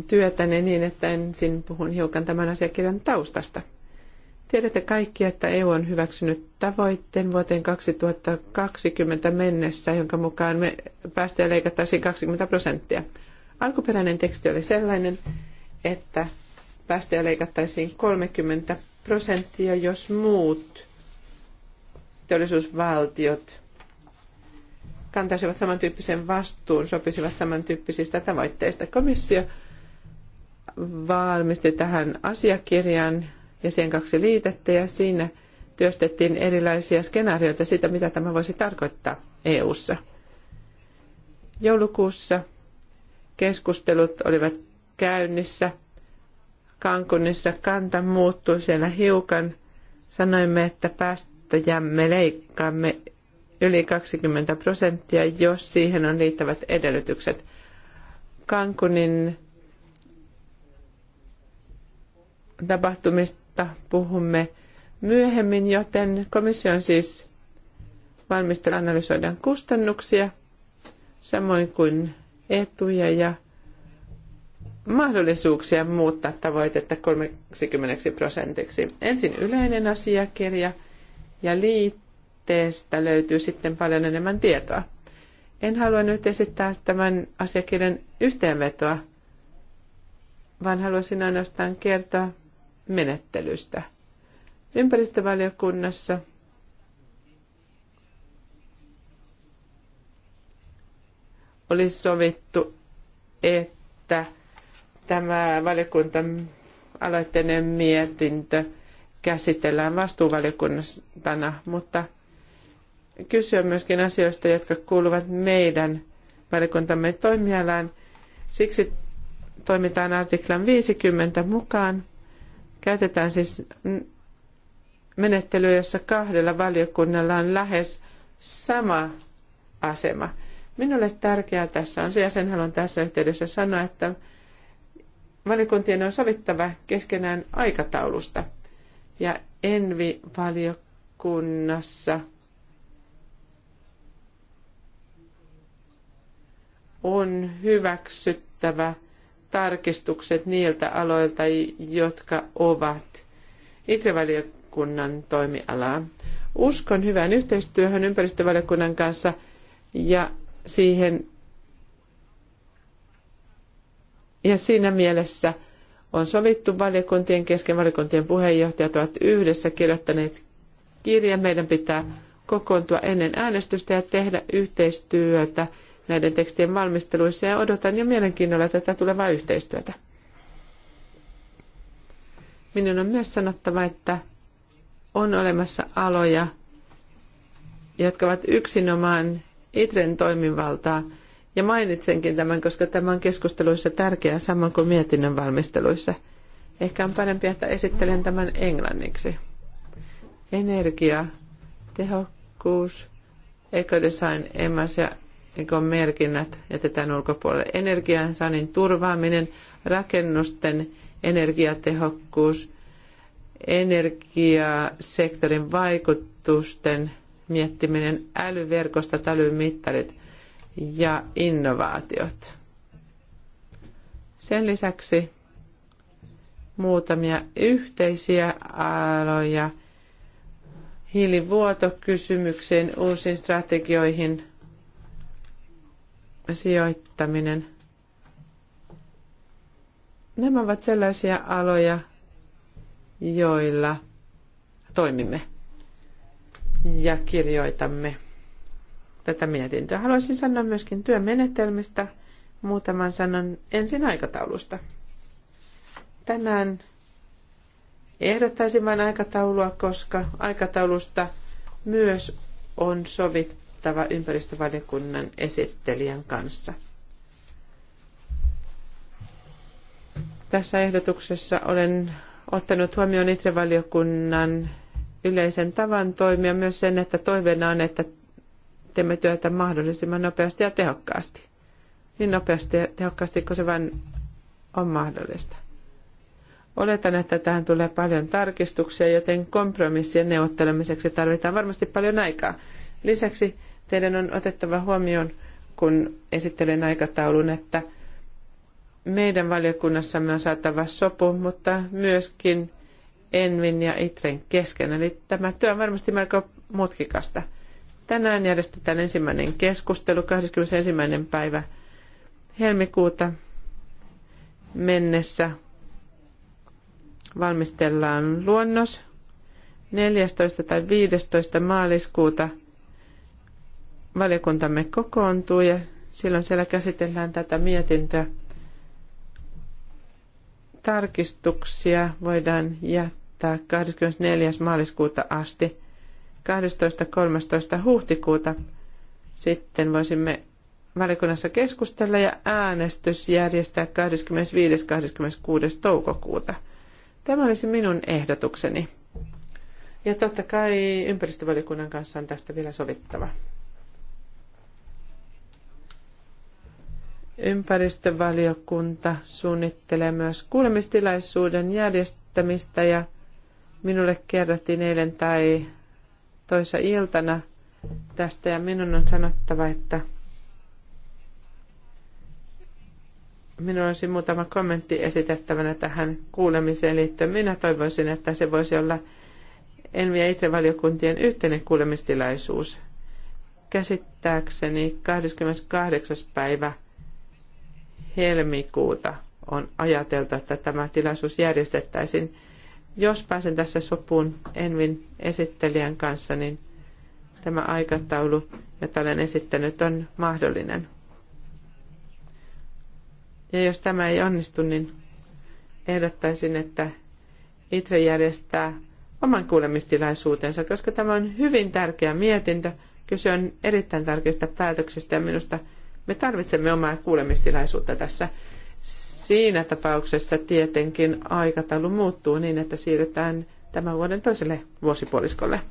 työtäne niin, että ensin puhun hiukan tämän asiakirjan taustasta. Tiedätte kaikki, että EU on hyväksynyt tavoitteen vuoteen 2020 mennessä, jonka mukaan me päästöjä leikattaisiin 20 prosenttia. Alkuperäinen teksti oli sellainen, että päästöjä leikattaisiin 30 prosenttia, jos muut teollisuusvaltiot kantaisivat samantyyppisen vastuun, sopisivat samantyyppisistä tavoitteista. Komissio valmisti tähän asiakirjan ja siihen kaksi liitettä ja siinä työstettiin erilaisia skenaarioita siitä, mitä tämä voisi tarkoittaa EU:ssa. Joulukuussa keskustelut olivat käynnissä. Kankunissa kanta muuttui siellä hiukan. Sanoimme, että päästöjämme leikkaamme yli 20 prosenttia, jos siihen on riittävät edellytykset. Kankunin tapahtumista puhumme myöhemmin, joten komission siis valmistella analysoidaan kustannuksia, samoin kuin etuja ja mahdollisuuksia muuttaa tavoitetta 30 prosentiksi. Ensin yleinen asiakirja ja liitteestä löytyy sitten paljon enemmän tietoa. En halua nyt esittää tämän asiakirjan yhteenvetoa, vaan haluaisin ainoastaan kertoa, menettelystä. Ympäristövaliokunnassa oli sovittu, että tämä valiokunta aloitteinen mietintö käsitellään vastuuvaliokunnastana, mutta kysyä myöskin asioista, jotka kuuluvat meidän valiokuntamme toimialaan. Siksi toimitaan artiklan 50 mukaan. Käytetään siis menettelyä, jossa kahdella valiokunnalla on lähes sama asema. Minulle tärkeää tässä on se, ja sen haluan tässä yhteydessä sanoa, että valiokuntien on sovittava keskenään aikataulusta. Ja Envi-valiokunnassa on hyväksyttävä – tarkistukset niiltä aloilta, jotka ovat itsevaliokunnan toimialaa. Uskon hyvään yhteistyöhön ympäristövaliokunnan kanssa ja siihen ja siinä mielessä on sovittu valiokuntien kesken, valiokuntien puheenjohtajat ovat yhdessä kirjoittaneet kirjan. Meidän pitää kokoontua ennen äänestystä ja tehdä yhteistyötä näiden tekstien valmisteluissa ja odotan jo mielenkiinnolla tätä tulevaa yhteistyötä. Minun on myös sanottava, että on olemassa aloja, jotka ovat yksinomaan ITREn toimivaltaa. Ja mainitsenkin tämän, koska tämä on keskusteluissa tärkeää samoin kuin mietinnön valmisteluissa. Ehkä on parempi, että esittelen tämän englanniksi. Energia, tehokkuus, ecodesign, emas ja ekon merkinnät jätetään ulkopuolelle. Energiansaannin turvaaminen, rakennusten energiatehokkuus, energiasektorin vaikutusten miettiminen, älyverkosta älymittarit ja innovaatiot. Sen lisäksi muutamia yhteisiä aloja hiilivuotokysymykseen, uusiin strategioihin – sijoittaminen. Nämä ovat sellaisia aloja, joilla toimimme ja kirjoitamme tätä mietintöä. Haluaisin sanoa myöskin työmenetelmistä muutaman sanan ensin aikataulusta. Tänään ehdottaisin vain aikataulua, koska aikataulusta myös on sovittu neuvoteltava ympäristövaliokunnan esittelijän kanssa. Tässä ehdotuksessa olen ottanut huomioon itrevaliokunnan yleisen tavan toimia myös sen, että toiveena on, että teemme työtä mahdollisimman nopeasti ja tehokkaasti. Niin nopeasti ja tehokkaasti kuin se vain on mahdollista. Oletan, että tähän tulee paljon tarkistuksia, joten kompromissien neuvottelemiseksi tarvitaan varmasti paljon aikaa. Lisäksi Teidän on otettava huomioon, kun esittelen aikataulun, että meidän valiokunnassamme on saatava sopu, mutta myöskin Envin ja Itren kesken. Eli tämä työ on varmasti melko mutkikasta. Tänään järjestetään ensimmäinen keskustelu 21. päivä helmikuuta mennessä valmistellaan luonnos 14. tai 15. maaliskuuta – valiokuntamme kokoontuu ja silloin siellä käsitellään tätä mietintöä. Tarkistuksia voidaan jättää 24. maaliskuuta asti. 12.13. huhtikuuta sitten voisimme valiokunnassa keskustella ja äänestys järjestää 25.–26. toukokuuta. Tämä olisi minun ehdotukseni. Ja totta kai ympäristövaliokunnan kanssa on tästä vielä sovittava. Ympäristövaliokunta suunnittelee myös kuulemistilaisuuden järjestämistä ja minulle kerrottiin eilen tai toisa iltana tästä ja minun on sanottava, että minulla olisi muutama kommentti esitettävänä tähän kuulemiseen liittyen. Minä toivoisin, että se voisi olla Envi- ja Itre-valiokuntien yhteinen kuulemistilaisuus. Käsittääkseni 28. päivä – helmikuuta on ajateltu, että tämä tilaisuus järjestettäisiin. Jos pääsen tässä sopuun Envin esittelijän kanssa, niin tämä aikataulu, jota olen esittänyt, on mahdollinen. Ja jos tämä ei onnistu, niin ehdottaisin, että ITRE järjestää oman kuulemistilaisuutensa, koska tämä on hyvin tärkeä mietintö. Kyse on erittäin tärkeistä päätöksistä ja minusta – me tarvitsemme omaa kuulemistilaisuutta tässä. Siinä tapauksessa tietenkin aikataulu muuttuu niin, että siirrytään tämän vuoden toiselle vuosipuoliskolle.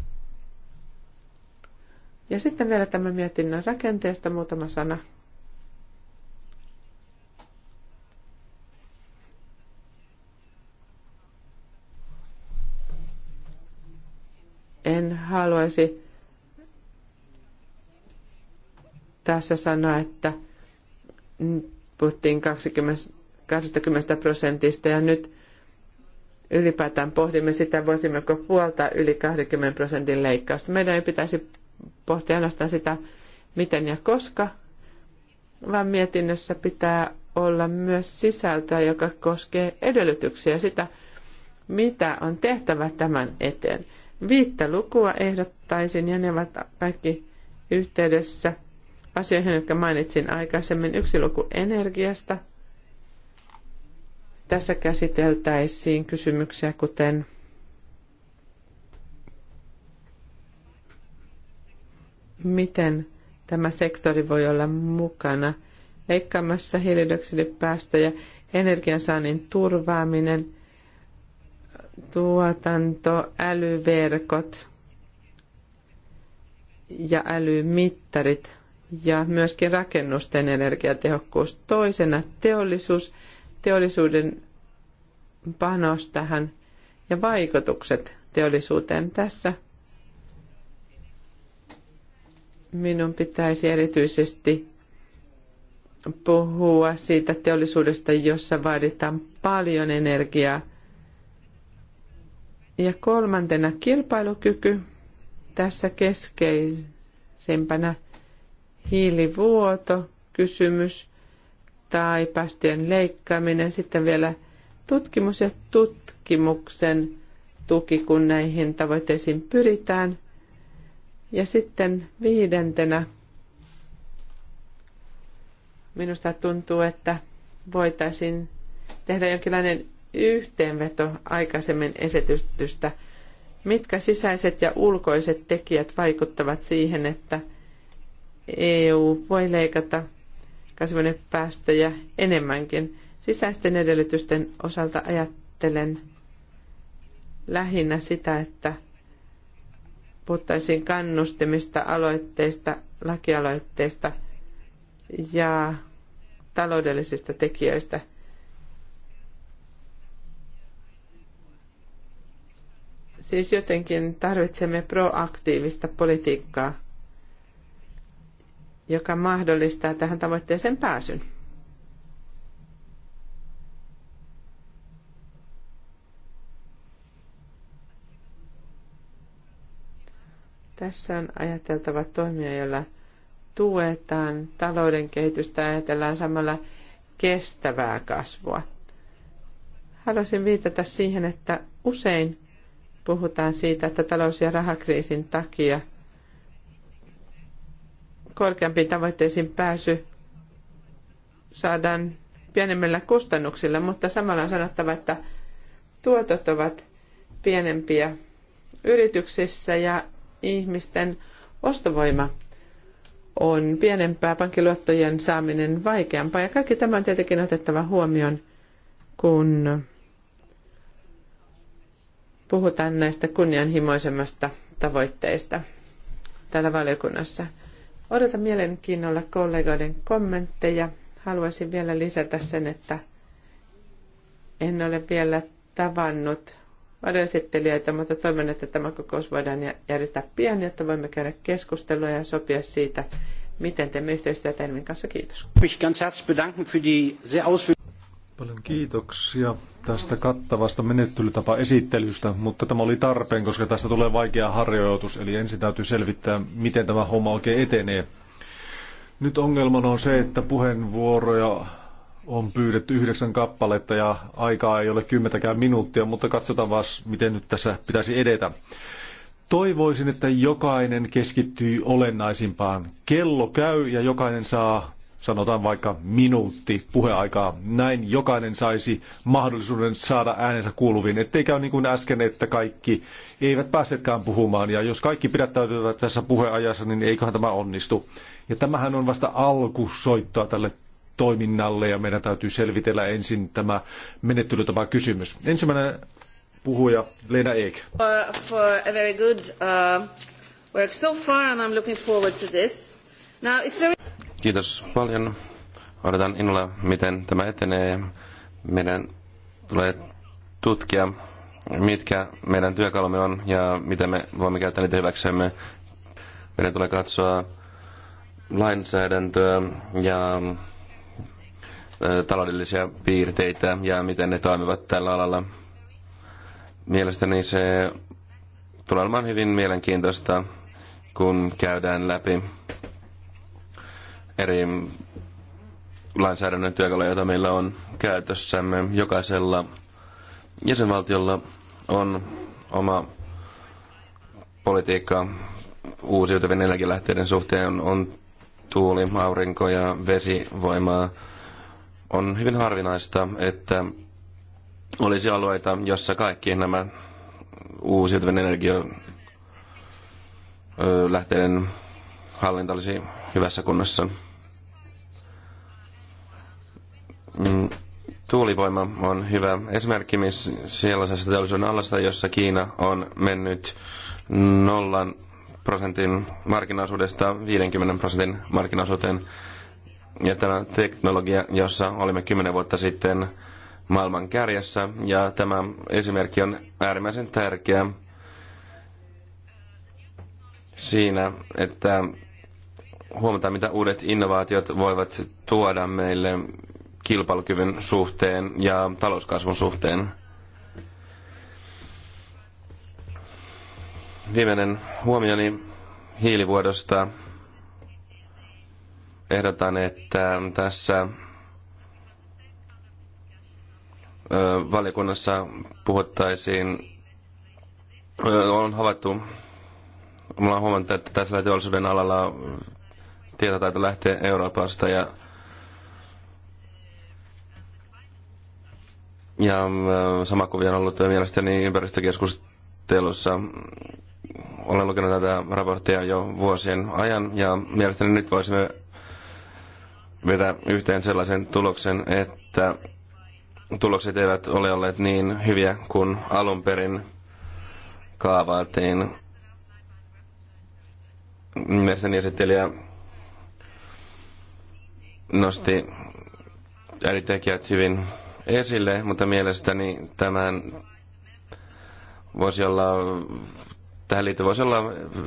Ja sitten vielä tämä mietinnön rakenteesta muutama sana. En haluaisi tässä sanoa, että puhuttiin 20, 20 prosentista ja nyt ylipäätään pohdimme sitä, voisimmeko puolta yli 20 prosentin leikkausta. Meidän ei pitäisi pohtia ainoastaan sitä, miten ja koska, vaan mietinnössä pitää olla myös sisältöä, joka koskee edellytyksiä sitä, mitä on tehtävä tämän eteen. Viittä lukua ehdottaisin ja ne ovat kaikki yhteydessä asioihin, jotka mainitsin aikaisemmin. Yksi luku energiasta. Tässä käsiteltäisiin kysymyksiä, kuten miten tämä sektori voi olla mukana leikkaamassa hiilidioksidipäästöjä, energiansaannin turvaaminen, tuotanto, älyverkot ja älymittarit ja myöskin rakennusten energiatehokkuus. Toisena teollisuus, teollisuuden panos tähän ja vaikutukset teollisuuteen tässä. Minun pitäisi erityisesti puhua siitä teollisuudesta, jossa vaaditaan paljon energiaa. Ja kolmantena kilpailukyky tässä keskeisimpänä hiilivuoto kysymys tai päästöjen leikkaaminen, sitten vielä tutkimus ja tutkimuksen tuki, kun näihin tavoitteisiin pyritään. Ja sitten viidentenä minusta tuntuu, että voitaisiin tehdä jonkinlainen yhteenveto aikaisemmin esitystystä, mitkä sisäiset ja ulkoiset tekijät vaikuttavat siihen, että – EU voi leikata kasvihuonepäästöjä enemmänkin. Sisäisten edellytysten osalta ajattelen lähinnä sitä, että puhuttaisiin kannustimista, aloitteista, lakialoitteista ja taloudellisista tekijöistä. Siis jotenkin tarvitsemme proaktiivista politiikkaa joka mahdollistaa tähän tavoitteeseen pääsyn. Tässä on ajateltava toimia, jolla tuetaan talouden kehitystä ja ajatellaan samalla kestävää kasvua. Haluaisin viitata siihen, että usein puhutaan siitä, että talous- ja rahakriisin takia – korkeampiin tavoitteisiin pääsy saadaan pienemmillä kustannuksilla, mutta samalla on sanottava, että tuotot ovat pienempiä yrityksissä ja ihmisten ostovoima on pienempää, pankkiluottojen saaminen vaikeampaa ja kaikki tämä on tietenkin otettava huomioon, kun puhutaan näistä kunnianhimoisemmasta tavoitteista täällä valiokunnassa. Odotan mielenkiinnolla kollegoiden kommentteja. Haluaisin vielä lisätä sen, että en ole vielä tavannut varjoesittelijöitä, mutta toivon, että tämä kokous voidaan järjestää pian, jotta voimme käydä keskustelua ja sopia siitä, miten teemme yhteistyötä Elmin kanssa. Kiitos. Paljon kiitoksia tästä kattavasta menettelytapa-esittelystä, mutta tämä oli tarpeen, koska tästä tulee vaikea harjoitus, eli ensin täytyy selvittää, miten tämä homma oikein etenee. Nyt ongelmana on se, että puheenvuoroja on pyydetty yhdeksän kappaletta ja aikaa ei ole kymmentäkään minuuttia, mutta katsotaan vaan, miten nyt tässä pitäisi edetä. Toivoisin, että jokainen keskittyy olennaisimpaan. Kello käy ja jokainen saa sanotaan vaikka minuutti puheaikaa. Näin jokainen saisi mahdollisuuden saada äänensä kuuluviin, ettei käy niin kuin äsken, että kaikki eivät päässeetkään puhumaan. Ja jos kaikki pidättäytyvät tässä puheajassa, niin eiköhän tämä onnistu. Ja tämähän on vasta alkusoittoa tälle toiminnalle ja meidän täytyy selvitellä ensin tämä menettelytapa kysymys. Ensimmäinen puhuja Lena Eek. For, for a very good uh, work so far and I'm looking forward to this. Now it's very Kiitos paljon. Odotan innolla, miten tämä etenee. Meidän tulee tutkia, mitkä meidän työkalumme on ja miten me voimme käyttää niitä hyväksemme. Meidän tulee katsoa lainsäädäntöä ja taloudellisia piirteitä ja miten ne toimivat tällä alalla. Mielestäni se tulee olemaan hyvin mielenkiintoista, kun käydään läpi eri lainsäädännön työkaluja, joita meillä on käytössämme. Jokaisella jäsenvaltiolla on oma politiikka uusiutuvien energialähteiden suhteen. On tuuli, aurinko ja vesivoimaa. On hyvin harvinaista, että olisi alueita, jossa kaikki nämä uusiutuvien energialähteiden hallinta olisi hyvässä kunnossa. Mm, tuulivoima on hyvä esimerkki sellaisessa teollisuuden alasta, jossa Kiina on mennyt nollan prosentin markkinaosuudesta 50 prosentin markkinaosuuteen. Ja tämä teknologia, jossa olimme 10 vuotta sitten maailman kärjessä, ja tämä esimerkki on äärimmäisen tärkeä siinä, että huomata, mitä uudet innovaatiot voivat tuoda meille kilpailukyvyn suhteen ja talouskasvun suhteen. Viimeinen huomioni hiilivuodosta. Ehdotan, että tässä valiokunnassa puhuttaisiin, on havaittu, me ollaan huomannut, että tässä teollisuuden alalla tietotaito lähtee Euroopasta ja Ja äh, sama kuvia on ollut mielestäni ympäristökeskustelussa. Olen lukenut tätä raporttia jo vuosien ajan ja mielestäni nyt voisimme vetää yhteen sellaisen tuloksen, että tulokset eivät ole olleet niin hyviä kuin alun perin kaavailtiin. Mielestäni esittelijä nosti eri tekijät hyvin esille, mutta mielestäni tämän voisi olla, tähän liittyen voisi olla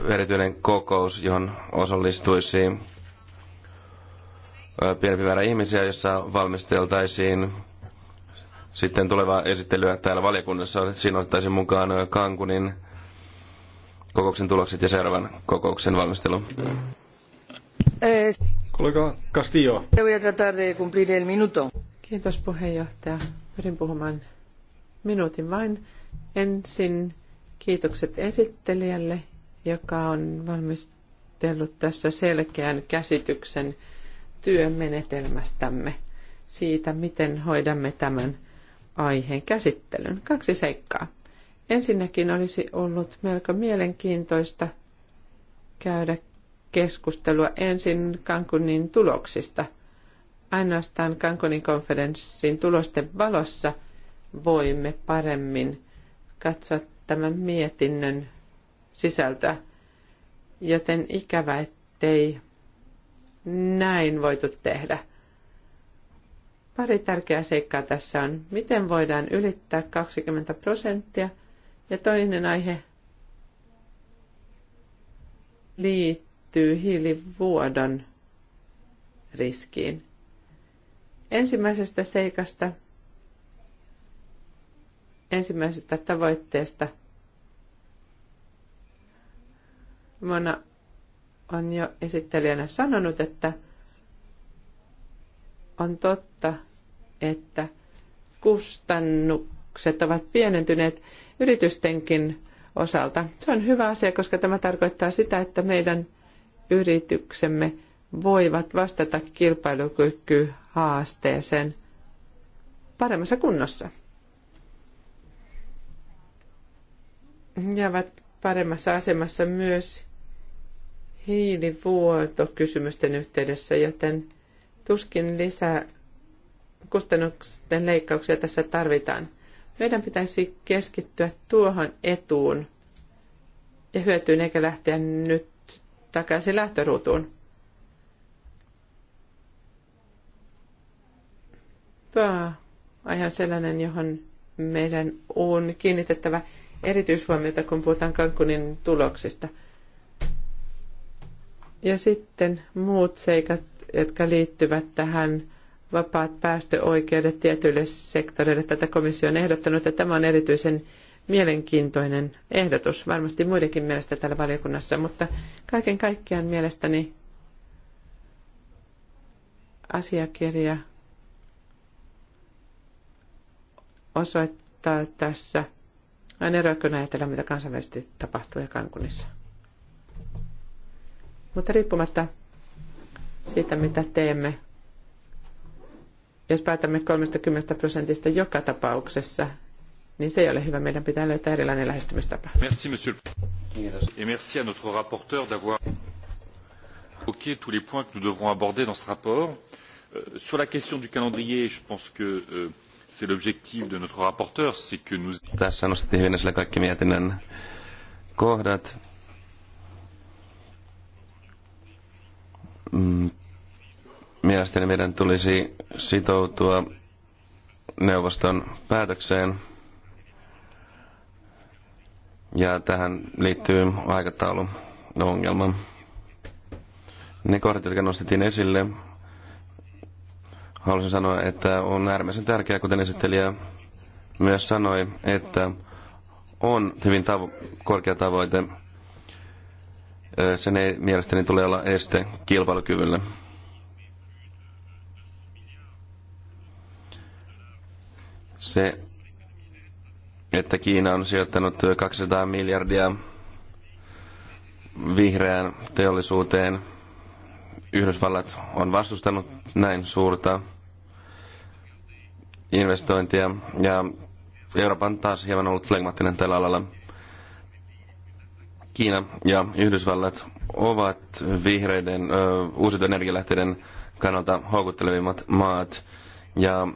erityinen kokous, johon osallistuisi pienempi määrä ihmisiä, jossa valmisteltaisiin sitten tulevaa esittelyä täällä valiokunnassa. Siinä ottaisiin mukaan Kankunin kokouksen tulokset ja seuraavan kokouksen valmistelu. Kollega Castillo. Kiitos puheenjohtaja. Pyrin puhumaan minuutin vain. Ensin kiitokset esittelijälle, joka on valmistellut tässä selkeän käsityksen työmenetelmästämme siitä, miten hoidamme tämän aiheen käsittelyn. Kaksi seikkaa. Ensinnäkin olisi ollut melko mielenkiintoista käydä keskustelua ensin Cancunin tuloksista. Ainoastaan Cancunin konferenssin tulosten valossa voimme paremmin katsoa tämän mietinnön sisältöä. Joten ikävä, ettei näin voitu tehdä. Pari tärkeää seikkaa tässä on, miten voidaan ylittää 20 prosenttia ja toinen aihe liittyy liittyy hiilivuodon riskiin. Ensimmäisestä seikasta, ensimmäisestä tavoitteesta Mona on jo esittelijänä sanonut, että on totta, että kustannukset ovat pienentyneet yritystenkin osalta. Se on hyvä asia, koska tämä tarkoittaa sitä, että meidän yrityksemme voivat vastata kilpailukykyhaasteeseen paremmassa kunnossa. Ja ovat paremmassa asemassa myös hiilivuotokysymysten yhteydessä, joten tuskin lisää kustannusten leikkauksia tässä tarvitaan. Meidän pitäisi keskittyä tuohon etuun ja hyötyyn eikä lähteä nyt takaisin lähtöruutuun. Pää aihe on sellainen, johon meidän on kiinnitettävä erityishuomiota, kun puhutaan Cancunin tuloksista. Ja sitten muut seikat, jotka liittyvät tähän vapaat päästöoikeudet tietyille sektoreille. Tätä komissio on ehdottanut, että tämä on erityisen mielenkiintoinen ehdotus, varmasti muidenkin mielestä täällä valiokunnassa, mutta kaiken kaikkiaan mielestäni asiakirja osoittaa tässä aina eroa, kun ajatellaan, mitä kansainvälisesti tapahtuu ja kankunissa. Mutta riippumatta siitä, mitä teemme, jos päätämme 30 prosentista joka tapauksessa, niin se ei ole hyvä. Meidän pitää löytää erilainen lähestymistapa. Merci, monsieur. Kiitos. Et merci à notre rapporteur d'avoir évoqué tous les points que nous devrons aborder dans ce rapport. Euh, sur la question du calendrier, je pense que euh, c'est l'objectif de notre rapporteur, c'est que nous... Tässä nostettiin hyvin esille kaikki mietinnön kohdat. Mm, mielestäni meidän tulisi sitoutua neuvoston päätökseen ja tähän liittyy aikatauluongelma. Ne kohdat, jotka nostettiin esille, haluaisin sanoa, että on äärimmäisen tärkeää, kuten esittelijä myös sanoi, että on hyvin tavo- korkea tavoite. Sen ei mielestäni tule olla este kilpailukyvylle. Se että Kiina on sijoittanut 200 miljardia vihreään teollisuuteen. Yhdysvallat on vastustanut näin suurta investointia ja Euroopan taas hieman ollut flegmaattinen tällä alalla. Kiina ja Yhdysvallat ovat vihreiden ö, energialähteiden kannalta houkuttelevimmat maat ja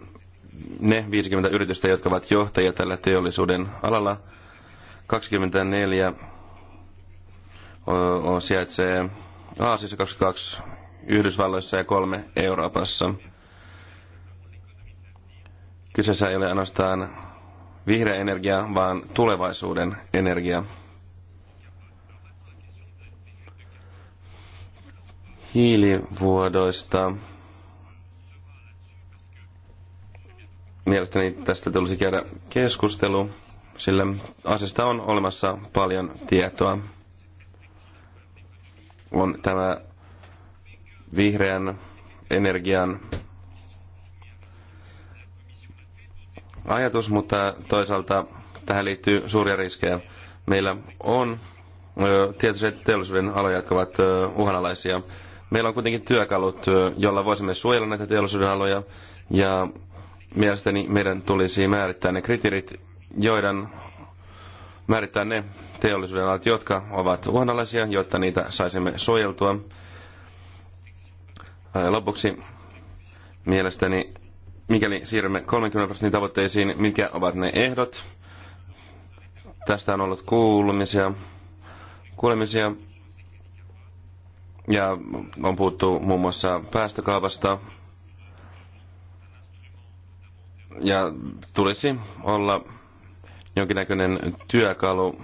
ne 50 yritystä, jotka ovat johtajia tällä teollisuuden alalla. 24 on sijaitsee Aasiassa, 22 Yhdysvalloissa ja kolme Euroopassa. Kyseessä ei ole ainoastaan vihreä energia, vaan tulevaisuuden energia. Hiilivuodoista Mielestäni tästä tulisi käydä keskustelu, sillä asiasta on olemassa paljon tietoa. On tämä vihreän energian ajatus, mutta toisaalta tähän liittyy suuria riskejä. Meillä on tietysti teollisuuden aloja, jotka ovat uhanalaisia. Meillä on kuitenkin työkalut, joilla voisimme suojella näitä teollisuuden aloja ja Mielestäni meidän tulisi määrittää ne kriteerit, joiden määrittää ne teollisuuden alat, jotka ovat uhanalaisia, jotta niitä saisimme suojeltua. Lopuksi mielestäni, mikäli siirrymme 30 prosentin tavoitteisiin, mikä ovat ne ehdot? Tästä on ollut kuulumisia, kuulemisia ja on puhuttu muun muassa päästökaupasta, ja tulisi olla jonkinnäköinen työkalu,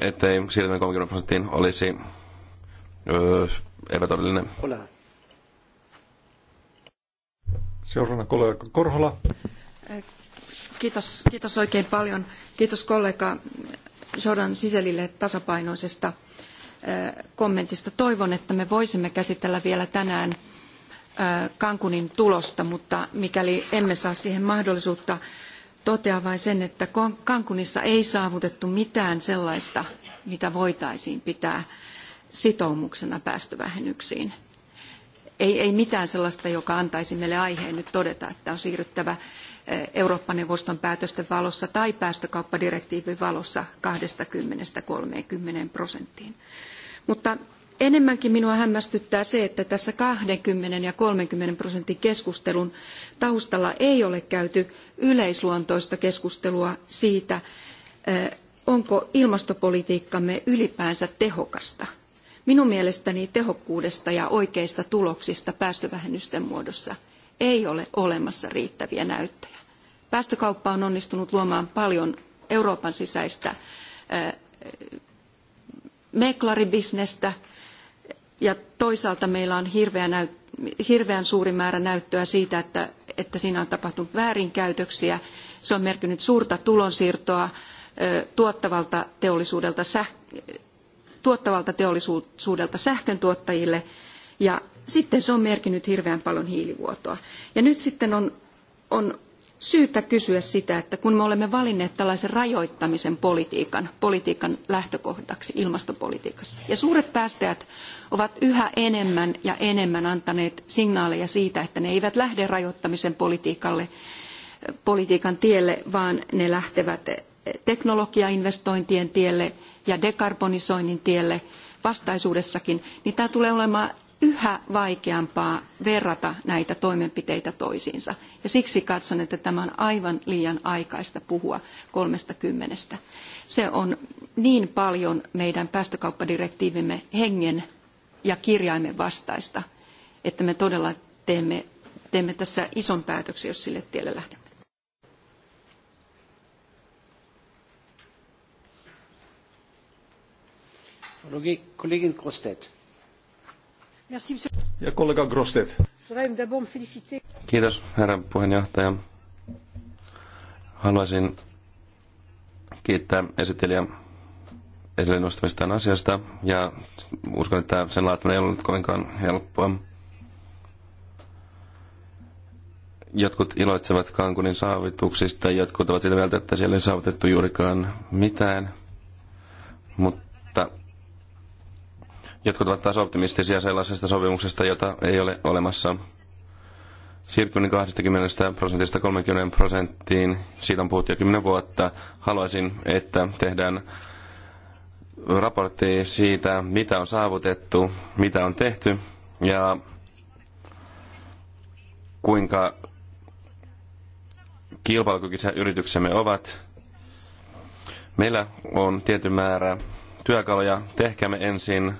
ettei siirtyminen 30 prosenttiin olisi epätodellinen. Hola. Seuraavana kollega Korhola. Kiitos, kiitos oikein paljon. Kiitos kollega Jordan Siselille tasapainoisesta kommentista. Toivon, että me voisimme käsitellä vielä tänään – Kankunin tulosta, mutta mikäli emme saa siihen mahdollisuutta, totean vain sen, että Kankunissa ei saavutettu mitään sellaista, mitä voitaisiin pitää sitoumuksena päästövähennyksiin. Ei, ei mitään sellaista, joka antaisi meille aiheen nyt todeta, että on siirryttävä Eurooppa-neuvoston päätösten valossa tai päästökauppadirektiivin valossa 20-30 prosenttiin. Mutta Enemmänkin minua hämmästyttää se, että tässä 20 ja 30 prosentin keskustelun taustalla ei ole käyty yleisluontoista keskustelua siitä, eh, onko ilmastopolitiikkamme ylipäänsä tehokasta. Minun mielestäni tehokkuudesta ja oikeista tuloksista päästövähennysten muodossa ei ole olemassa riittäviä näyttöjä. Päästökauppa on onnistunut luomaan paljon Euroopan sisäistä eh, eh, meklaribisnestä, ja toisaalta meillä on hirveän, hirveän suuri määrä näyttöä siitä, että, että siinä on tapahtunut väärinkäytöksiä. Se on merkinnyt suurta tulonsiirtoa tuottavalta teollisuudelta, säh, tuottavalta teollisuudelta sähköntuottajille ja sitten se on merkinnyt hirveän paljon hiilivuotoa. Ja nyt sitten on, on syytä kysyä sitä, että kun me olemme valinneet tällaisen rajoittamisen politiikan, politiikan lähtökohdaksi ilmastopolitiikassa, ja suuret päästäjät ovat yhä enemmän ja enemmän antaneet signaaleja siitä, että ne eivät lähde rajoittamisen politiikalle, politiikan tielle, vaan ne lähtevät teknologiainvestointien tielle ja dekarbonisoinnin tielle vastaisuudessakin, niin tämä tulee olemaan yhä vaikeampaa verrata näitä toimenpiteitä toisiinsa. Ja siksi katson, että tämä on aivan liian aikaista puhua kymmenestä. Se on niin paljon meidän päästökauppadirektiivimme hengen ja kirjaimen vastaista, että me todella teemme, teemme tässä ison päätöksen, jos sille tielle lähdemme. Kollegin ja kollega Grostet. Kiitos, herra puheenjohtaja. Haluaisin kiittää esittelijä esille nostamistaan asiasta, ja uskon, että sen laatiminen ei ollut kovinkaan helppoa. Jotkut iloitsevat Kankunin saavutuksista, jotkut ovat sitä mieltä, että siellä ei saavutettu juurikaan mitään. Mutta Jotkut ovat taas optimistisia sellaisesta sopimuksesta, jota ei ole olemassa. Siirtyminen 20 prosentista 30 prosenttiin, siitä on puhuttu jo 10 vuotta. Haluaisin, että tehdään raportti siitä, mitä on saavutettu, mitä on tehty ja kuinka kilpailukykyisiä yrityksemme ovat. Meillä on tietty määrä työkaluja. Tehkäämme ensin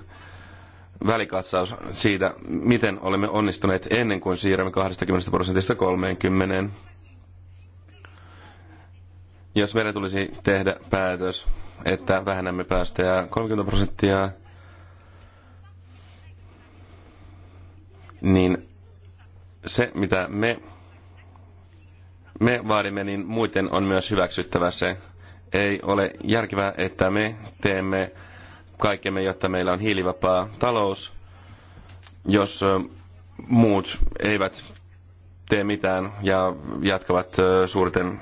välikatsaus siitä, miten olemme onnistuneet ennen kuin siirrymme 20 prosentista 30. Jos meidän tulisi tehdä päätös, että vähennämme päästöjä 30 prosenttia, niin se, mitä me, me vaadimme, niin muiden on myös hyväksyttävä se. Ei ole järkevää, että me teemme kaikkemme, jotta meillä on hiilivapaa talous. Jos muut eivät tee mitään ja jatkavat suurten,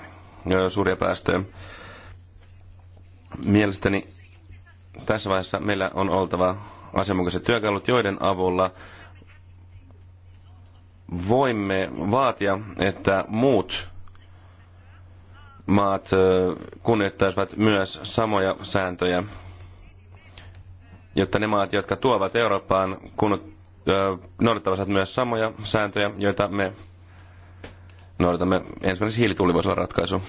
suuria päästöjä. Mielestäni tässä vaiheessa meillä on oltava asianmukaiset työkalut, joiden avulla voimme vaatia, että muut maat kunnioittaisivat myös samoja sääntöjä jotta ne maat, jotka tuovat Eurooppaan, kun noudattavat myös samoja sääntöjä, joita me noudatamme. ensimmäisessä hiilituuli ratkaisu.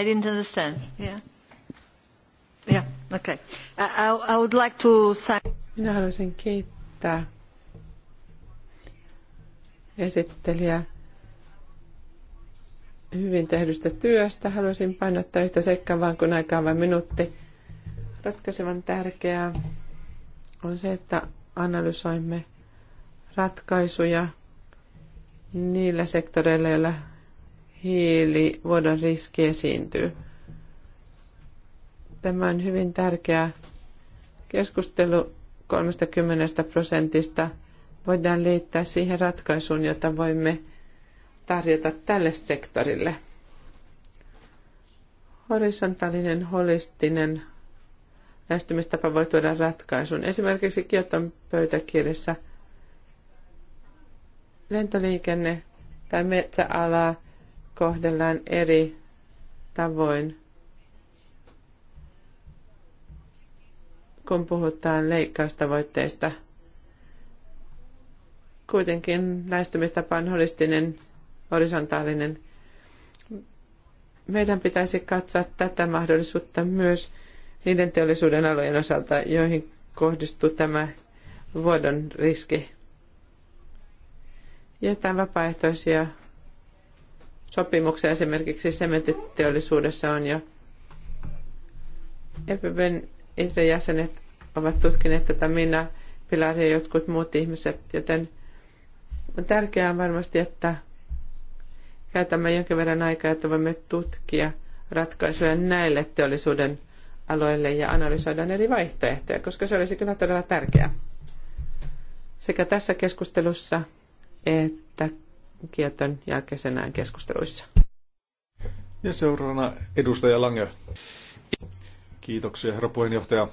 I didn't understand. Yeah. Yeah, okay. I, I would like to sign... Minä haluaisin kiittää esittelijä hyvin tehdystä työstä. Haluaisin painottaa yhtä seikkaa vaan kun on vain minuutti. Ratkaisevan tärkeää on se, että analysoimme ratkaisuja niillä sektoreilla, joilla hiilivuodon riski esiintyy. Tämä on hyvin tärkeä keskustelu 30 prosentista. Voidaan liittää siihen ratkaisuun, jota voimme – tarjota tälle sektorille. Horisontaalinen, holistinen lähestymistapa voi tuoda ratkaisun. Esimerkiksi Kioton pöytäkirjassa lentoliikenne tai metsäalaa kohdellaan eri tavoin, kun puhutaan leikkaustavoitteista. Kuitenkin lähestymistapa on holistinen horisontaalinen. Meidän pitäisi katsoa tätä mahdollisuutta myös niiden teollisuuden alojen osalta, joihin kohdistuu tämä vuodon riski. Jotain vapaaehtoisia sopimuksia esimerkiksi sementiteollisuudessa on jo. EPBn itse jäsenet ovat tutkineet tätä minä, Pilari ja jotkut muut ihmiset, joten on tärkeää varmasti, että käytämme jonkin verran aikaa, että voimme tutkia ratkaisuja näille teollisuuden aloille ja analysoida eri vaihtoehtoja, koska se olisi kyllä todella tärkeää. Sekä tässä keskustelussa että kieton jälkeisenä keskusteluissa. Ja seuraavana edustaja Lange. Kiitoksia, herra puheenjohtaja.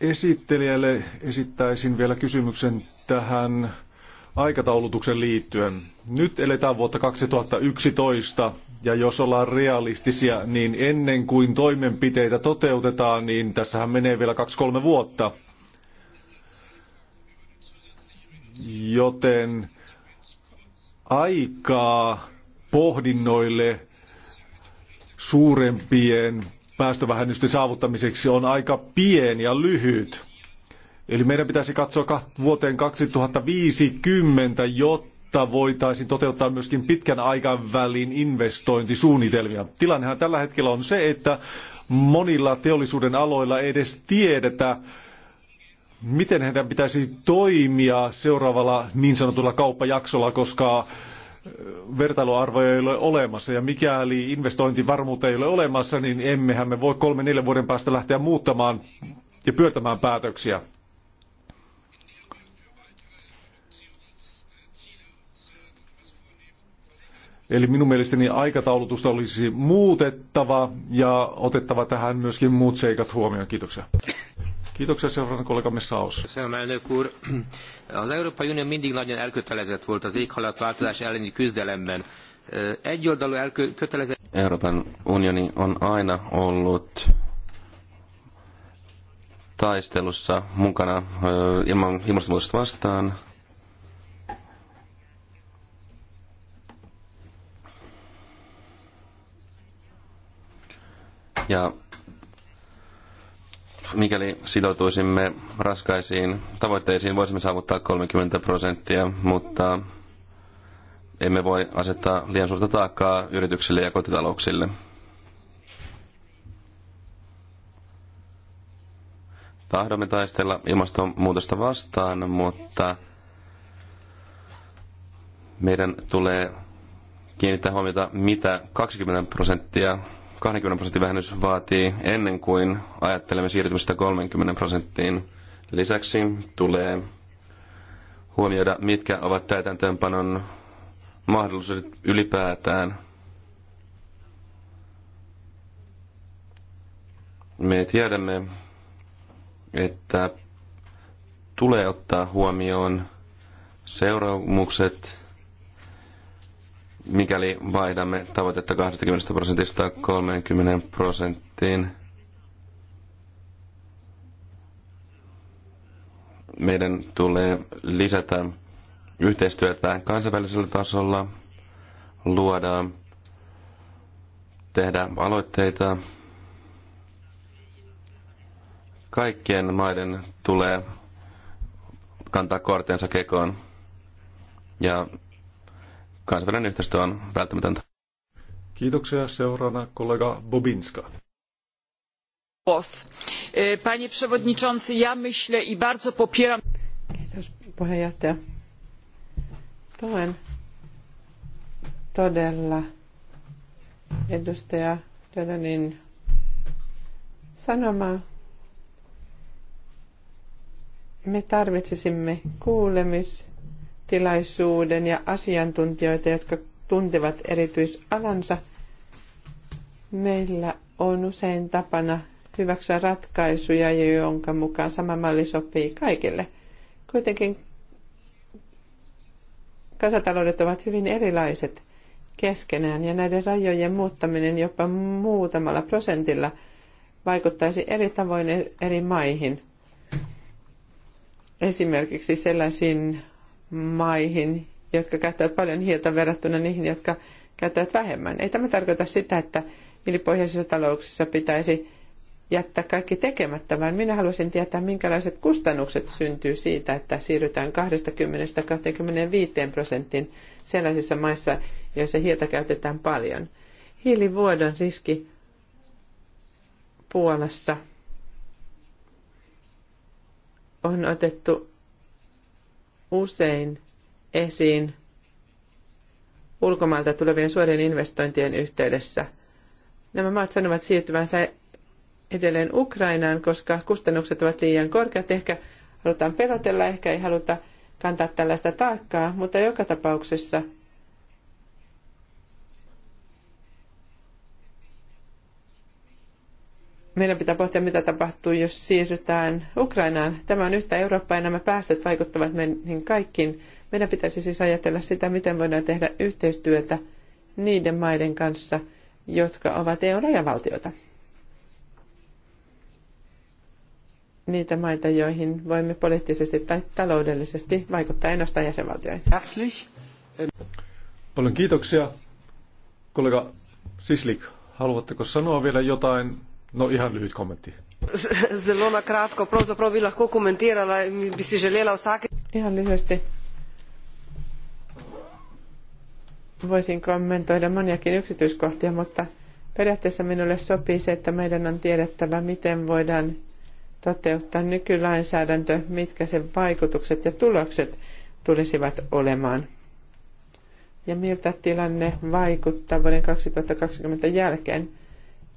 Esittelijälle esittäisin vielä kysymyksen tähän aikataulutuksen liittyen. Nyt eletään vuotta 2011 ja jos ollaan realistisia, niin ennen kuin toimenpiteitä toteutetaan, niin tässähän menee vielä 2-3 vuotta. Joten aikaa pohdinnoille suurempien päästövähennysten saavuttamiseksi on aika pieni ja lyhyt. Eli meidän pitäisi katsoa vuoteen 2050, jotta voitaisiin toteuttaa myöskin pitkän aikavälin investointisuunnitelmia. Tilannehan tällä hetkellä on se, että monilla teollisuuden aloilla ei edes tiedetä, miten heidän pitäisi toimia seuraavalla niin sanotulla kauppajaksolla, koska vertailuarvoja ei ole olemassa ja mikäli investointivarmuutta ei ole olemassa, niin emmehän me voi kolme neljän vuoden päästä lähteä muuttamaan ja pyörtämään päätöksiä. Eli minun mielestäni aikataulutusta olisi muutettava ja otettava tähän myöskin muut seikat huomioon. Kiitoksia. Kiitoksia seuraavan kollegamme Saos. Köszönöm, elnök úr. Az Európai Unió mindig nagyon elkötelezett volt az éghajlatváltozás elleni küzdelemben. Egyoldalú elkötelezett... Euroopan unioni on aina ollut taistelussa mukana ilman ilmastonmuutosta vastaan, Ja mikäli sitoutuisimme raskaisiin tavoitteisiin, voisimme saavuttaa 30 prosenttia, mutta emme voi asettaa liian suurta taakkaa yrityksille ja kotitalouksille. Tahdomme taistella ilmastonmuutosta vastaan, mutta meidän tulee kiinnittää huomiota, mitä 20 prosenttia 20 prosentin vähennys vaatii ennen kuin ajattelemme siirtymistä 30 prosenttiin. Lisäksi tulee huomioida, mitkä ovat täytäntöönpanon mahdollisuudet ylipäätään. Me tiedämme, että tulee ottaa huomioon seuraamukset mikäli vaihdamme tavoitetta 20 prosentista 30 prosenttiin. Meidän tulee lisätä yhteistyötä kansainvälisellä tasolla, luoda, tehdä aloitteita. Kaikkien maiden tulee kantaa kortensa kekoon ja kansainvälinen yhteistyö on välttämätöntä. Kiitoksia. Seuraavana kollega Bobinska. Pos. E, panie przewodniczący, ja myślę i bardzo popieram... Kiitos puheenjohtaja. Tuen todella edustaja Dödenin sanomaa. Me tarvitsisimme kuulemis- tilaisuuden ja asiantuntijoita, jotka tuntevat erityisalansa. Meillä on usein tapana hyväksyä ratkaisuja, jonka mukaan sama malli sopii kaikille. Kuitenkin kansataloudet ovat hyvin erilaiset keskenään ja näiden rajojen muuttaminen jopa muutamalla prosentilla vaikuttaisi eri tavoin eri maihin. Esimerkiksi sellaisiin maihin, jotka käyttävät paljon hiiltä verrattuna niihin, jotka käyttävät vähemmän. Ei tämä tarkoita sitä, että ylipohjaisissa talouksissa pitäisi jättää kaikki tekemättä, vaan minä haluaisin tietää, minkälaiset kustannukset syntyy siitä, että siirrytään 20-25 prosenttiin sellaisissa maissa, joissa hiiltä käytetään paljon. Hiilivuodon riski Puolassa on otettu usein esiin ulkomailta tulevien suorien investointien yhteydessä. Nämä maat sanovat siirtyvänsä edelleen Ukrainaan, koska kustannukset ovat liian korkeat. Ehkä halutaan pelotella, ehkä ei haluta kantaa tällaista taakkaa, mutta joka tapauksessa – meidän pitää pohtia, mitä tapahtuu, jos siirrytään Ukrainaan. Tämä on yhtä Eurooppaa ja nämä päästöt vaikuttavat meihin kaikkiin. Meidän pitäisi siis ajatella sitä, miten voidaan tehdä yhteistyötä niiden maiden kanssa, jotka ovat EU:n rajavaltioita Niitä maita, joihin voimme poliittisesti tai taloudellisesti vaikuttaa ainoastaan jäsenvaltioihin. Paljon kiitoksia. Kollega Sislik, haluatteko sanoa vielä jotain No ihan lyhyt kommentti. *laughs* Zelo na kratko, pravzaprav bi lahko komentirala in bi si želela vsake... Ihan lyhyesti. Voisin kommentoida moniakin yksityiskohtia, mutta periaatteessa minulle sopii se, että meidän on tiedettävä, miten voidaan toteuttaa nykylainsäädäntö, mitkä sen vaikutukset ja tulokset tulisivat olemaan. Ja miltä tilanne vaikuttaa vuoden 2020 jälkeen.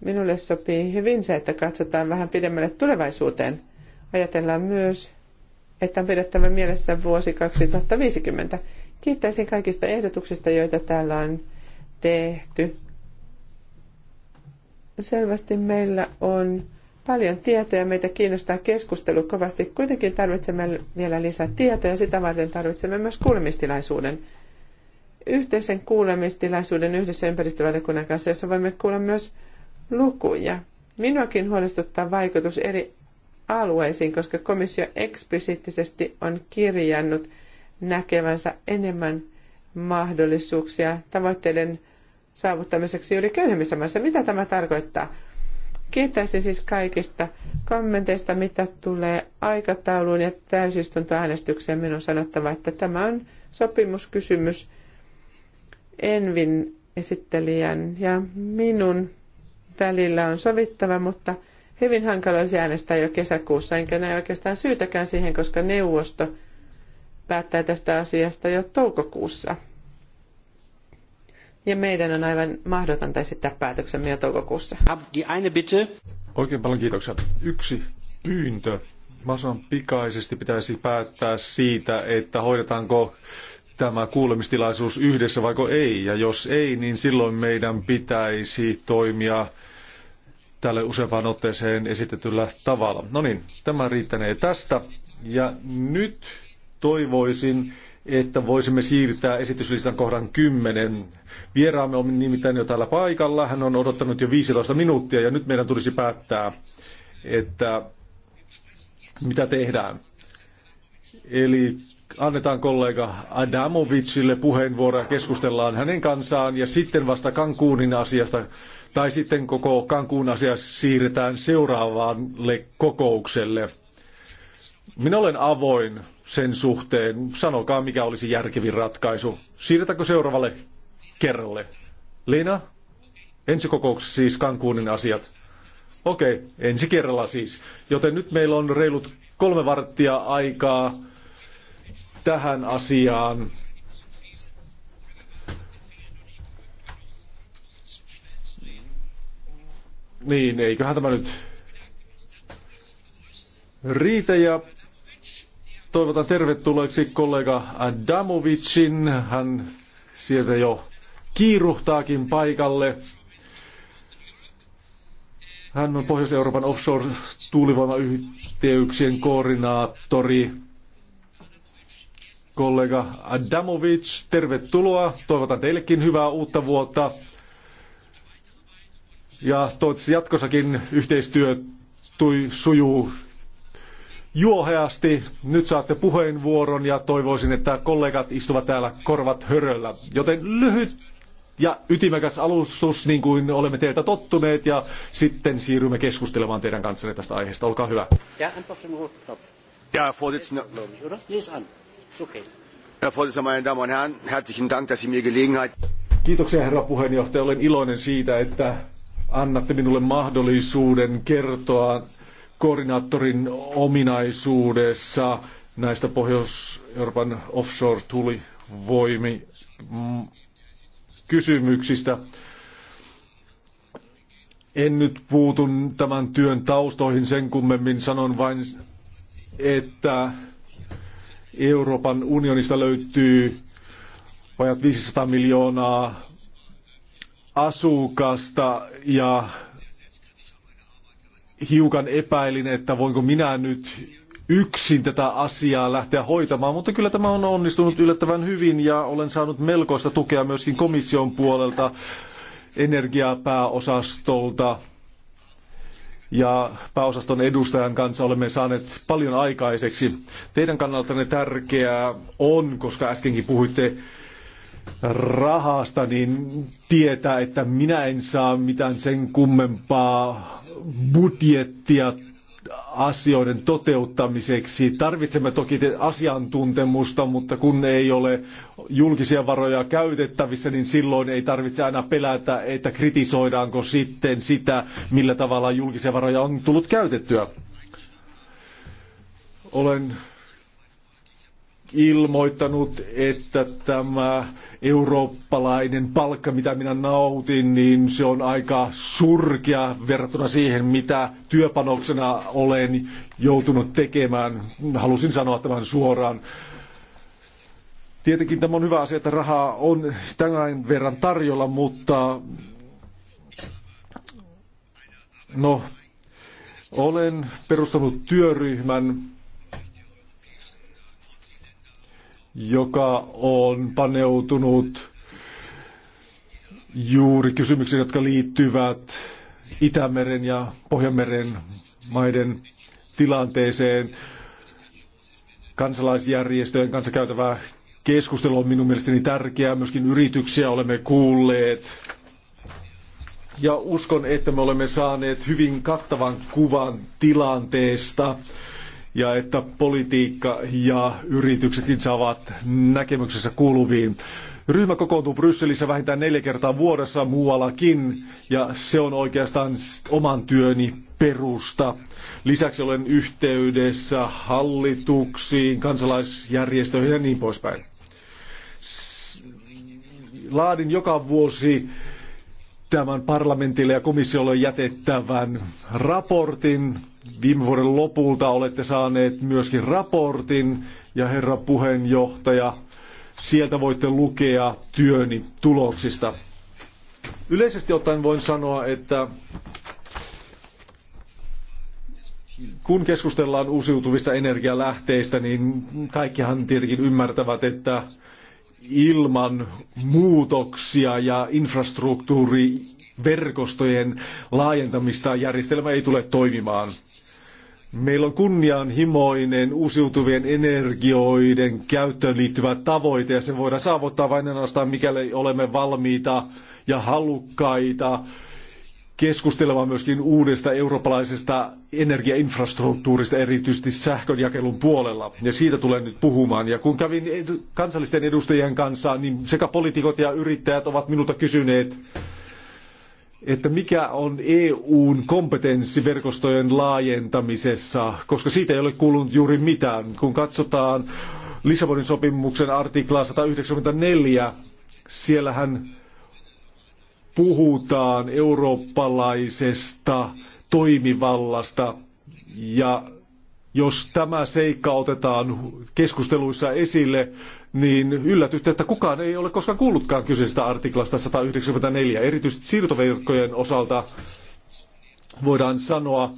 Minulle sopii hyvin se, että katsotaan vähän pidemmälle tulevaisuuteen. Ajatellaan myös, että on pidettävä mielessä vuosi 2050. Kiittäisin kaikista ehdotuksista, joita täällä on tehty. Selvästi meillä on paljon tietoa ja meitä kiinnostaa keskustelu kovasti. Kuitenkin tarvitsemme vielä lisää tietoa ja sitä varten tarvitsemme myös kuulemistilaisuuden. Yhteisen kuulemistilaisuuden yhdessä ympäristövaliokunnan kanssa, jossa voimme kuulla myös lukuja. Minuakin huolestuttaa vaikutus eri alueisiin, koska komissio eksplisiittisesti on kirjannut näkevänsä enemmän mahdollisuuksia tavoitteiden saavuttamiseksi juuri köyhemmissä maissa. Mitä tämä tarkoittaa? Kiittäisin siis kaikista kommenteista, mitä tulee aikatauluun ja täysistuntoäänestykseen. Minun on sanottava, että tämä on sopimuskysymys Envin esittelijän ja minun välillä on sovittava, mutta hyvin hankala olisi äänestää jo kesäkuussa, enkä näe oikeastaan syytäkään siihen, koska neuvosto päättää tästä asiasta jo toukokuussa. Ja meidän on aivan mahdotonta esittää päätöksemme jo toukokuussa. Oikein paljon kiitoksia. Yksi pyyntö. sanon pikaisesti pitäisi päättää siitä, että hoidetaanko tämä kuulemistilaisuus yhdessä vaiko ei. Ja jos ei, niin silloin meidän pitäisi toimia tälle useampaan otteeseen esitetyllä tavalla. No niin, tämä riittänee tästä. Ja nyt toivoisin, että voisimme siirtää esityslistan kohdan 10. Vieraamme on nimittäin jo täällä paikalla. Hän on odottanut jo 15 minuuttia ja nyt meidän tulisi päättää, että mitä tehdään. Eli annetaan kollega Adamovicille puheenvuoro ja keskustellaan hänen kanssaan ja sitten vasta kankuunin asiasta tai sitten koko Cancun asia siirretään seuraavalle kokoukselle. Minä olen avoin sen suhteen. Sanokaa, mikä olisi järkevin ratkaisu. Siirretäänkö seuraavalle kerralle? Lena? Ensi kokouksessa siis kankuunin asiat. Okei, ensi kerralla siis. Joten nyt meillä on reilut kolme varttia aikaa tähän asiaan. Niin, eiköhän tämä nyt riitä ja toivotan tervetulleeksi kollega Adamovicin. Hän sieltä jo kiiruhtaakin paikalle. Hän on Pohjois-Euroopan offshore-tuulivoimayhteyksien koordinaattori kollega Adamovic, tervetuloa. Toivotan teillekin hyvää uutta vuotta. Ja toivottavasti jatkossakin yhteistyö tui, sujuu juoheasti. Nyt saatte puheenvuoron ja toivoisin, että kollegat istuvat täällä korvat höröllä. Joten lyhyt ja ytimekäs alustus, niin kuin olemme teiltä tottuneet, ja sitten siirrymme keskustelemaan teidän kanssanne tästä aiheesta. Olkaa hyvä. Ja, ja, Herr Vorsitzender, Herren, herzlichen Dank, dass Sie mir Gelegenheit... Kiitoksia herra puheenjohtaja. Olen iloinen siitä, että annatte minulle mahdollisuuden kertoa koordinaattorin ominaisuudessa näistä Pohjois-Euroopan offshore-tulivoimi kysymyksistä. En nyt puutun tämän työn taustoihin sen kummemmin, sanon vain, että Euroopan unionista löytyy vajat 500 miljoonaa asukasta ja hiukan epäilin, että voinko minä nyt yksin tätä asiaa lähteä hoitamaan, mutta kyllä tämä on onnistunut yllättävän hyvin ja olen saanut melkoista tukea myöskin komission puolelta, energiapääosastolta ja pääosaston edustajan kanssa olemme saaneet paljon aikaiseksi. Teidän kannaltanne tärkeää on, koska äskenkin puhuitte rahasta, niin tietää, että minä en saa mitään sen kummempaa budjettia asioiden toteuttamiseksi. Tarvitsemme toki asiantuntemusta, mutta kun ei ole julkisia varoja käytettävissä, niin silloin ei tarvitse aina pelätä, että kritisoidaanko sitten sitä, millä tavalla julkisia varoja on tullut käytettyä. Olen ilmoittanut, että tämä eurooppalainen palkka, mitä minä nautin, niin se on aika surkea verrattuna siihen, mitä työpanoksena olen joutunut tekemään. Halusin sanoa tämän suoraan. Tietenkin tämä on hyvä asia, että rahaa on tämän verran tarjolla, mutta no, olen perustanut työryhmän, joka on paneutunut juuri kysymyksiin, jotka liittyvät Itämeren ja Pohjanmeren maiden tilanteeseen. Kansalaisjärjestöjen kanssa käytävää keskustelu on minun mielestäni tärkeää. Myöskin yrityksiä olemme kuulleet. Ja uskon, että me olemme saaneet hyvin kattavan kuvan tilanteesta ja että politiikka ja yrityksetkin saavat näkemyksessä kuuluviin. Ryhmä kokoontuu Brysselissä vähintään neljä kertaa vuodessa muuallakin, ja se on oikeastaan oman työni perusta. Lisäksi olen yhteydessä hallituksiin, kansalaisjärjestöihin ja niin poispäin. Laadin joka vuosi tämän parlamentille ja komissiolle jätettävän raportin. Viime vuoden lopulta olette saaneet myöskin raportin ja herra puheenjohtaja, sieltä voitte lukea työni tuloksista. Yleisesti ottaen voin sanoa, että kun keskustellaan uusiutuvista energialähteistä, niin kaikkihan tietenkin ymmärtävät, että ilman muutoksia ja infrastruktuuriverkostojen laajentamista järjestelmä ei tule toimimaan. Meillä on kunnianhimoinen uusiutuvien energioiden käyttöön liittyvä tavoite ja se voidaan saavuttaa vain ainoastaan mikäli olemme valmiita ja halukkaita keskustelemaan myöskin uudesta eurooppalaisesta energiainfrastruktuurista, erityisesti sähkönjakelun puolella. Ja siitä tulen nyt puhumaan. Ja kun kävin kansallisten edustajien kanssa, niin sekä poliitikot ja yrittäjät ovat minulta kysyneet, että mikä on EUn kompetenssiverkostojen laajentamisessa, koska siitä ei ole kuulunut juuri mitään. Kun katsotaan Lissabonin sopimuksen artiklaa 194, siellähän puhutaan eurooppalaisesta toimivallasta ja jos tämä seikka otetaan keskusteluissa esille, niin yllätytte, että kukaan ei ole koskaan kuullutkaan kyseisestä artiklasta 194. Erityisesti siirtoverkkojen osalta voidaan sanoa,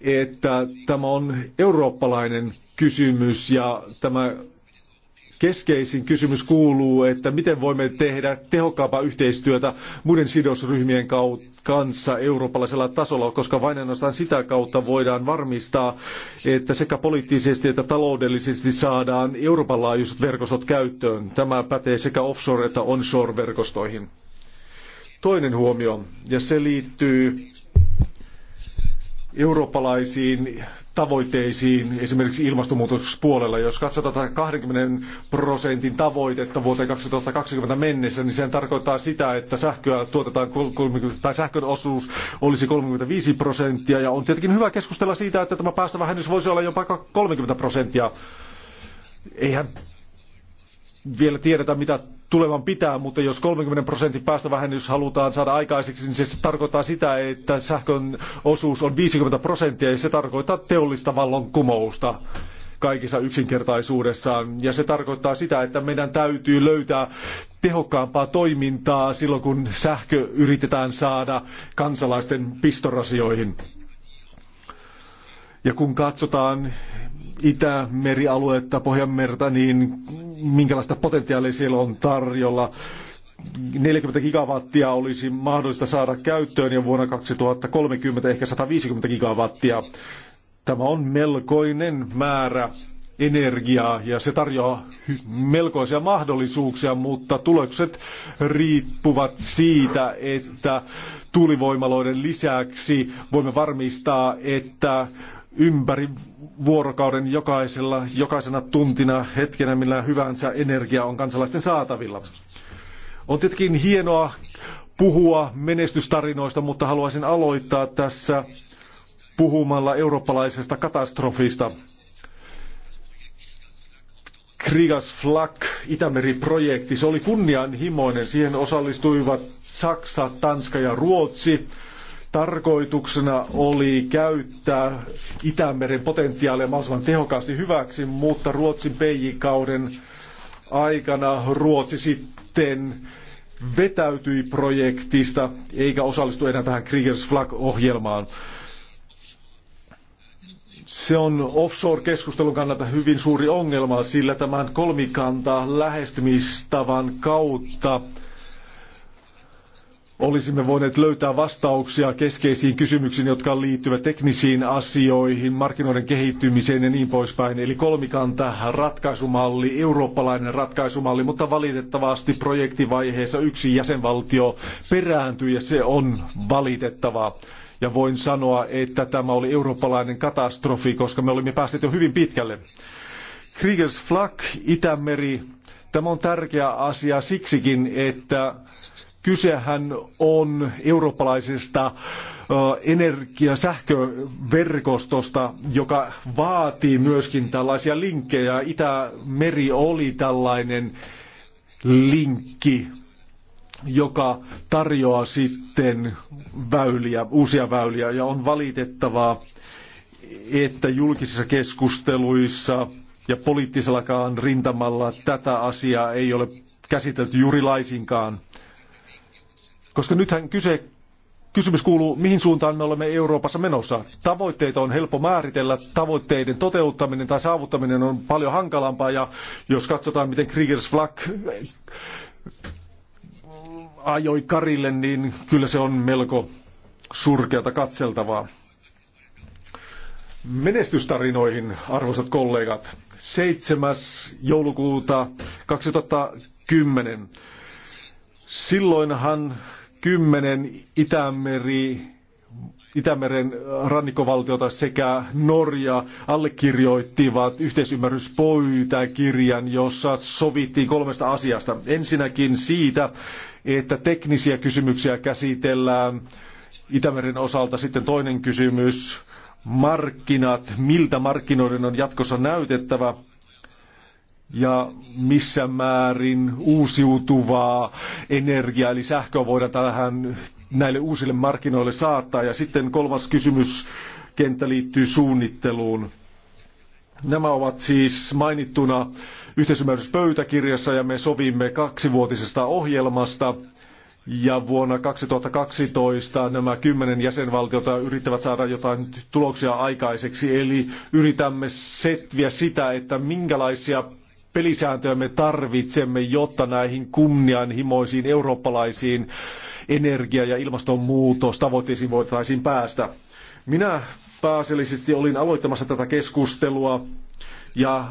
että tämä on eurooppalainen kysymys ja tämä Keskeisin kysymys kuuluu, että miten voimme tehdä tehokkaampaa yhteistyötä muiden sidosryhmien kanssa eurooppalaisella tasolla, koska vain ainoastaan sitä kautta voidaan varmistaa, että sekä poliittisesti että taloudellisesti saadaan Euroopan laajuiset verkostot käyttöön. Tämä pätee sekä offshore- että onshore-verkostoihin. Toinen huomio, ja se liittyy eurooppalaisiin tavoitteisiin, esimerkiksi puolella, Jos katsotaan 20 prosentin tavoitetta vuoteen 2020 mennessä, niin se tarkoittaa sitä, että sähköä tuotetaan 30, tai sähkön osuus olisi 35 prosenttia. Ja on tietenkin hyvä keskustella siitä, että tämä päästövähennys voisi olla jopa 30 prosenttia. Eihän vielä tiedetä, mitä tulevan pitää, mutta jos 30 prosentin päästövähennys halutaan saada aikaiseksi, niin se tarkoittaa sitä, että sähkön osuus on 50 prosenttia ja se tarkoittaa teollista vallankumousta kaikissa yksinkertaisuudessaan. Ja se tarkoittaa sitä, että meidän täytyy löytää tehokkaampaa toimintaa silloin, kun sähkö yritetään saada kansalaisten pistorasioihin. Ja kun katsotaan, Itämerialuetta, Pohjanmerta, niin minkälaista potentiaalia siellä on tarjolla. 40 gigawattia olisi mahdollista saada käyttöön ja vuonna 2030 ehkä 150 gigawattia. Tämä on melkoinen määrä energiaa ja se tarjoaa melkoisia mahdollisuuksia, mutta tulokset riippuvat siitä, että tuulivoimaloiden lisäksi voimme varmistaa, että ympäri vuorokauden jokaisella, jokaisena tuntina, hetkenä, millä hyvänsä energia on kansalaisten saatavilla. On tietenkin hienoa puhua menestystarinoista, mutta haluaisin aloittaa tässä puhumalla eurooppalaisesta katastrofista. Krigas Flak Itämeri-projekti, se oli kunnianhimoinen. Siihen osallistuivat Saksa, Tanska ja Ruotsi. Tarkoituksena oli käyttää Itämeren potentiaalia mahdollisimman tehokkaasti hyväksi, mutta Ruotsin PJ-kauden aikana Ruotsi sitten vetäytyi projektista eikä osallistu enää tähän Kriegers Flag-ohjelmaan. Se on offshore-keskustelun kannalta hyvin suuri ongelma, sillä tämän kolmikanta lähestymistavan kautta olisimme voineet löytää vastauksia keskeisiin kysymyksiin, jotka liittyvät teknisiin asioihin, markkinoiden kehittymiseen ja niin poispäin. Eli kolmikanta ratkaisumalli, eurooppalainen ratkaisumalli, mutta valitettavasti projektivaiheessa yksi jäsenvaltio perääntyy ja se on valitettavaa. Ja voin sanoa, että tämä oli eurooppalainen katastrofi, koska me olimme päässeet jo hyvin pitkälle. Kriegers Flak, Itämeri, tämä on tärkeä asia siksikin, että Kysehän on eurooppalaisesta energiasähköverkostosta, joka vaatii myöskin tällaisia linkkejä. Itämeri oli tällainen linkki, joka tarjoaa sitten väyliä, uusia väyliä. Ja on valitettavaa, että julkisissa keskusteluissa ja poliittisellakaan rintamalla tätä asiaa ei ole käsitelty juuri laisinkaan. Koska nythän kyse, kysymys kuuluu, mihin suuntaan me olemme Euroopassa menossa. Tavoitteita on helppo määritellä, tavoitteiden toteuttaminen tai saavuttaminen on paljon hankalampaa ja jos katsotaan, miten Kriegers Flak eh, ajoi Karille, niin kyllä se on melko surkeata katseltavaa. Menestystarinoihin, arvoisat kollegat. 7. joulukuuta 2010. Silloinhan kymmenen Itämeri, Itämeren rannikkovaltiota sekä Norja allekirjoittivat yhteisymmärryspöytäkirjan, jossa sovittiin kolmesta asiasta. Ensinnäkin siitä, että teknisiä kysymyksiä käsitellään Itämeren osalta. Sitten toinen kysymys, markkinat, miltä markkinoiden on jatkossa näytettävä ja missä määrin uusiutuvaa energiaa eli sähköä voidaan tähän näille uusille markkinoille saattaa. Ja sitten kolmas kysymys kenttä liittyy suunnitteluun. Nämä ovat siis mainittuna yhteisymmärryspöytäkirjassa ja me sovimme kaksivuotisesta ohjelmasta. Ja vuonna 2012 nämä kymmenen jäsenvaltiota yrittävät saada jotain tuloksia aikaiseksi. Eli yritämme setviä sitä, että minkälaisia pelisääntöjä me tarvitsemme, jotta näihin kunnianhimoisiin eurooppalaisiin energia- ja ilmastonmuutostavoitteisiin voitaisiin päästä. Minä pääasiallisesti olin aloittamassa tätä keskustelua ja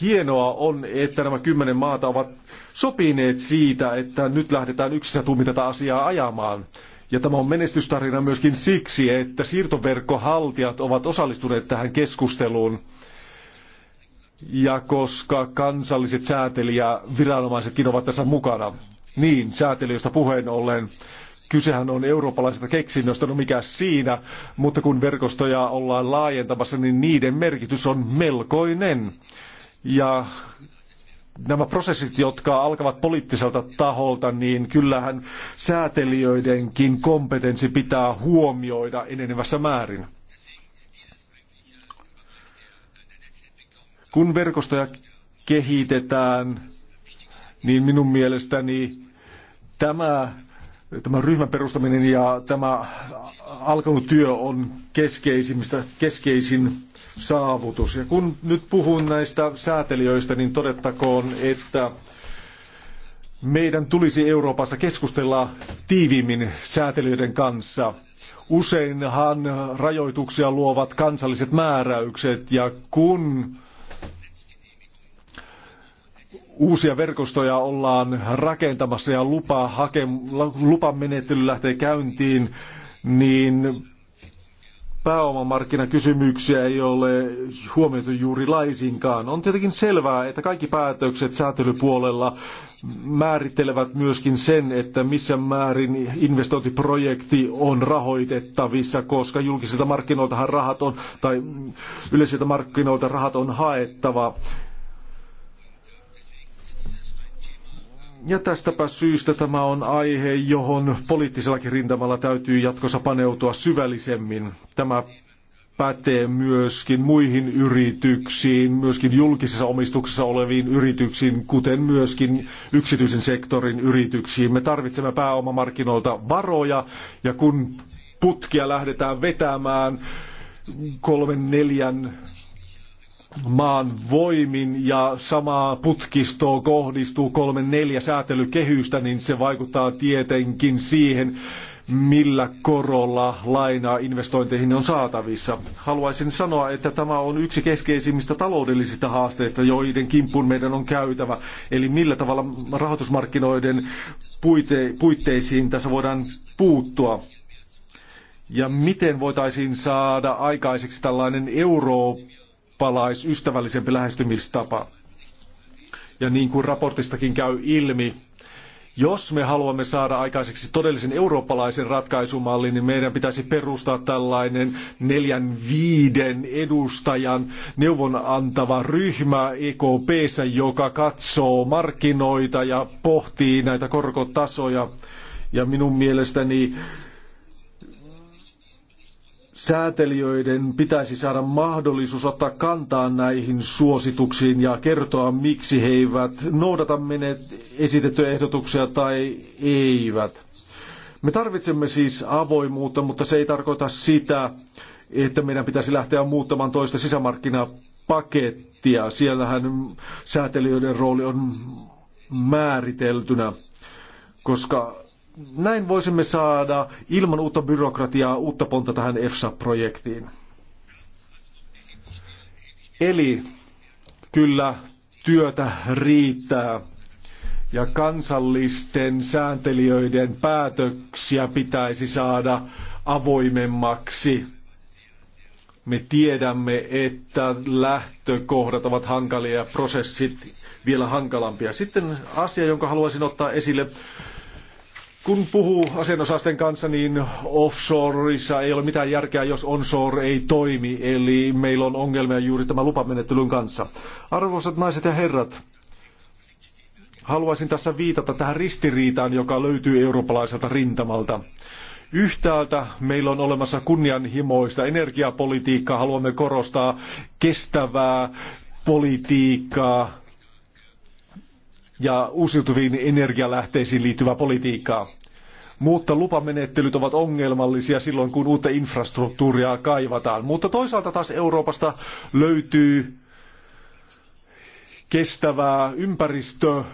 hienoa on, että nämä kymmenen maata ovat sopineet siitä, että nyt lähdetään yksissä tuumin tätä asiaa ajamaan. Ja tämä on menestystarina myöskin siksi, että siirtoverkkohaltijat ovat osallistuneet tähän keskusteluun ja koska kansalliset säätelijäviranomaisetkin ovat tässä mukana. Niin, säätelijöistä puheen ollen. Kysehän on eurooppalaisesta keksinnöstä, no mikä siinä, mutta kun verkostoja ollaan laajentamassa, niin niiden merkitys on melkoinen. Ja nämä prosessit, jotka alkavat poliittiselta taholta, niin kyllähän säätelijöidenkin kompetenssi pitää huomioida enenevässä määrin. Kun verkostoja kehitetään, niin minun mielestäni tämä, tämä ryhmän perustaminen ja tämä alkanut työ on keskeisimmistä, keskeisin saavutus. Ja kun nyt puhun näistä säätelijöistä, niin todettakoon, että meidän tulisi Euroopassa keskustella tiiviimmin säätelijöiden kanssa. Useinhan rajoituksia luovat kansalliset määräykset ja kun Uusia verkostoja ollaan rakentamassa ja lupa hake, lupamenettely lähtee käyntiin, niin pääomamarkkinakysymyksiä ei ole huomioitu juuri laisinkaan. On tietenkin selvää, että kaikki päätökset säätelypuolella määrittelevät myöskin sen, että missä määrin investointiprojekti on rahoitettavissa, koska julkisilta markkinoiltahan rahat on, tai yleisiltä markkinoilta rahat on haettava. Ja tästäpä syystä tämä on aihe, johon poliittisellakin rintamalla täytyy jatkossa paneutua syvällisemmin. Tämä pätee myöskin muihin yrityksiin, myöskin julkisessa omistuksessa oleviin yrityksiin, kuten myöskin yksityisen sektorin yrityksiin. Me tarvitsemme pääomamarkkinoilta varoja ja kun putkia lähdetään vetämään kolmen, neljän maan voimin ja samaa putkistoa kohdistuu kolme neljä säätelykehystä, niin se vaikuttaa tietenkin siihen, millä korolla lainaa investointeihin on saatavissa. Haluaisin sanoa, että tämä on yksi keskeisimmistä taloudellisista haasteista, joiden kimppuun meidän on käytävä. Eli millä tavalla rahoitusmarkkinoiden puite, puitteisiin tässä voidaan puuttua. Ja miten voitaisiin saada aikaiseksi tällainen Euroopan ystävällisempi lähestymistapa. Ja niin kuin raportistakin käy ilmi, jos me haluamme saada aikaiseksi todellisen eurooppalaisen ratkaisumallin, niin meidän pitäisi perustaa tällainen neljän viiden edustajan neuvonantava ryhmä EKPssä, joka katsoo markkinoita ja pohtii näitä korkotasoja. Ja minun mielestäni säätelijöiden pitäisi saada mahdollisuus ottaa kantaa näihin suosituksiin ja kertoa, miksi he eivät noudata menet esitettyjä ehdotuksia tai eivät. Me tarvitsemme siis avoimuutta, mutta se ei tarkoita sitä, että meidän pitäisi lähteä muuttamaan toista sisämarkkinapakettia. Siellähän säätelijöiden rooli on määriteltynä, koska näin voisimme saada ilman uutta byrokratiaa uutta pontta tähän EFSA-projektiin. Eli kyllä työtä riittää ja kansallisten sääntelijöiden päätöksiä pitäisi saada avoimemmaksi. Me tiedämme, että lähtökohdat ovat hankalia ja prosessit vielä hankalampia. Sitten asia, jonka haluaisin ottaa esille, kun puhuu asianosaisten kanssa, niin offshoreissa ei ole mitään järkeä, jos onshore ei toimi. Eli meillä on ongelmia juuri tämän lupamenettelyn kanssa. Arvoisat naiset ja herrat, haluaisin tässä viitata tähän ristiriitaan, joka löytyy eurooppalaiselta rintamalta. Yhtäältä meillä on olemassa kunnianhimoista energiapolitiikkaa, haluamme korostaa kestävää politiikkaa ja uusiutuviin energialähteisiin liittyvää politiikkaa mutta lupamenettelyt ovat ongelmallisia silloin, kun uutta infrastruktuuria kaivataan. Mutta toisaalta taas Euroopasta löytyy kestävää ympäristö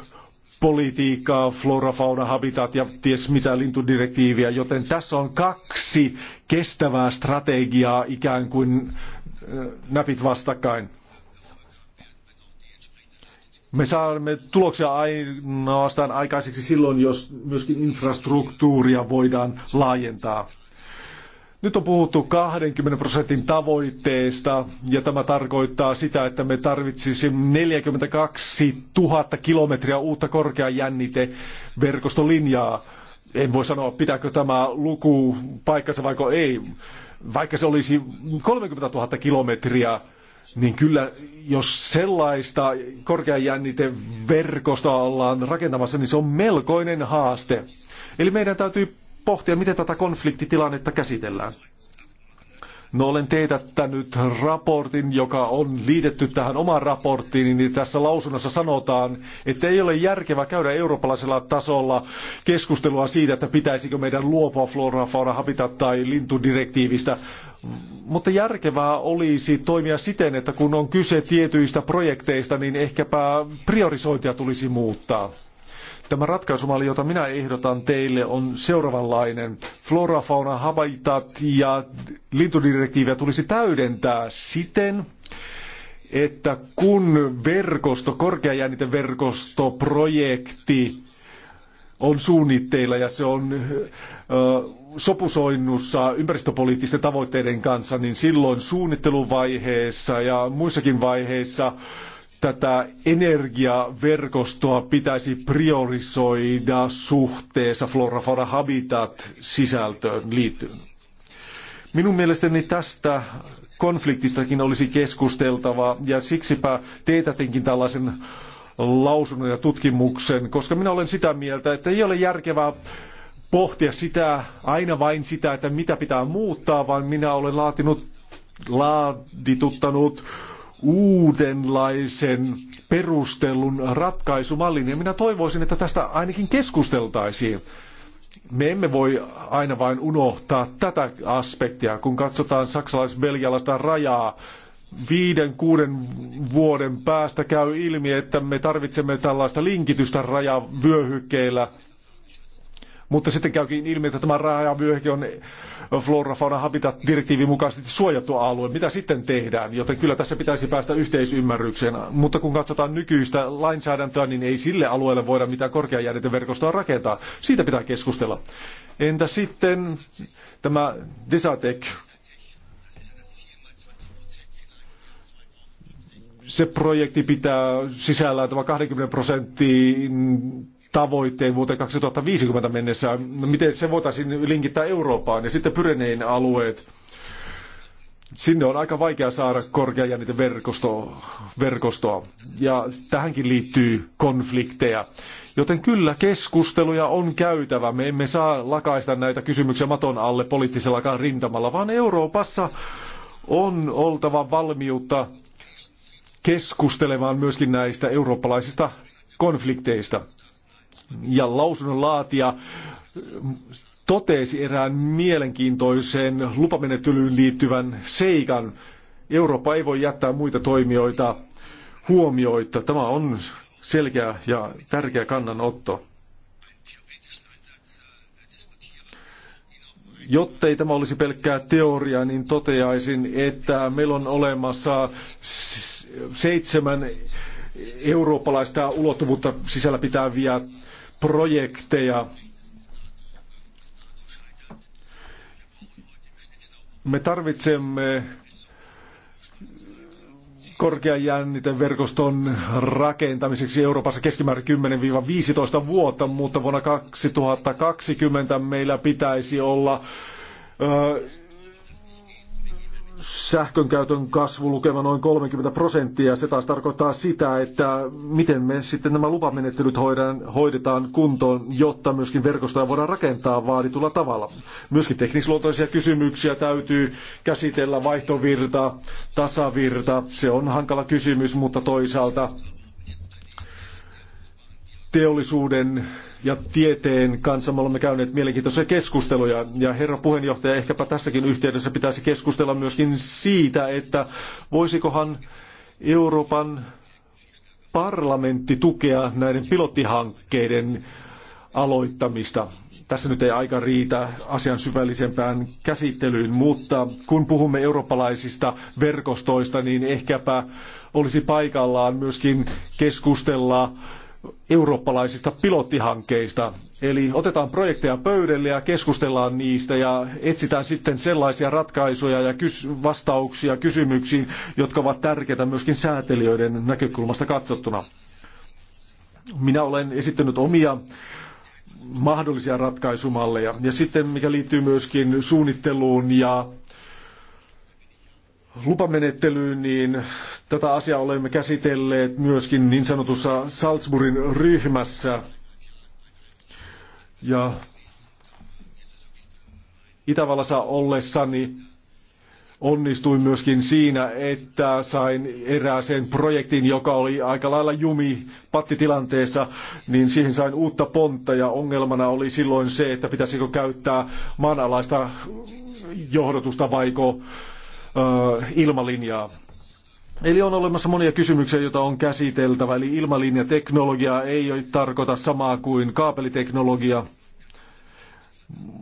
politiikkaa, flora, fauna, habitat ja ties mitä lintudirektiiviä, joten tässä on kaksi kestävää strategiaa ikään kuin näpit vastakkain. Me saamme tuloksia ainoastaan aikaiseksi silloin, jos myöskin infrastruktuuria voidaan laajentaa. Nyt on puhuttu 20 prosentin tavoitteesta ja tämä tarkoittaa sitä, että me tarvitsisimme 42 000 kilometriä uutta korkeajänniteverkostolinjaa. En voi sanoa, pitääkö tämä luku paikkansa vaiko ei, vaikka se olisi 30 000 kilometriä niin kyllä jos sellaista korkeajänniteverkostoa ollaan rakentamassa, niin se on melkoinen haaste. Eli meidän täytyy pohtia, miten tätä konfliktitilannetta käsitellään. No olen teetättänyt raportin, joka on liitetty tähän omaan raporttiin, niin tässä lausunnossa sanotaan, että ei ole järkevää käydä eurooppalaisella tasolla keskustelua siitä, että pitäisikö meidän luopua flora, fauna, habitat tai lintudirektiivistä. Mutta järkevää olisi toimia siten, että kun on kyse tietyistä projekteista, niin ehkäpä priorisointia tulisi muuttaa. Tämä ratkaisumalli, jota minä ehdotan teille, on seuraavanlainen. Flora, fauna, habitat ja lintudirektiiviä tulisi täydentää siten, että kun verkosto, korkeajänniteverkostoprojekti on suunnitteilla ja se on ö, sopusoinnussa ympäristöpoliittisten tavoitteiden kanssa, niin silloin suunnitteluvaiheessa ja muissakin vaiheissa tätä energiaverkostoa pitäisi priorisoida suhteessa Flora Fauna Habitat sisältöön liittyen. Minun mielestäni tästä konfliktistakin olisi keskusteltava ja siksipä teetätinkin tällaisen lausunnon ja tutkimuksen, koska minä olen sitä mieltä, että ei ole järkevää pohtia sitä, aina vain sitä, että mitä pitää muuttaa, vaan minä olen laatinut, laadituttanut uudenlaisen perustelun ratkaisumallin. Ja minä toivoisin, että tästä ainakin keskusteltaisiin. Me emme voi aina vain unohtaa tätä aspektia, kun katsotaan saksalais-belgialaista rajaa. Viiden, kuuden vuoden päästä käy ilmi, että me tarvitsemme tällaista linkitystä rajavyöhykkeillä mutta sitten käykin niin ilmi, että tämä rajavyöhyke on flora, fauna, habitat direktiivin mukaisesti suojattu alue. Mitä sitten tehdään? Joten kyllä tässä pitäisi päästä yhteisymmärrykseen. Mutta kun katsotaan nykyistä lainsäädäntöä, niin ei sille alueelle voida mitään korkeajänniteverkostoa rakentaa. Siitä pitää keskustella. Entä sitten tämä Desatec? se projekti pitää sisällään tämä 20 prosenttia tavoitteen vuoteen 2050 mennessä. Miten se voitaisiin linkittää Eurooppaan ja sitten Pyrenein alueet. Sinne on aika vaikea saada niitä verkosto, verkostoa. Ja tähänkin liittyy konflikteja. Joten kyllä keskusteluja on käytävä. Me emme saa lakaista näitä kysymyksiä maton alle poliittisellakaan rintamalla, vaan Euroopassa on oltava valmiutta keskustelemaan myöskin näistä eurooppalaisista konflikteista ja lausunnonlaatija totesi erään mielenkiintoisen lupamenettelyyn liittyvän seikan. Eurooppa ei voi jättää muita toimijoita huomioita. Tämä on selkeä ja tärkeä kannanotto. Jottei tämä olisi pelkkää teoriaa, niin toteaisin, että meillä on olemassa seitsemän eurooppalaista ulottuvuutta sisällä pitäviä projekteja. Me tarvitsemme jänniteverkoston rakentamiseksi Euroopassa keskimäärin 10-15 vuotta, mutta vuonna 2020 meillä pitäisi olla sähkönkäytön kasvulukema noin 30 prosenttia. Se taas tarkoittaa sitä, että miten me sitten nämä lupamenettelyt hoidaan, hoidetaan kuntoon, jotta myöskin verkostoja voidaan rakentaa vaaditulla tavalla. Myöskin teknisluontoisia kysymyksiä täytyy käsitellä, vaihtovirta, tasavirta. Se on hankala kysymys, mutta toisaalta teollisuuden ja tieteen kanssa me olemme käyneet mielenkiintoisia keskusteluja. Ja herra puheenjohtaja, ehkäpä tässäkin yhteydessä pitäisi keskustella myöskin siitä, että voisikohan Euroopan parlamentti tukea näiden pilottihankkeiden aloittamista. Tässä nyt ei aika riitä asian syvällisempään käsittelyyn, mutta kun puhumme eurooppalaisista verkostoista, niin ehkäpä olisi paikallaan myöskin keskustella eurooppalaisista pilottihankkeista. Eli otetaan projekteja pöydälle ja keskustellaan niistä ja etsitään sitten sellaisia ratkaisuja ja kys- vastauksia kysymyksiin, jotka ovat tärkeitä myöskin säätelijöiden näkökulmasta katsottuna. Minä olen esittänyt omia mahdollisia ratkaisumalleja. Ja sitten mikä liittyy myöskin suunnitteluun ja lupamenettelyyn, niin tätä asiaa olemme käsitelleet myöskin niin sanotussa Salzburgin ryhmässä. Ja Itävallassa ollessani onnistuin myöskin siinä, että sain erääseen projektiin, joka oli aika lailla jumi pattitilanteessa, niin siihen sain uutta pontta ja ongelmana oli silloin se, että pitäisikö käyttää maanalaista johdotusta vaiko ilmalinjaa. Eli on olemassa monia kysymyksiä, joita on käsiteltävä. Eli ilmalinjateknologia ei tarkoita samaa kuin kaapeliteknologia.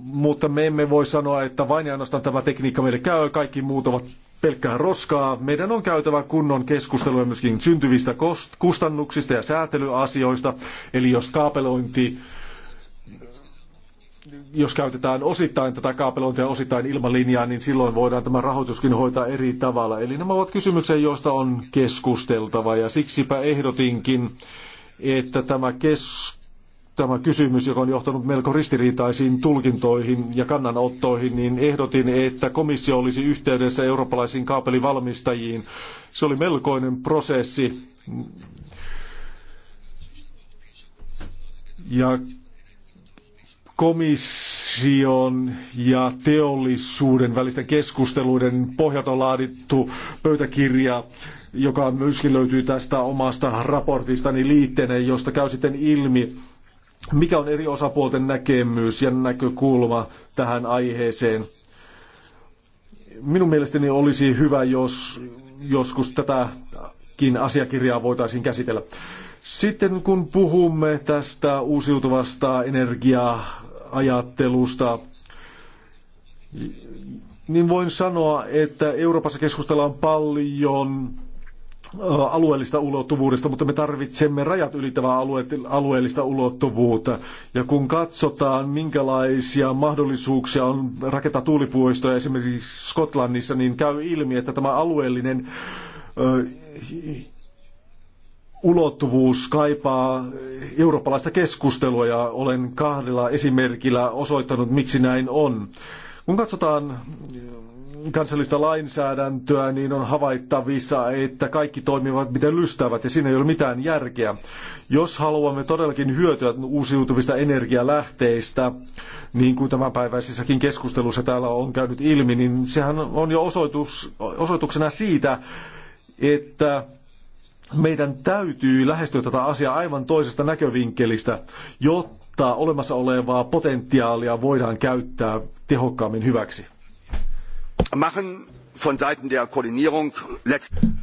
Mutta me emme voi sanoa, että vain ja ainoastaan tämä tekniikka meille käy, kaikki muut ovat pelkkää roskaa. Meidän on käytävä kunnon keskustelua myöskin syntyvistä kustannuksista ja säätelyasioista. Eli jos kaapelointi jos käytetään osittain tätä kaapelointia osittain ilman linjaa, niin silloin voidaan tämä rahoituskin hoitaa eri tavalla. Eli nämä ovat kysymyksiä, joista on keskusteltava ja siksipä ehdotinkin, että tämä, kes, tämä kysymys, joka on johtanut melko ristiriitaisiin tulkintoihin ja kannanottoihin, niin ehdotin, että komissio olisi yhteydessä eurooppalaisiin kaapelivalmistajiin. Se oli melkoinen prosessi. Ja komission ja teollisuuden välisten keskusteluiden pohjalta on laadittu pöytäkirja, joka myöskin löytyy tästä omasta raportistani liitteenä, josta käy sitten ilmi, mikä on eri osapuolten näkemys ja näkökulma tähän aiheeseen. Minun mielestäni olisi hyvä, jos joskus tätäkin asiakirjaa voitaisiin käsitellä. Sitten kun puhumme tästä uusiutuvasta energia-ajattelusta, niin voin sanoa, että Euroopassa keskustellaan paljon alueellista ulottuvuudesta, mutta me tarvitsemme rajat ylittävää alueellista ulottuvuutta. Ja kun katsotaan, minkälaisia mahdollisuuksia on rakentaa tuulipuistoja esimerkiksi Skotlannissa, niin käy ilmi, että tämä alueellinen ulottuvuus kaipaa eurooppalaista keskustelua ja olen kahdella esimerkillä osoittanut, miksi näin on. Kun katsotaan kansallista lainsäädäntöä, niin on havaittavissa, että kaikki toimivat miten lystävät ja siinä ei ole mitään järkeä. Jos haluamme todellakin hyötyä uusiutuvista energialähteistä, niin kuin tämänpäiväisissäkin keskustelussa täällä on käynyt ilmi, niin sehän on jo osoitus, osoituksena siitä, että meidän täytyy lähestyä tätä asiaa aivan toisesta näkövinkkelistä, jotta olemassa olevaa potentiaalia voidaan käyttää tehokkaammin hyväksi. Machen von Seiten der Koordinierung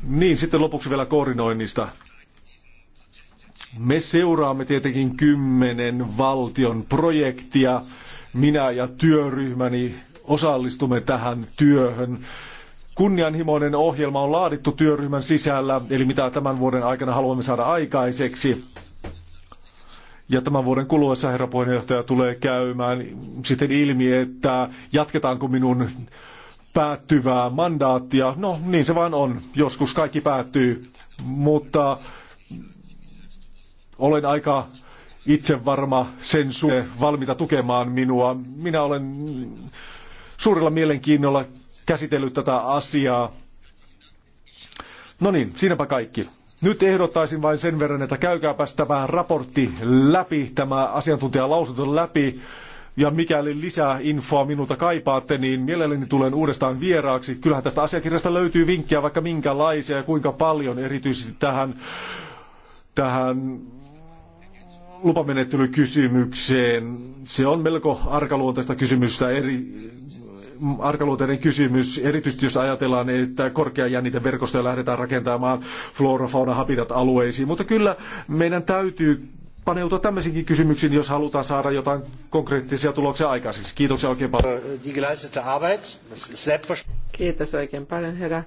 niin, sitten lopuksi vielä koordinoinnista. Me seuraamme tietenkin kymmenen valtion projektia. Minä ja työryhmäni osallistumme tähän työhön kunnianhimoinen ohjelma on laadittu työryhmän sisällä, eli mitä tämän vuoden aikana haluamme saada aikaiseksi. Ja tämän vuoden kuluessa herra puheenjohtaja tulee käymään sitten ilmi, että jatketaanko minun päättyvää mandaattia. No niin se vaan on. Joskus kaikki päättyy. Mutta olen aika itse varma sen suhteen valmiita tukemaan minua. Minä olen suurella mielenkiinnolla käsitellyt tätä asiaa. No niin, siinäpä kaikki. Nyt ehdottaisin vain sen verran, että käykääpäs tämä raportti läpi, tämä asiantuntijalausunto läpi. Ja mikäli lisää infoa minulta kaipaatte, niin mielelläni tulen uudestaan vieraaksi. Kyllähän tästä asiakirjasta löytyy vinkkejä vaikka minkälaisia ja kuinka paljon, erityisesti tähän, tähän lupamenettelykysymykseen. Se on melko arkaluonteista kysymystä eri, arkaluonteinen kysymys, erityisesti jos ajatellaan, että korkea verkostoja lähdetään rakentamaan flora, fauna, habitat alueisiin. Mutta kyllä meidän täytyy paneutua tämmöisiinkin kysymyksiin, jos halutaan saada jotain konkreettisia tuloksia aikaiseksi. Kiitoksia oikein paljon. Kiitos oikein paljon, herra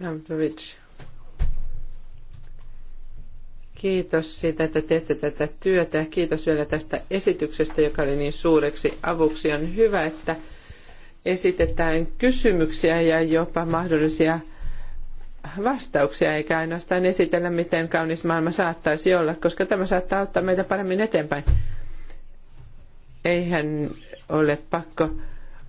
Lampovic. Kiitos siitä, että teette tätä työtä ja kiitos vielä tästä esityksestä, joka oli niin suureksi avuksi. On hyvä, että esitetään kysymyksiä ja jopa mahdollisia vastauksia, eikä ainoastaan esitellä, miten kaunis maailma saattaisi olla, koska tämä saattaa auttaa meitä paremmin eteenpäin. Eihän ole pakko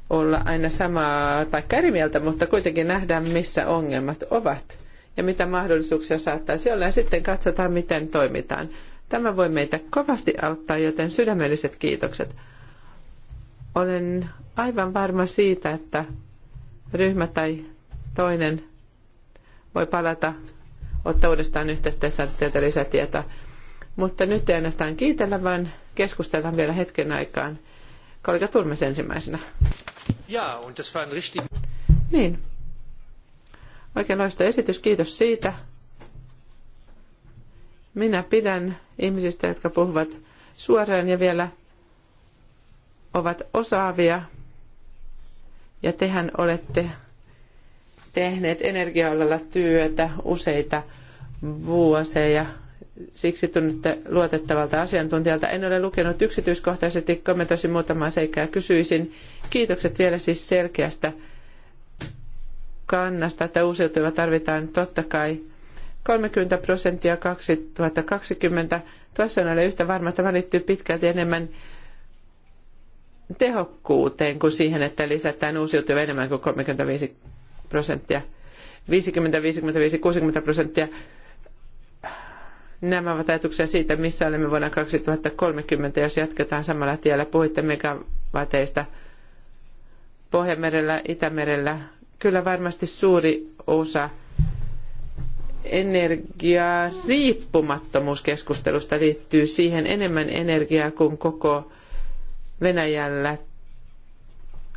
olla aina samaa tai eri mieltä, mutta kuitenkin nähdään, missä ongelmat ovat ja mitä mahdollisuuksia saattaisi olla, ja sitten katsotaan, miten toimitaan. Tämä voi meitä kovasti auttaa, joten sydämelliset kiitokset. Olen aivan varma siitä, että ryhmä tai toinen voi palata, ottaa uudestaan yhteyttä ja saada teiltä lisätietoa. Mutta nyt ei ainoastaan kiitellä, vaan keskustellaan vielä hetken aikaan. Kolika Turmes ensimmäisenä. Ja, und das war ein richtig... Niin. Oikein loista esitys, kiitos siitä. Minä pidän ihmisistä, jotka puhuvat suoraan ja vielä ovat osaavia ja tehän olette tehneet energia työtä useita vuosia. Siksi tunnette luotettavalta asiantuntijalta. En ole lukenut yksityiskohtaisesti, kommentoisin muutamaa seikkaa. Kysyisin kiitokset vielä siis selkeästä kannasta, että uusiutuva tarvitaan totta kai 30 prosenttia 2020. Tuossa on ole yhtä varma, että liittyy pitkälti enemmän tehokkuuteen kuin siihen, että lisätään uusiutuvia enemmän kuin 35 prosenttia. 50, 55, 60 prosenttia. Nämä ovat ajatuksia siitä, missä olemme vuonna 2030, jos jatketaan samalla tiellä. Puhuitte megawateista Pohjanmerellä, Itämerellä. Kyllä varmasti suuri osa energiaa riippumattomuuskeskustelusta liittyy siihen enemmän energiaa kuin koko Venäjällä.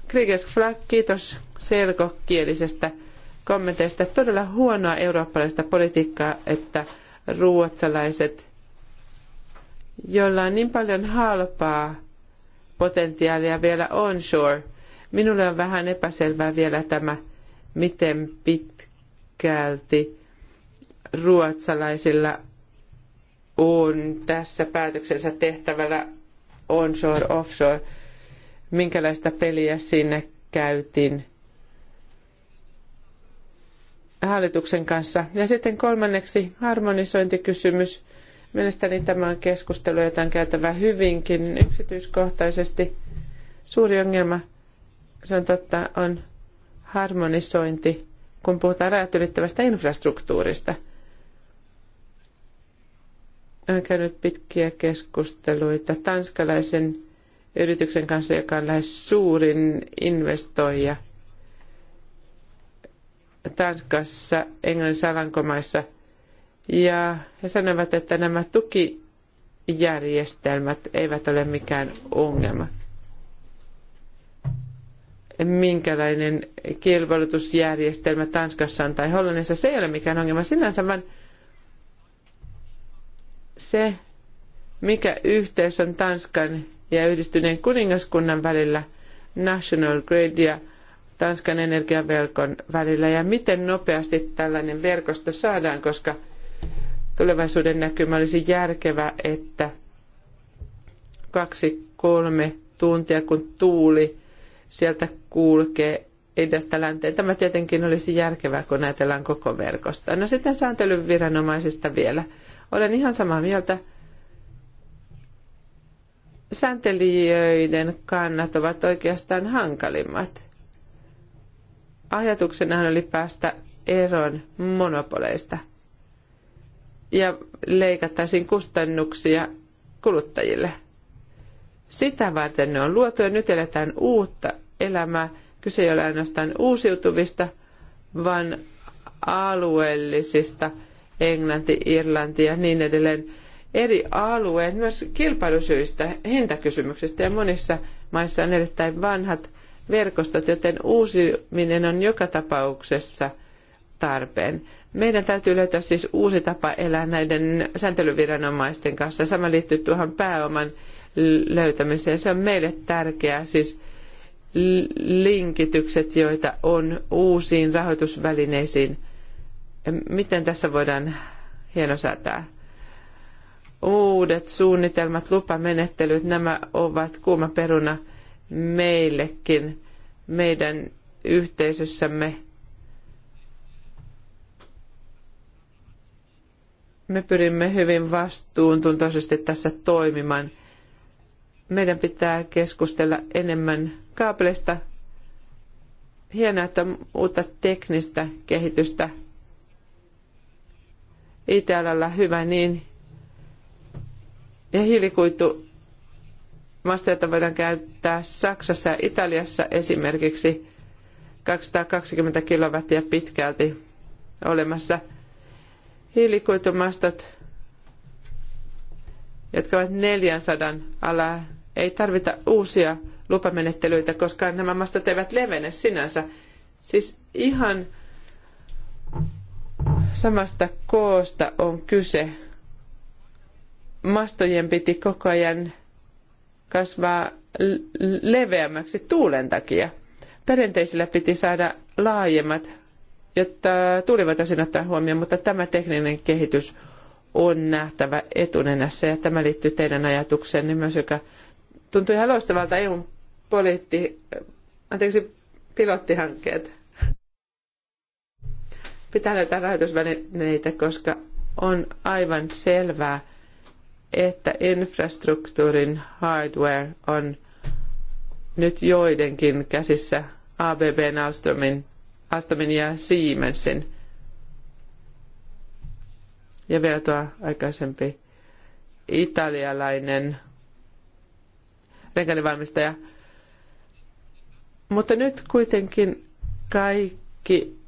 Kriges Flak, kiitos selkokielisestä kommenteista. Todella huonoa eurooppalaista politiikkaa, että ruotsalaiset, joilla on niin paljon halpaa potentiaalia vielä onshore. Minulle on vähän epäselvää vielä tämä, miten pitkälti ruotsalaisilla on tässä päätöksensä tehtävällä onshore, offshore, minkälaista peliä sinne käytiin hallituksen kanssa. Ja sitten kolmanneksi harmonisointikysymys. Mielestäni tämä on keskustelu, jota on käytävä hyvinkin yksityiskohtaisesti. Suuri ongelma, se on totta, on harmonisointi, kun puhutaan rajat ylittävästä infrastruktuurista – olen käynyt pitkiä keskusteluita tanskalaisen yrityksen kanssa, joka on lähes suurin investoija Tanskassa, Englannissa, Alankomaissa. Ja he sanovat, että nämä tukijärjestelmät eivät ole mikään ongelma. Minkälainen kilpailutusjärjestelmä Tanskassa on tai Hollannissa, se ei ole mikään ongelma sinänsä, vaan – se, mikä yhteys on Tanskan ja yhdistyneen kuningaskunnan välillä, National Grid ja Tanskan energiavelkon välillä ja miten nopeasti tällainen verkosto saadaan, koska tulevaisuuden näkymä olisi järkevä, että kaksi, kolme tuntia kun tuuli sieltä kulkee edestä länteen. Tämä tietenkin olisi järkevää, kun ajatellaan koko verkosta. No sitten sääntelyviranomaisista viranomaisista vielä. Olen ihan samaa mieltä. Sääntelijöiden kannat ovat oikeastaan hankalimmat. Ajatuksena oli päästä eroon monopoleista ja leikattaisiin kustannuksia kuluttajille. Sitä varten ne on luotu ja nyt eletään uutta elämää. Kyse ei ole ainoastaan uusiutuvista, vaan alueellisista – Englanti, Irlanti ja niin edelleen, eri alueet myös kilpailusyistä, hintakysymyksistä ja monissa maissa on erittäin vanhat verkostot, joten uusiminen on joka tapauksessa tarpeen. Meidän täytyy löytää siis uusi tapa elää näiden sääntelyviranomaisten kanssa. Sama liittyy tuohon pääoman löytämiseen. Se on meille tärkeää, siis linkitykset, joita on uusiin rahoitusvälineisiin – miten tässä voidaan hienosäätää. Uudet suunnitelmat, lupamenettelyt, nämä ovat kuuma peruna meillekin, meidän yhteisössämme. Me pyrimme hyvin vastuuntuntoisesti tässä toimimaan. Meidän pitää keskustella enemmän kaapeleista. Hienoa, että uutta teknistä kehitystä IT-alalla hyvä, niin ja hiilikuitu masteita voidaan käyttää Saksassa ja Italiassa esimerkiksi 220 kilowattia pitkälti olemassa. Hiilikuitumastot, jotka ovat 400 alla, ei tarvita uusia lupamenettelyitä, koska nämä mastot eivät levene sinänsä. Siis ihan samasta koosta on kyse. Mastojen piti koko ajan kasvaa leveämmäksi tuulen takia. Perinteisillä piti saada laajemmat, jotta tuuli voitaisiin ottaa huomioon, mutta tämä tekninen kehitys on nähtävä etunenässä ja tämä liittyy teidän ajatukseenne niin myös, joka tuntuu ihan loistavalta EUn poliitti, anteeksi, pilottihankkeet Pitää löytää rahoitusvälineitä, koska on aivan selvää, että infrastruktuurin hardware on nyt joidenkin käsissä ABB, Alstomin, Alstomin ja Siemensin. Ja vielä tuo aikaisempi italialainen renkaanivalmistaja. Mutta nyt kuitenkin kaikki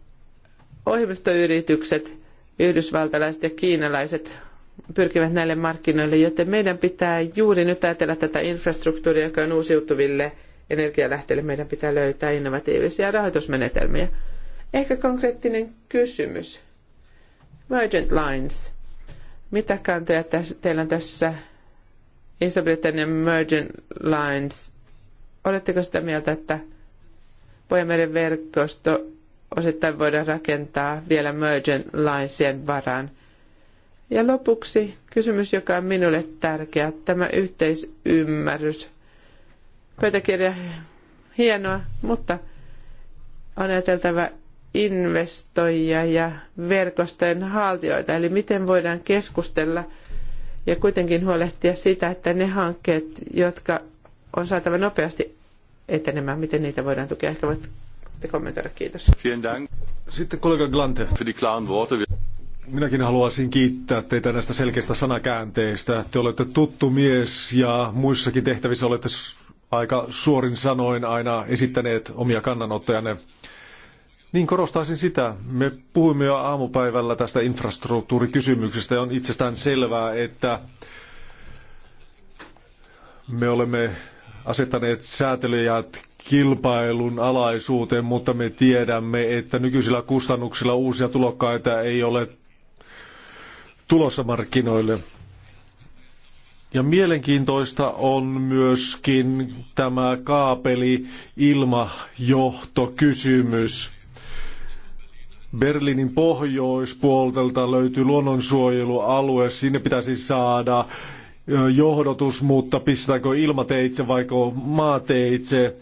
ohjelmistoyritykset, yhdysvaltalaiset ja kiinalaiset pyrkivät näille markkinoille, joten meidän pitää juuri nyt ajatella tätä infrastruktuuria, joka on uusiutuville energialähteille. Meidän pitää löytää innovatiivisia rahoitusmenetelmiä. Ehkä konkreettinen kysymys. Virgin Lines. Mitä kantoja teillä on tässä Iso-Britannian Virgin Lines? Oletteko sitä mieltä, että Pohjanmeren verkosto osittain voida rakentaa vielä Mergen laisien varaan. Ja lopuksi kysymys, joka on minulle tärkeä, tämä yhteisymmärrys. Pöytäkirja, hienoa, mutta on ajateltava investoijia ja verkostojen haltijoita, eli miten voidaan keskustella ja kuitenkin huolehtia sitä, että ne hankkeet, jotka on saatava nopeasti etenemään, miten niitä voidaan tukea. Ehkä voit voitte kommentoida. Kiitos. Sitten kollega Glante. Minäkin haluaisin kiittää teitä näistä selkeistä sanakäänteistä. Te olette tuttu mies ja muissakin tehtävissä olette aika suorin sanoin aina esittäneet omia kannanottojanne. Niin korostaisin sitä. Me puhuimme jo aamupäivällä tästä infrastruktuurikysymyksestä ja on itsestään selvää, että me olemme asettaneet säätelijät kilpailun alaisuuteen, mutta me tiedämme, että nykyisillä kustannuksilla uusia tulokkaita ei ole tulossa markkinoille. Ja mielenkiintoista on myöskin tämä kaapeli ilmajohtokysymys. Berliinin pohjoispuolelta löytyy luonnonsuojelualue, sinne pitäisi saada johdotus, mutta pistetäänkö ilmateitse vaiko maateitse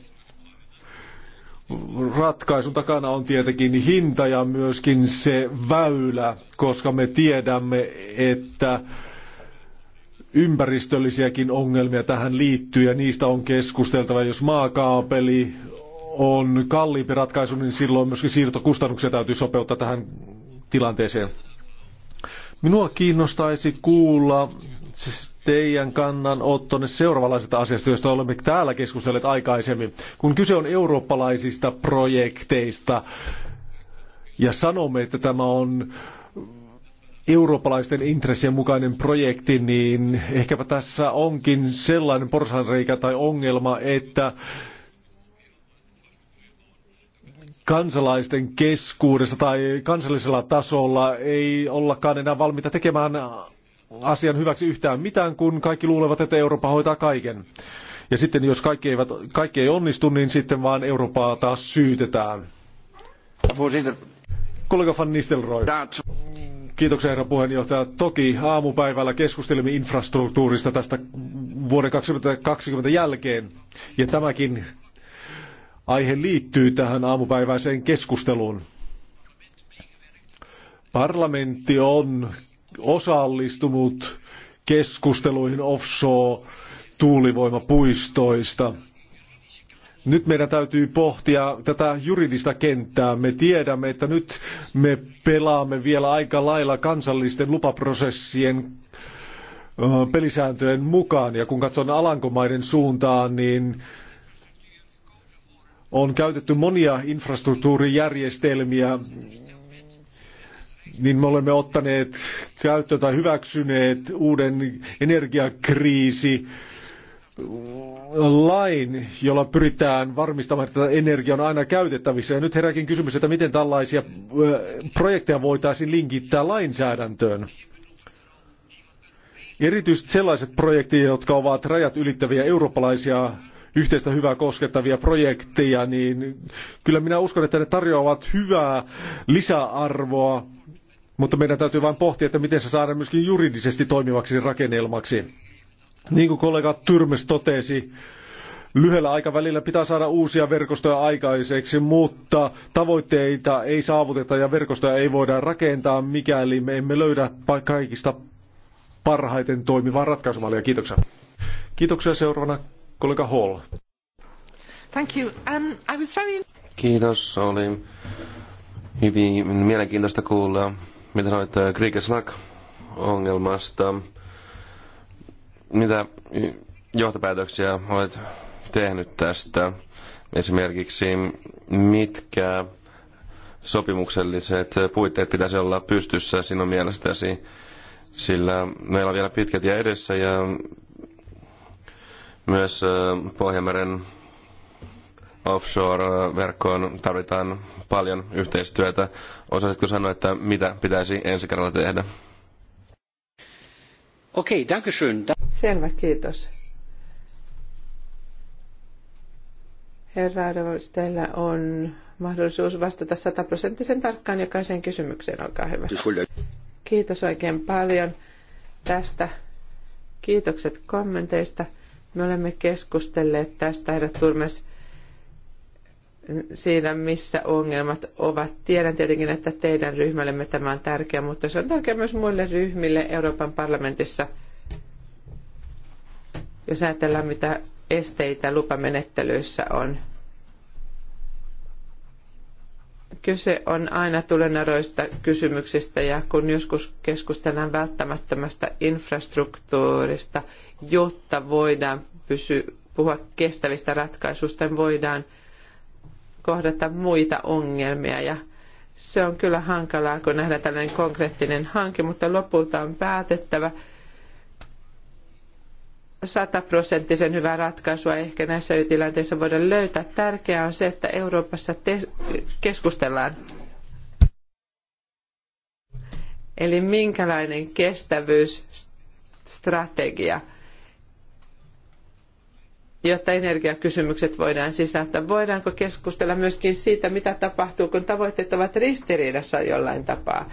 ratkaisun takana on tietenkin hinta ja myöskin se väylä, koska me tiedämme, että ympäristöllisiäkin ongelmia tähän liittyy ja niistä on keskusteltava. Jos maakaapeli on kalliimpi ratkaisu, niin silloin myöskin siirtokustannuksia täytyy sopeuttaa tähän tilanteeseen. Minua kiinnostaisi kuulla siis teidän kannanottonne seuraavanlaisesta asiasta, josta olemme täällä keskustelleet aikaisemmin. Kun kyse on eurooppalaisista projekteista ja sanomme, että tämä on eurooppalaisten intressien mukainen projekti, niin ehkäpä tässä onkin sellainen porsanreikä tai ongelma, että kansalaisten keskuudessa tai kansallisella tasolla ei ollakaan enää valmiita tekemään asian hyväksi yhtään mitään, kun kaikki luulevat, että Eurooppa hoitaa kaiken. Ja sitten jos kaikki, eivät, kaikki ei onnistu, niin sitten vaan Eurooppaa taas syytetään. Kollega Van Nistelrooy. Kiitoksia herra puheenjohtaja. Toki aamupäivällä keskustelimme infrastruktuurista tästä vuoden 2020 jälkeen. Ja tämäkin aihe liittyy tähän aamupäiväiseen keskusteluun. Parlamentti on osallistunut keskusteluihin offshore-tuulivoimapuistoista. Nyt meidän täytyy pohtia tätä juridista kenttää. Me tiedämme, että nyt me pelaamme vielä aika lailla kansallisten lupaprosessien pelisääntöjen mukaan. Ja kun katson Alankomaiden suuntaan, niin on käytetty monia infrastruktuurijärjestelmiä, niin me olemme ottaneet käyttöön tai hyväksyneet uuden energiakriisi lain, jolla pyritään varmistamaan, että energia on aina käytettävissä. Ja nyt heräkin kysymys, että miten tällaisia projekteja voitaisiin linkittää lainsäädäntöön. Erityisesti sellaiset projektit, jotka ovat rajat ylittäviä eurooppalaisia yhteistä hyvää koskettavia projekteja, niin kyllä minä uskon, että ne tarjoavat hyvää lisäarvoa mutta meidän täytyy vain pohtia, että miten se saadaan myöskin juridisesti toimivaksi rakennelmaksi. Niin kuin kollega Tyrmes totesi, lyhyellä aikavälillä pitää saada uusia verkostoja aikaiseksi, mutta tavoitteita ei saavuteta ja verkostoja ei voida rakentaa, mikäli me emme löydä kaikista parhaiten toimivaa ratkaisumallia. Kiitoksia. Kiitoksia seuraavana kollega Hall. Thank you. Um, I was very... Kiitos, oli hyvin mielenkiintoista kuulla mitä sanoit äh, Slack ongelmasta Mitä johtopäätöksiä olet tehnyt tästä? Esimerkiksi mitkä sopimukselliset puitteet pitäisi olla pystyssä sinun mielestäsi, sillä meillä on vielä pitkä tie edessä ja myös äh, Pohjanmeren offshore-verkkoon tarvitaan paljon yhteistyötä. Osaisitko sanoa, että mitä pitäisi ensi kerralla tehdä? Okei, okay, schön. Selvä, kiitos. Herra Adams, teillä on mahdollisuus vastata sataprosenttisen tarkkaan jokaiseen kysymykseen. Olkaa hyvä. Kiitos oikein paljon tästä. Kiitokset kommenteista. Me olemme keskustelleet tästä, herra Turmes siitä, missä ongelmat ovat. Tiedän tietenkin, että teidän ryhmällemme tämä on tärkeä, mutta se on tärkeä myös muille ryhmille Euroopan parlamentissa. Jos ajatellaan, mitä esteitä lupamenettelyissä on. Kyse on aina tulenaroista kysymyksistä ja kun joskus keskustellaan välttämättömästä infrastruktuurista, jotta voidaan pysy, puhua kestävistä ratkaisuista, voidaan – kohdata muita ongelmia ja se on kyllä hankalaa, kun nähdään tällainen konkreettinen hanke, mutta lopulta on päätettävä sataprosenttisen hyvää ratkaisua ehkä näissä tilanteissa voida löytää. Tärkeää on se, että Euroopassa keskustellaan. Eli minkälainen kestävyysstrategia – jotta energiakysymykset voidaan sisältää. Voidaanko keskustella myöskin siitä, mitä tapahtuu, kun tavoitteet ovat ristiriidassa jollain tapaa?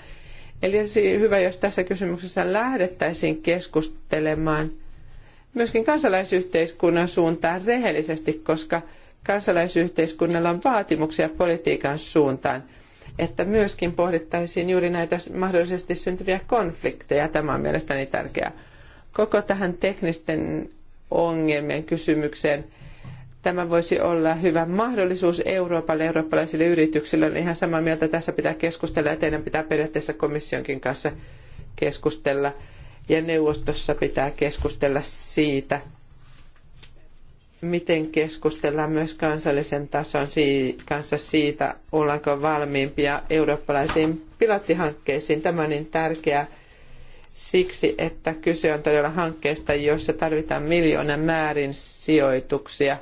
Eli olisi hyvä, jos tässä kysymyksessä lähdettäisiin keskustelemaan myöskin kansalaisyhteiskunnan suuntaan rehellisesti, koska kansalaisyhteiskunnalla on vaatimuksia politiikan suuntaan, että myöskin pohdittaisiin juuri näitä mahdollisesti syntyviä konflikteja. Tämä on mielestäni tärkeää. Koko tähän teknisten ongelmien kysymykseen. Tämä voisi olla hyvä mahdollisuus Euroopalle, eurooppalaisille yrityksille. Olen ihan samaa mieltä, tässä pitää keskustella ja teidän pitää periaatteessa komissionkin kanssa keskustella. Ja neuvostossa pitää keskustella siitä, miten keskustellaan myös kansallisen tason kanssa siitä, ollaanko valmiimpia eurooppalaisiin pilottihankkeisiin. Tämä on niin tärkeää siksi, että kyse on todella hankkeesta, jossa tarvitaan miljoonan määrin sijoituksia.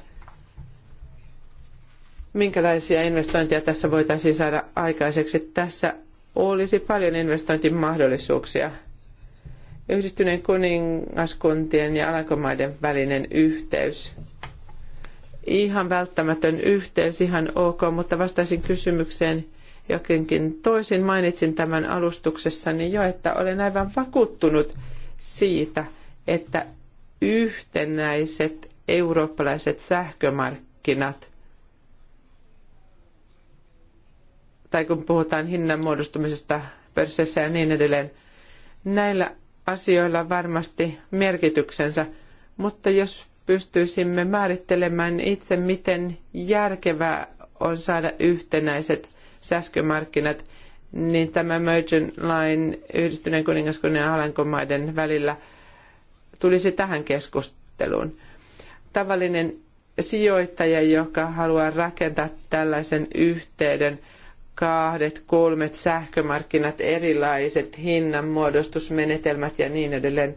Minkälaisia investointeja tässä voitaisiin saada aikaiseksi? Tässä olisi paljon investointimahdollisuuksia. Yhdistyneen kuningaskuntien ja alankomaiden välinen yhteys. Ihan välttämätön yhteys, ihan ok, mutta vastaisin kysymykseen – jotenkin toisin. Mainitsin tämän alustuksessani jo, että olen aivan vakuuttunut siitä, että yhtenäiset eurooppalaiset sähkömarkkinat, tai kun puhutaan hinnan muodostumisesta pörssissä ja niin edelleen, näillä asioilla varmasti merkityksensä, mutta jos pystyisimme määrittelemään itse, miten järkevää on saada yhtenäiset sähkömarkkinat, niin tämä Merchant Line yhdistyneen kuningaskunnan ja Alankomaiden välillä tulisi tähän keskusteluun. Tavallinen sijoittaja, joka haluaa rakentaa tällaisen yhteyden, kahdet, kolmet sähkömarkkinat, erilaiset hinnanmuodostusmenetelmät ja niin edelleen.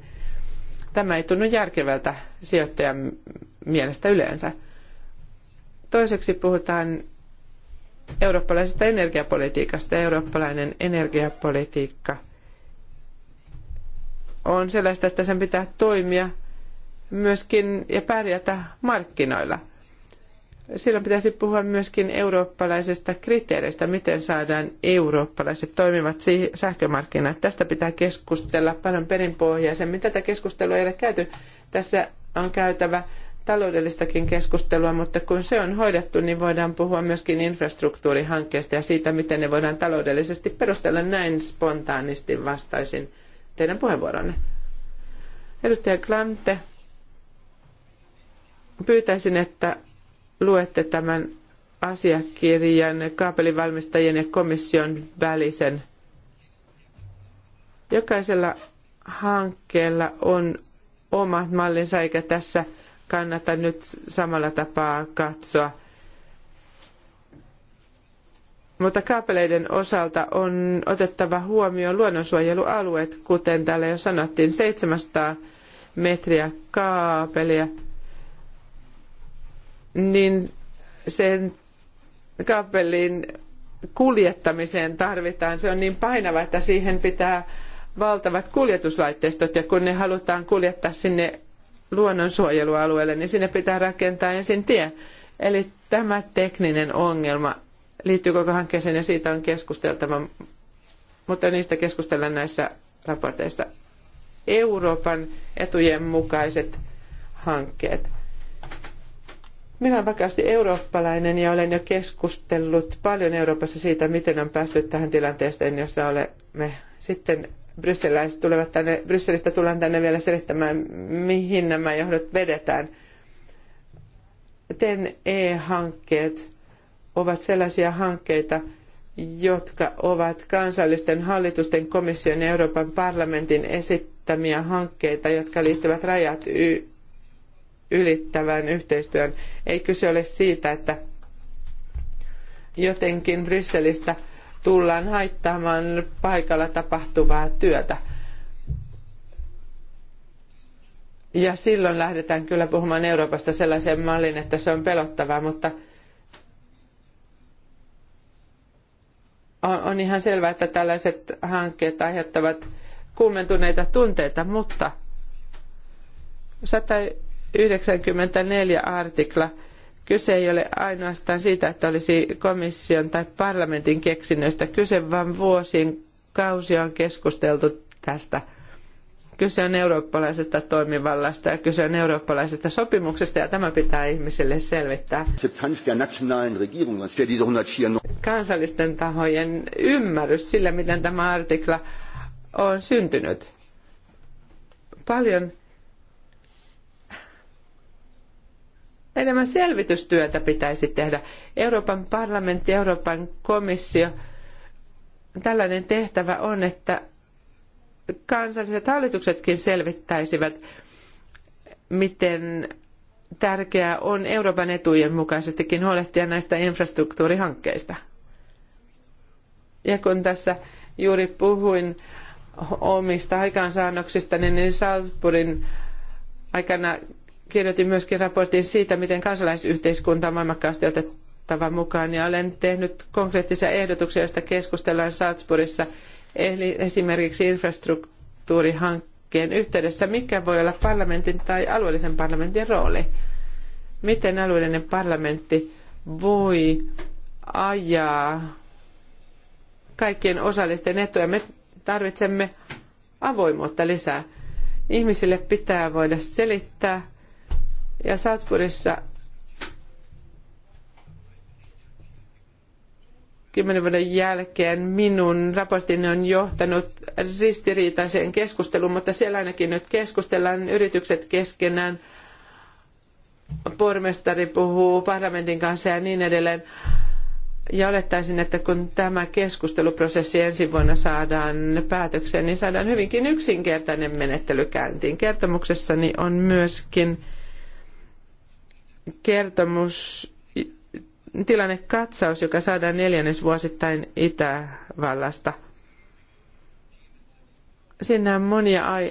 Tämä ei tunnu järkevältä sijoittajan mielestä yleensä. Toiseksi puhutaan eurooppalaisesta energiapolitiikasta. Eurooppalainen energiapolitiikka on sellaista, että sen pitää toimia myöskin ja pärjätä markkinoilla. Silloin pitäisi puhua myöskin eurooppalaisesta kriteereistä, miten saadaan eurooppalaiset toimivat sähkömarkkinat. Tästä pitää keskustella paljon perinpohjaisemmin. Tätä keskustelua ei ole käyty. Tässä on käytävä taloudellistakin keskustelua, mutta kun se on hoidettu, niin voidaan puhua myöskin infrastruktuurihankkeista ja siitä, miten ne voidaan taloudellisesti perustella. Näin spontaanisti vastaisin teidän puheenvuoronne. Edustaja Klante, pyytäisin, että luette tämän asiakirjan kaapelivalmistajien ja komission välisen. Jokaisella hankkeella on omat mallinsa, eikä tässä – kannata nyt samalla tapaa katsoa. Mutta kaapeleiden osalta on otettava huomioon luonnonsuojelualueet, kuten täällä jo sanottiin, 700 metriä kaapelia, niin sen kaapelin kuljettamiseen tarvitaan. Se on niin painava, että siihen pitää valtavat kuljetuslaitteistot ja kun ne halutaan kuljettaa sinne luonnonsuojelualueelle, niin sinne pitää rakentaa ensin tie. Eli tämä tekninen ongelma liittyy koko hankkeeseen ja siitä on keskusteltava, mutta niistä keskustellaan näissä raporteissa. Euroopan etujen mukaiset hankkeet. Minä olen vakaasti eurooppalainen ja olen jo keskustellut paljon Euroopassa siitä, miten on päästy tähän tilanteeseen, jossa olemme sitten brysseläiset tulevat tänne, Brysselistä tullaan tänne vielä selittämään, mihin nämä johdot vedetään. TEN-E-hankkeet ovat sellaisia hankkeita, jotka ovat kansallisten hallitusten komission ja Euroopan parlamentin esittämiä hankkeita, jotka liittyvät rajat ylittävään yhteistyön. Ei kyse ole siitä, että jotenkin Brysselistä – tullaan haittaamaan paikalla tapahtuvaa työtä. Ja silloin lähdetään kyllä puhumaan Euroopasta sellaisen mallin, että se on pelottavaa, mutta on, on ihan selvää, että tällaiset hankkeet aiheuttavat kuumentuneita tunteita, mutta 194 artikla – Kyse ei ole ainoastaan siitä, että olisi komission tai parlamentin keksinnöistä. Kyse vaan vuosien kausia on keskusteltu tästä. Kyse on eurooppalaisesta toimivallasta ja kyse on eurooppalaisesta sopimuksesta ja tämä pitää ihmisille selvittää. Kansallisten tahojen ymmärrys sillä, miten tämä artikla on syntynyt. Paljon Enemmän selvitystyötä pitäisi tehdä. Euroopan parlamentti, Euroopan komissio, tällainen tehtävä on, että kansalliset hallituksetkin selvittäisivät, miten tärkeää on Euroopan etujen mukaisestikin huolehtia näistä infrastruktuurihankkeista. Ja kun tässä juuri puhuin omista aikaansaannoksista, niin Salzburgin aikana kirjoitin myöskin raportin siitä, miten kansalaisyhteiskunta on voimakkaasti otettava mukaan. Ja olen tehnyt konkreettisia ehdotuksia, joista keskustellaan Salzburgissa, eli esimerkiksi infrastruktuurihankkeen yhteydessä, mikä voi olla parlamentin tai alueellisen parlamentin rooli. Miten alueellinen parlamentti voi ajaa kaikkien osallisten etuja. Me tarvitsemme avoimuutta lisää. Ihmisille pitää voida selittää, ja Salzburgissa kymmenen vuoden jälkeen minun raporttini on johtanut ristiriitaiseen keskusteluun, mutta siellä ainakin nyt keskustellaan yritykset keskenään. Pormestari puhuu parlamentin kanssa ja niin edelleen. Ja olettaisin, että kun tämä keskusteluprosessi ensi vuonna saadaan päätökseen, niin saadaan hyvinkin yksinkertainen menettely käyntiin. Kertomuksessani on myöskin kertomus, tilannekatsaus, joka saadaan neljännesvuosittain Itävallasta. Siinä on monia ai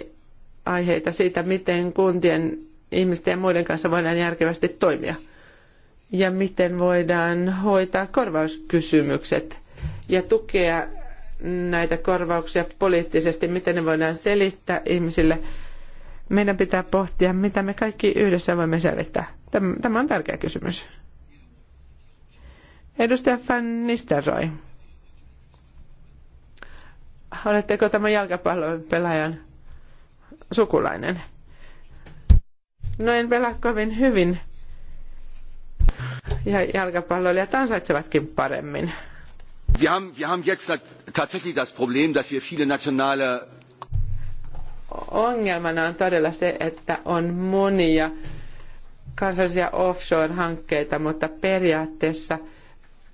aiheita siitä, miten kuntien ihmisten ja muiden kanssa voidaan järkevästi toimia. Ja miten voidaan hoitaa korvauskysymykset ja tukea näitä korvauksia poliittisesti, miten ne voidaan selittää ihmisille – meidän pitää pohtia, mitä me kaikki yhdessä voimme selvittää. Tämä on tärkeä kysymys. Edustaja Van Nistelrooy. Oletteko tämän jalkapallon pelaajan sukulainen? No en pelaa kovin hyvin. Ja jalkapalloilijat ansaitsevatkin paremmin. Wir haben, wir haben jetzt tatsächlich das Problem, dass wir viele nationale ongelmana on todella se, että on monia kansallisia offshore-hankkeita, mutta periaatteessa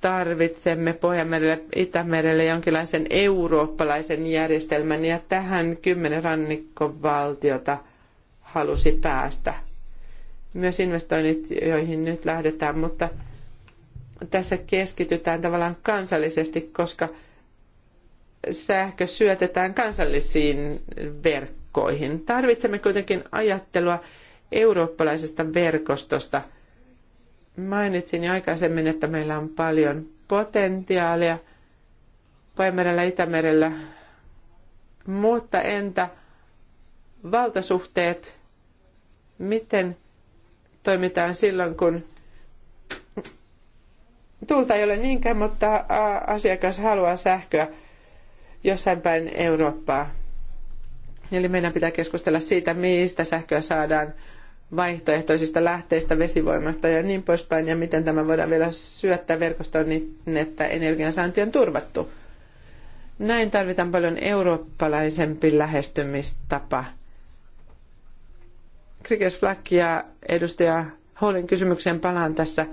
tarvitsemme Pohjanmerelle, Itämerelle jonkinlaisen eurooppalaisen järjestelmän ja tähän kymmenen rannikkovaltiota halusi päästä. Myös investoinnit, joihin nyt lähdetään, mutta tässä keskitytään tavallaan kansallisesti, koska sähkö syötetään kansallisiin verkkoihin verkkoihin. Tarvitsemme kuitenkin ajattelua eurooppalaisesta verkostosta. Mainitsin jo aikaisemmin, että meillä on paljon potentiaalia Pohjanmerellä, Itämerellä, mutta entä valtasuhteet? Miten toimitaan silloin, kun tulta ei ole niinkään, mutta asiakas haluaa sähköä jossain päin Eurooppaa. Eli meidän pitää keskustella siitä, mistä sähköä saadaan vaihtoehtoisista lähteistä, vesivoimasta ja niin poispäin, ja miten tämä voidaan vielä syöttää verkostoon niin, että energiansaanti on turvattu. Näin tarvitaan paljon eurooppalaisempi lähestymistapa. Krikes Flack ja edustaja Holin kysymykseen palaan tässä.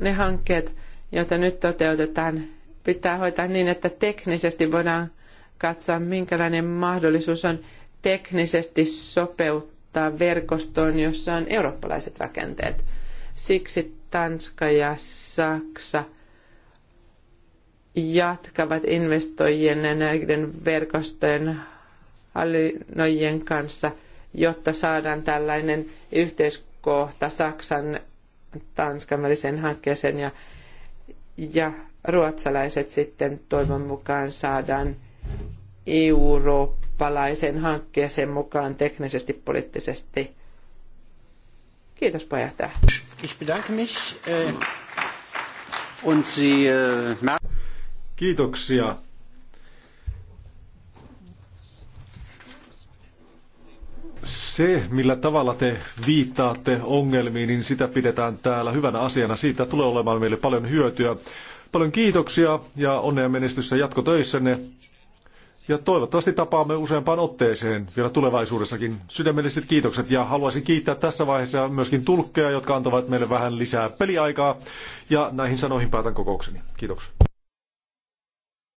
Ne hankkeet, joita nyt toteutetaan, pitää hoitaa niin, että teknisesti voidaan katsoa, minkälainen mahdollisuus on teknisesti sopeuttaa verkostoon, jossa on eurooppalaiset rakenteet. Siksi Tanska ja Saksa jatkavat investoijien ja näiden verkostojen hallinnojen kanssa, jotta saadaan tällainen yhteiskohta Saksan Tanskan väliseen hankkeeseen ja, ja ruotsalaiset sitten toivon mukaan saadaan eurooppalaisen hankkeeseen mukaan teknisesti, poliittisesti. Kiitos puheenjohtaja. Ich bedanke mich. Äh, und Sie, äh, Kiitoksia. se, millä tavalla te viittaatte ongelmiin, niin sitä pidetään täällä hyvänä asiana. Siitä tulee olemaan meille paljon hyötyä. Paljon kiitoksia ja onnea menestyssä jatkotöissänne. Ja toivottavasti tapaamme useampaan otteeseen vielä tulevaisuudessakin. Sydämelliset kiitokset ja haluaisin kiittää tässä vaiheessa myöskin tulkkeja, jotka antavat meille vähän lisää peliaikaa. Ja näihin sanoihin päätän kokoukseni. Kiitoksia.